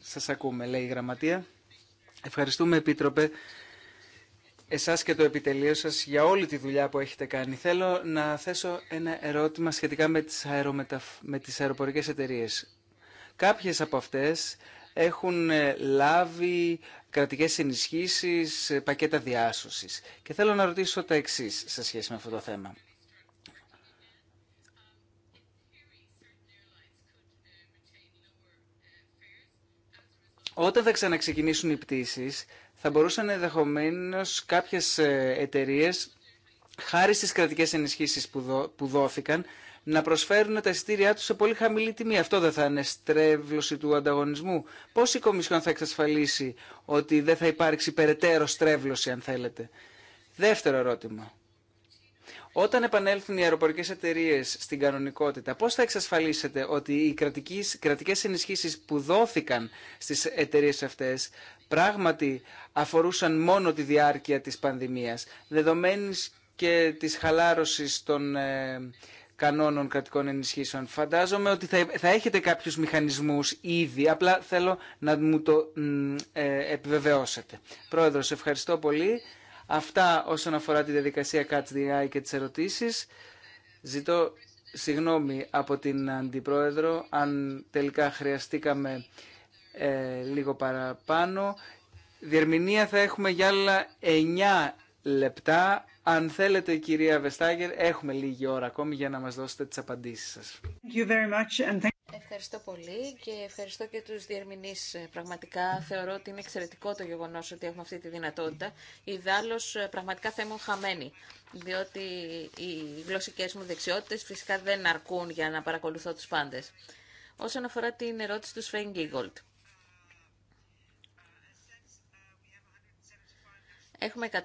σας ακούμε, λέει η γραμματεία. Ευχαριστούμε, Επίτροπε, εσάς και το επιτελείο σας για όλη τη δουλειά που έχετε κάνει. Θέλω να θέσω ένα ερώτημα σχετικά με τις, αερομετα με τις αεροπορικές εταιρείες. Κάποιες από αυτές έχουν ε, λάβει κρατικές ενισχύσεις, ε, πακέτα διάσωσης. Και θέλω να ρωτήσω τα εξής σε σχέση με αυτό το θέμα. όταν θα ξαναξεκινήσουν οι πτήσεις, θα μπορούσαν ενδεχομένω κάποιες ε, εταιρείε, χάρη στις κρατικές ενισχύσεις που, που δόθηκαν, να προσφέρουν τα εισιτήριά τους σε πολύ χαμηλή τιμή. Αυτό δεν θα είναι στρέβλωση του ανταγωνισμού. Πώς η Κομισιόν θα εξασφαλίσει ότι δεν θα υπάρξει περαιτέρω στρέβλωση, αν θέλετε. Δεύτερο ερώτημα. Όταν επανέλθουν οι αεροπορικές εταιρείε στην κανονικότητα, πώς θα εξασφαλίσετε ότι οι κρατικές ενισχύσεις που δόθηκαν στις εταιρείε αυτές πράγματι αφορούσαν μόνο τη διάρκεια της πανδημίας, δεδομένης και της χαλάρωσης των ε, κανόνων κρατικών ενισχύσεων. Φαντάζομαι ότι θα, θα έχετε κάποιους μηχανισμούς ήδη, απλά θέλω να μου το ε, επιβεβαιώσετε. Πρόεδρος, ευχαριστώ πολύ. Αυτά όσον αφορά τη διαδικασία Catch the και τις ερωτήσεις. Ζητώ συγγνώμη από την Αντιπρόεδρο αν τελικά χρειαστήκαμε ε, λίγο παραπάνω. Διερμηνία θα έχουμε για άλλα 9 λεπτά αν θέλετε κυρία Βεστάγερ, έχουμε λίγη ώρα ακόμη για να μας δώσετε τις απαντήσεις σας. Ευχαριστώ πολύ και ευχαριστώ και τους διερμηνείς. Πραγματικά θεωρώ ότι είναι εξαιρετικό το γεγονός ότι έχουμε αυτή τη δυνατότητα. Ιδάλλως πραγματικά θα ήμουν χαμένη, διότι οι γλωσσικές μου δεξιότητες φυσικά δεν αρκούν για να παρακολουθώ τους πάντες. Όσον αφορά την ερώτηση του Σφέν έχουμε 177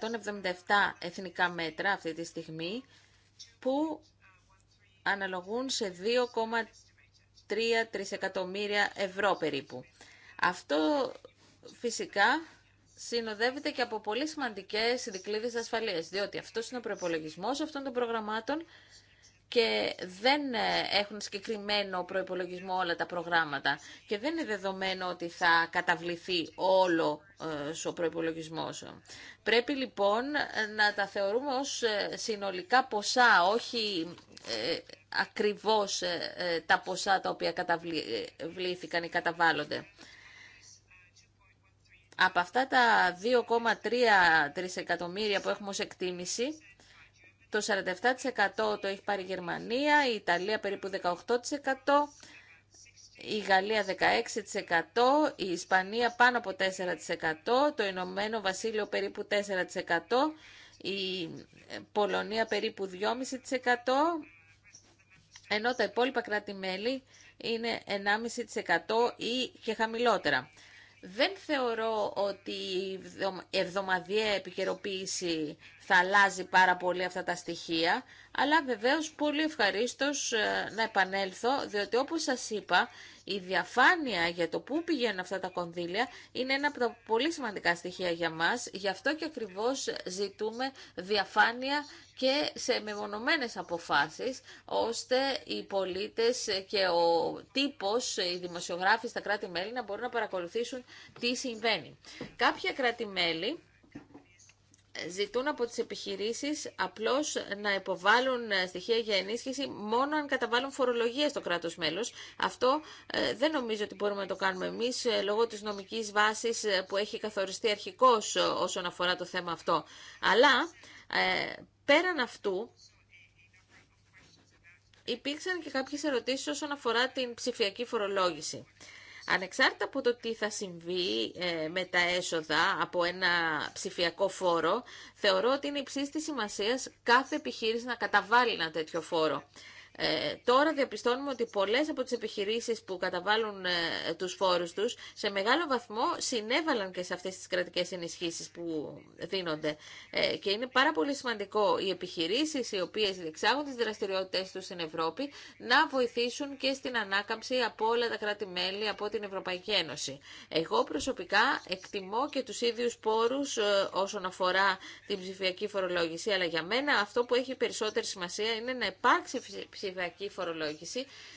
εθνικά μέτρα αυτή τη στιγμή που αναλογούν σε 2,3 τρισεκατομμύρια ευρώ περίπου. Αυτό φυσικά συνοδεύεται και από πολύ σημαντικές δικλείδες ασφαλείας, διότι αυτός είναι ο προπολογισμό αυτών των προγραμμάτων και δεν ε, έχουν συγκεκριμένο προϋπολογισμό όλα τα προγράμματα και δεν είναι δεδομένο ότι θα καταβληθεί όλο ε, ο προπολογισμό. Πρέπει λοιπόν να τα θεωρούμε ως ε, συνολικά ποσά, όχι ακριβώς τα ποσά τα οποία καταβλήθηκαν ή καταβάλλονται. Από αυτά τα 2,3 τρισεκατομμύρια που έχουμε ως εκτίμηση, το 47% το έχει πάρει η Γερμανία, η Ιταλία περίπου 18%, η Γαλλία 16%, η Ισπανία πάνω από 4%, το Ηνωμένο Βασίλειο περίπου 4%, η Πολωνία περίπου 2,5%, ενώ τα υπόλοιπα κράτη-μέλη είναι 1,5% ή και χαμηλότερα. Δεν θεωρώ ότι η εβδομαδιαία επικαιροποίηση θα αλλάζει πάρα πολύ αυτά τα στοιχεία, αλλά βεβαίως πολύ ευχαρίστως ε, να επανέλθω, διότι όπως σας είπα, η διαφάνεια για το πού πηγαίνουν αυτά τα κονδύλια είναι ένα από τα πολύ σημαντικά στοιχεία για μας. Γι' αυτό και ακριβώς ζητούμε διαφάνεια και σε μεμονωμένες αποφάσεις, ώστε οι πολίτες και ο τύπος, οι δημοσιογράφοι στα κράτη-μέλη να μπορούν να παρακολουθήσουν τι συμβαίνει. Κάποια κράτη-μέλη ζητούν από τις επιχειρήσεις απλώς να υποβάλουν ε, στοιχεία για ενίσχυση μόνο αν καταβάλουν φορολογία στο κράτος μέλος. Αυτό ε, δεν νομίζω ότι μπορούμε να το κάνουμε εμείς ε, λόγω της νομικής βάσης που έχει καθοριστεί αρχικώς όσον αφορά το θέμα αυτό. Αλλά πέραν αυτού υπήρξαν και κάποιες ερωτήσεις όσον αφορά την ψηφιακή φορολόγηση. Ανεξάρτητα από το τι θα συμβεί ε, με τα έσοδα από ένα ψηφιακό φόρο, θεωρώ ότι είναι υψής της σημασίας κάθε επιχείρηση να καταβάλει ένα τέτοιο φόρο. Ε, τώρα διαπιστώνουμε ότι πολλές από τις επιχειρήσεις που καταβάλουν ε, τους φόρους τους σε μεγάλο βαθμό συνέβαλαν και σε αυτές τις κρατικές ενισχύσεις που δίνονται. Ε, και είναι πάρα πολύ σημαντικό οι επιχειρήσεις οι οποίες διεξάγουν τις δραστηριότητες τους στην Ευρώπη να βοηθήσουν και στην ανάκαμψη από όλα τα κράτη-μέλη, από την Ευρωπαϊκή Ένωση. Εγώ προσωπικά εκτιμώ και τους ίδιους πόρους ε, όσον αφορά την ψηφιακή φορολόγηση, αλλά για μένα αυτό που έχει περισσότερη σημασία είναι να υπάρξει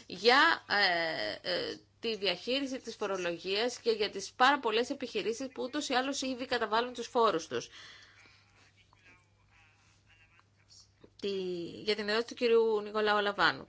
για ε, ε, τη διαχείριση της φορολογίας και για τις πάρα πολλές επιχειρήσεις που ούτως ή άλλως ήδη καταβάλουν τους φόρους τους. για την ερώτηση του κυρίου Νικολάου Λαβάνου.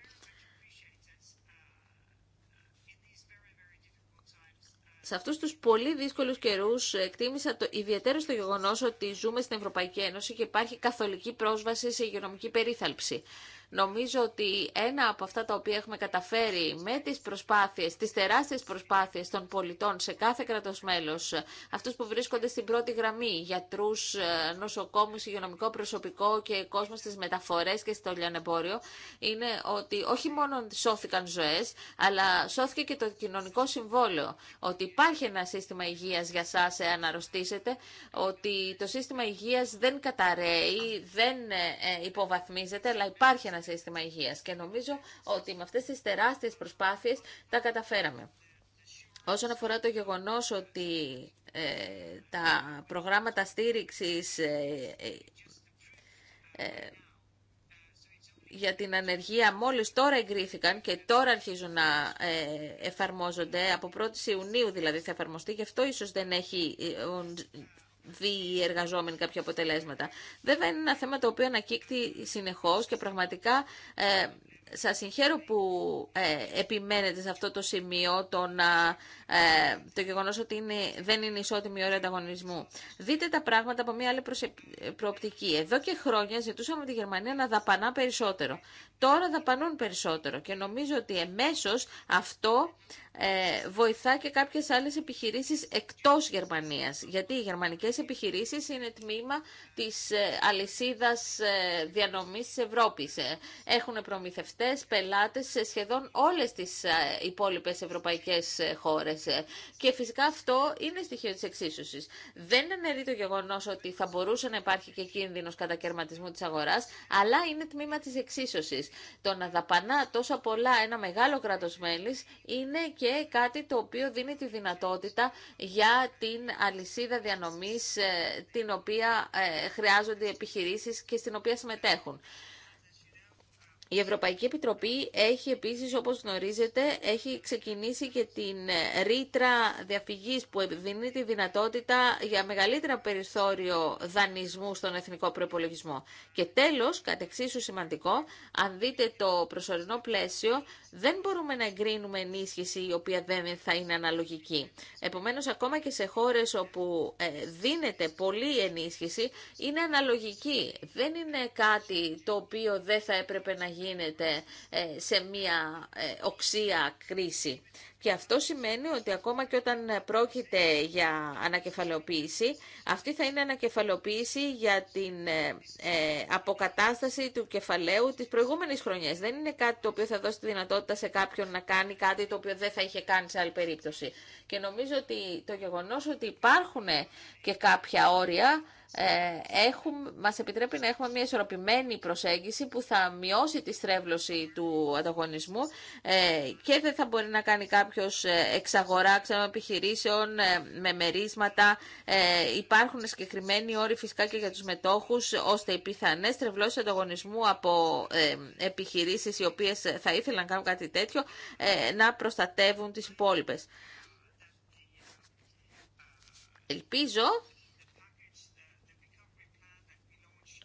σε αυτούς τους πολύ δύσκολους καιρούς ε, εκτίμησα το ιδιαίτερο στο γεγονός ότι ζούμε στην Ευρωπαϊκή Ένωση και υπάρχει καθολική πρόσβαση σε υγειονομική περίθαλψη. Νομίζω ότι ένα από αυτά τα οποία έχουμε καταφέρει με τις προσπάθειες, τις τεράστιες προσπάθειες των πολιτών σε κάθε κρατος μέλος, αυτούς που βρίσκονται στην πρώτη γραμμή, γιατρούς, ε, νοσοκόμους, υγειονομικό προσωπικό και κόσμο στις μεταφορές και στο λιανεμπόριο, είναι ότι όχι μόνο σώθηκαν ζωές, αλλά σώθηκε και το κοινωνικό συμβόλαιο, ότι υπάρχει ένα σύστημα υγείας για σας εάν αρρωστήσετε, ότι το σύστημα υγείας δεν καταραίει, δεν ε, ε, υποβαθμίζεται, αλλά υπάρχει ένα σύστημα υγείας. Και νομίζω ότι με αυτές τις τεράστιες προσπάθειες τα καταφέραμε. Όσον αφορά το γεγονός ότι ε, τα προγράμματα στήριξης ε, ε, για την ανεργία μόλις τώρα εγκρίθηκαν και τώρα αρχίζουν να εφαρμόζονται, από 1η Ιουνίου δηλαδή θα εφαρμοστεί, γι' αυτό ίσως δεν έχει δει οι εργαζόμενοι κάποια αποτελέσματα. Βέβαια είναι ένα θέμα το οποίο ανακύκτει συνεχώς και πραγματικά ε, σας συγχαίρω που ε, επιμένετε σε αυτό το σημείο το, να, ε, το γεγονός ότι είναι, δεν είναι ισότιμη η ώρα ανταγωνισμού. Δείτε τα πράγματα από μια άλλη προοπτική. Εδώ και χρόνια ζητούσαμε τη Γερμανία να δαπανά περισσότερο τώρα δαπανούν περισσότερο και νομίζω ότι εμέσως αυτό ε, βοηθά και κάποιες άλλες επιχειρήσεις εκτός Γερμανίας. Γιατί οι γερμανικές επιχειρήσεις είναι τμήμα της ε, αλυσίδας ε, διανομής της Ευρώπης. Ε, έχουν προμηθευτές, πελάτες σε σχεδόν όλες τις υπόλοιπες ευρωπαϊκές χώρες. Και φυσικά αυτό είναι στοιχείο της εξίσωσης. Δεν αναιρεί το γεγονός ότι θα μπορούσε να υπάρχει και κίνδυνος κατακαιρματισμού της αγοράς, αλλά είναι τμήμα της εξίσωσης. Το να δαπανά τόσο πολλά ένα μεγάλο κράτο μέλη είναι και κάτι το οποίο δίνει τη δυνατότητα για την αλυσίδα διανομή ε, την οποία ε, χρειάζονται οι επιχειρήσει και στην οποία συμμετέχουν. Η Ευρωπαϊκή Επιτροπή έχει επίσης, όπως γνωρίζετε, έχει ξεκινήσει και την ε, ρήτρα διαφυγής που δίνει τη δυνατότητα για μεγαλύτερα περιθώριο δανεισμού στον εθνικό προπολογισμό. Και τέλος, κατ' εξίσου σημαντικό, αν δείτε το προσωρινό πλαίσιο, δεν μπορούμε να εγκρίνουμε ενίσχυση η οποία δεν θα είναι αναλογική. Επομένως, ακόμα και σε χώρες όπου ε, δίνεται πολλή ενίσχυση, είναι αναλογική. Δεν είναι κάτι το οποίο δεν θα έπρεπε να γίνει γίνεται ε, σε μια ε, οξία κρίση. Και αυτό σημαίνει ότι ακόμα και όταν πρόκειται για ανακεφαλαιοποίηση, αυτή θα είναι ανακεφαλαιοποίηση για την ε, αποκατάσταση του κεφαλαίου της προηγούμενης χρονιάς. Δεν είναι κάτι το οποίο θα δώσει τη δυνατότητα σε κάποιον να κάνει κάτι το οποίο δεν θα είχε κάνει σε άλλη περίπτωση. Και νομίζω ότι το γεγονός ότι υπάρχουν και κάποια όρια ε, έχουμε, μας επιτρέπει να έχουμε μια ισορροπημένη προσέγγιση που θα μειώσει τη στρέβλωση του ανταγωνισμού ε, και δεν θα μπορεί να κάνει κάποιος ε, εξαγορά ξέρω επιχειρήσεων με μερίσματα. Υπάρχουν συγκεκριμένοι όροι φυσικά και για τους μετόχους ώστε οι πιθανές στρεβλώσεις ανταγωνισμού από επιχειρήσεις οι οποίες θα ήθελαν να κάνουν κάτι τέτοιο να προστατεύουν τις υπόλοιπε. Ελπίζω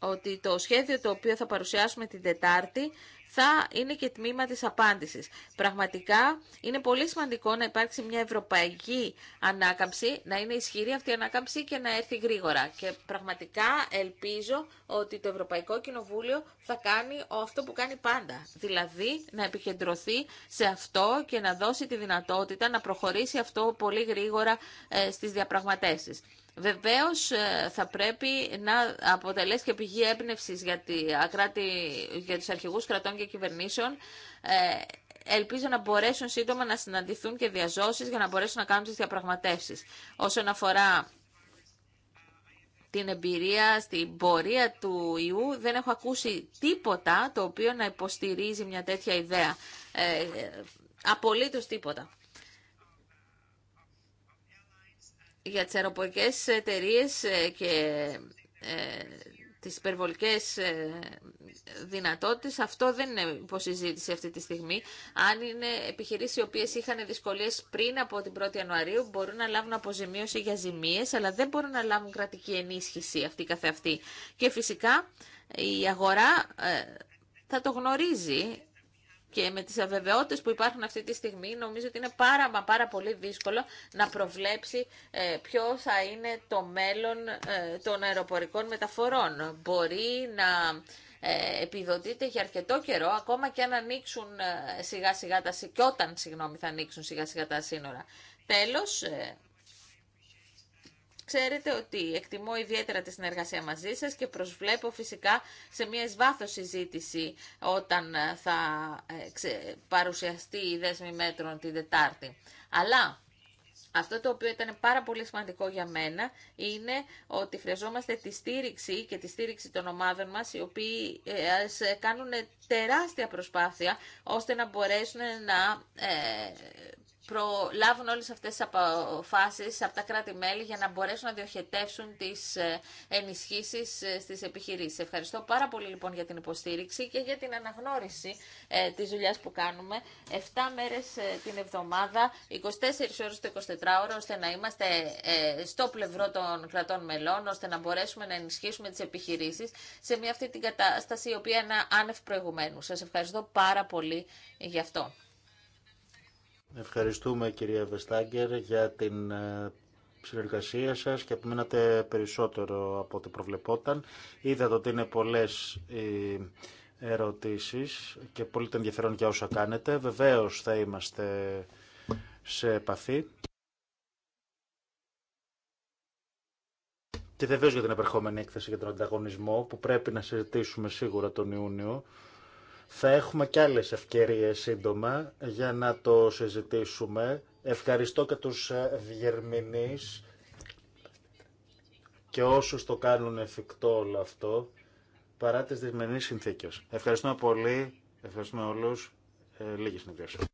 ότι το σχέδιο το οποίο θα παρουσιάσουμε την Τετάρτη θα είναι και τμήμα της απάντησης. Πραγματικά είναι πολύ σημαντικό να υπάρξει μια ευρωπαϊκή ανάκαμψη, να είναι ισχυρή αυτή η ανάκαμψη και να έρθει γρήγορα. Και πραγματικά ελπίζω ότι το Ευρωπαϊκό Κοινοβούλιο θα κάνει αυτό που κάνει πάντα. Δηλαδή να επικεντρωθεί σε αυτό και να δώσει τη δυνατότητα να προχωρήσει αυτό πολύ γρήγορα ε, στις διαπραγματεύσεις. Βεβαίως ε, θα πρέπει να αποτελέσει και πηγή έμπνευση για, για τους αρχηγούς κρατών και κυβερνήσεων ε, ελπίζω να μπορέσουν σύντομα να συναντηθούν και διαζώσεις για να μπορέσουν να κάνουν τις διαπραγματεύσεις. Όσον αφορά την εμπειρία, στην πορεία του ιού, δεν έχω ακούσει τίποτα το οποίο να υποστηρίζει μια τέτοια ιδέα. Ε, απολύτως τίποτα. για τις αεροπορικές εταιρείε ε, και ε, τις υπερβολικές ε, δυνατότητες, αυτό δεν είναι υποσυζήτηση αυτή τη στιγμή. Αν είναι επιχειρήσεις οι οποίες είχαν δυσκολίες πριν από την 1η Ιανουαρίου, μπορούν να λάβουν αποζημίωση για ζημίες, αλλά δεν μπορούν να λάβουν κρατική ενίσχυση αυτή καθεαυτή. Και φυσικά η αγορά ε, θα το γνωρίζει και με τις αβεβαιότητες που υπάρχουν αυτή τη στιγμή νομίζω ότι είναι πάρα μα πάρα πολύ δύσκολο να προβλέψει ε, ποιο θα είναι το μέλλον ε, των αεροπορικών μεταφορών. Μπορεί να ε, επιδοτείται για αρκετό καιρό, ακόμα και αν ανοίξουν ε, σιγά σιγά τα και όταν θα ανοίξουν σιγά σιγά τα σύνορα. Τέλος, ε, Ξέρετε ότι εκτιμώ ιδιαίτερα τη συνεργασία μαζί σας και προσβλέπω φυσικά σε μια εσβάθος συζήτηση όταν ε, θα ε, παρουσιαστεί η δέσμη μέτρων την Δετάρτη. Αλλά αυτό το οποίο ήταν πάρα πολύ σημαντικό για μένα είναι ότι χρειαζόμαστε τη στήριξη και τη στήριξη των ομάδων μας οι οποίοι ε, κάνουν τεράστια προσπάθεια ώστε να μπορέσουν να προλάβουν όλες αυτές τις αποφάσεις από τα κράτη-μέλη για να μπορέσουν να διοχετεύσουν τις ε, ενισχύσεις ε, στις επιχειρήσεις. Ευχαριστώ πάρα πολύ λοιπόν για την υποστήριξη και για την αναγνώριση ε, της δουλειάς που κάνουμε 7 μέρες ε, την εβδομάδα, 24 ώρες το 24ωρο, ώστε να είμαστε στο πλευρό των κρατών μελών, ώστε να μπορέσουμε να ενισχύσουμε τις επιχειρήσεις σε μια αυτή την κατάσταση η οποία είναι άνευ προηγουμένου. Σας ευχαριστώ πάρα πολύ γι' αυτό. Ευχαριστούμε κυρία Βεστάγκερ για την ε, συνεργασία σας και απομείνατε περισσότερο από ό,τι προβλεπόταν. Είδατε ότι είναι πολλές οι ερωτήσεις και πολύ το ενδιαφέρον για όσα κάνετε. Βεβαίως θα είμαστε σε επαφή. Και βεβαίω για την επερχόμενη έκθεση για τον ανταγωνισμό που πρέπει να συζητήσουμε σίγουρα τον Ιούνιο. Θα έχουμε και άλλες ευκαιρίες σύντομα για να το συζητήσουμε. Ευχαριστώ και τους ε, διερμηνείς και όσους το κάνουν εφικτό όλο αυτό, παρά τις δυσμενείς συνθήκες. Ευχαριστούμε πολύ, ευχαριστούμε όλους. Ε, λίγη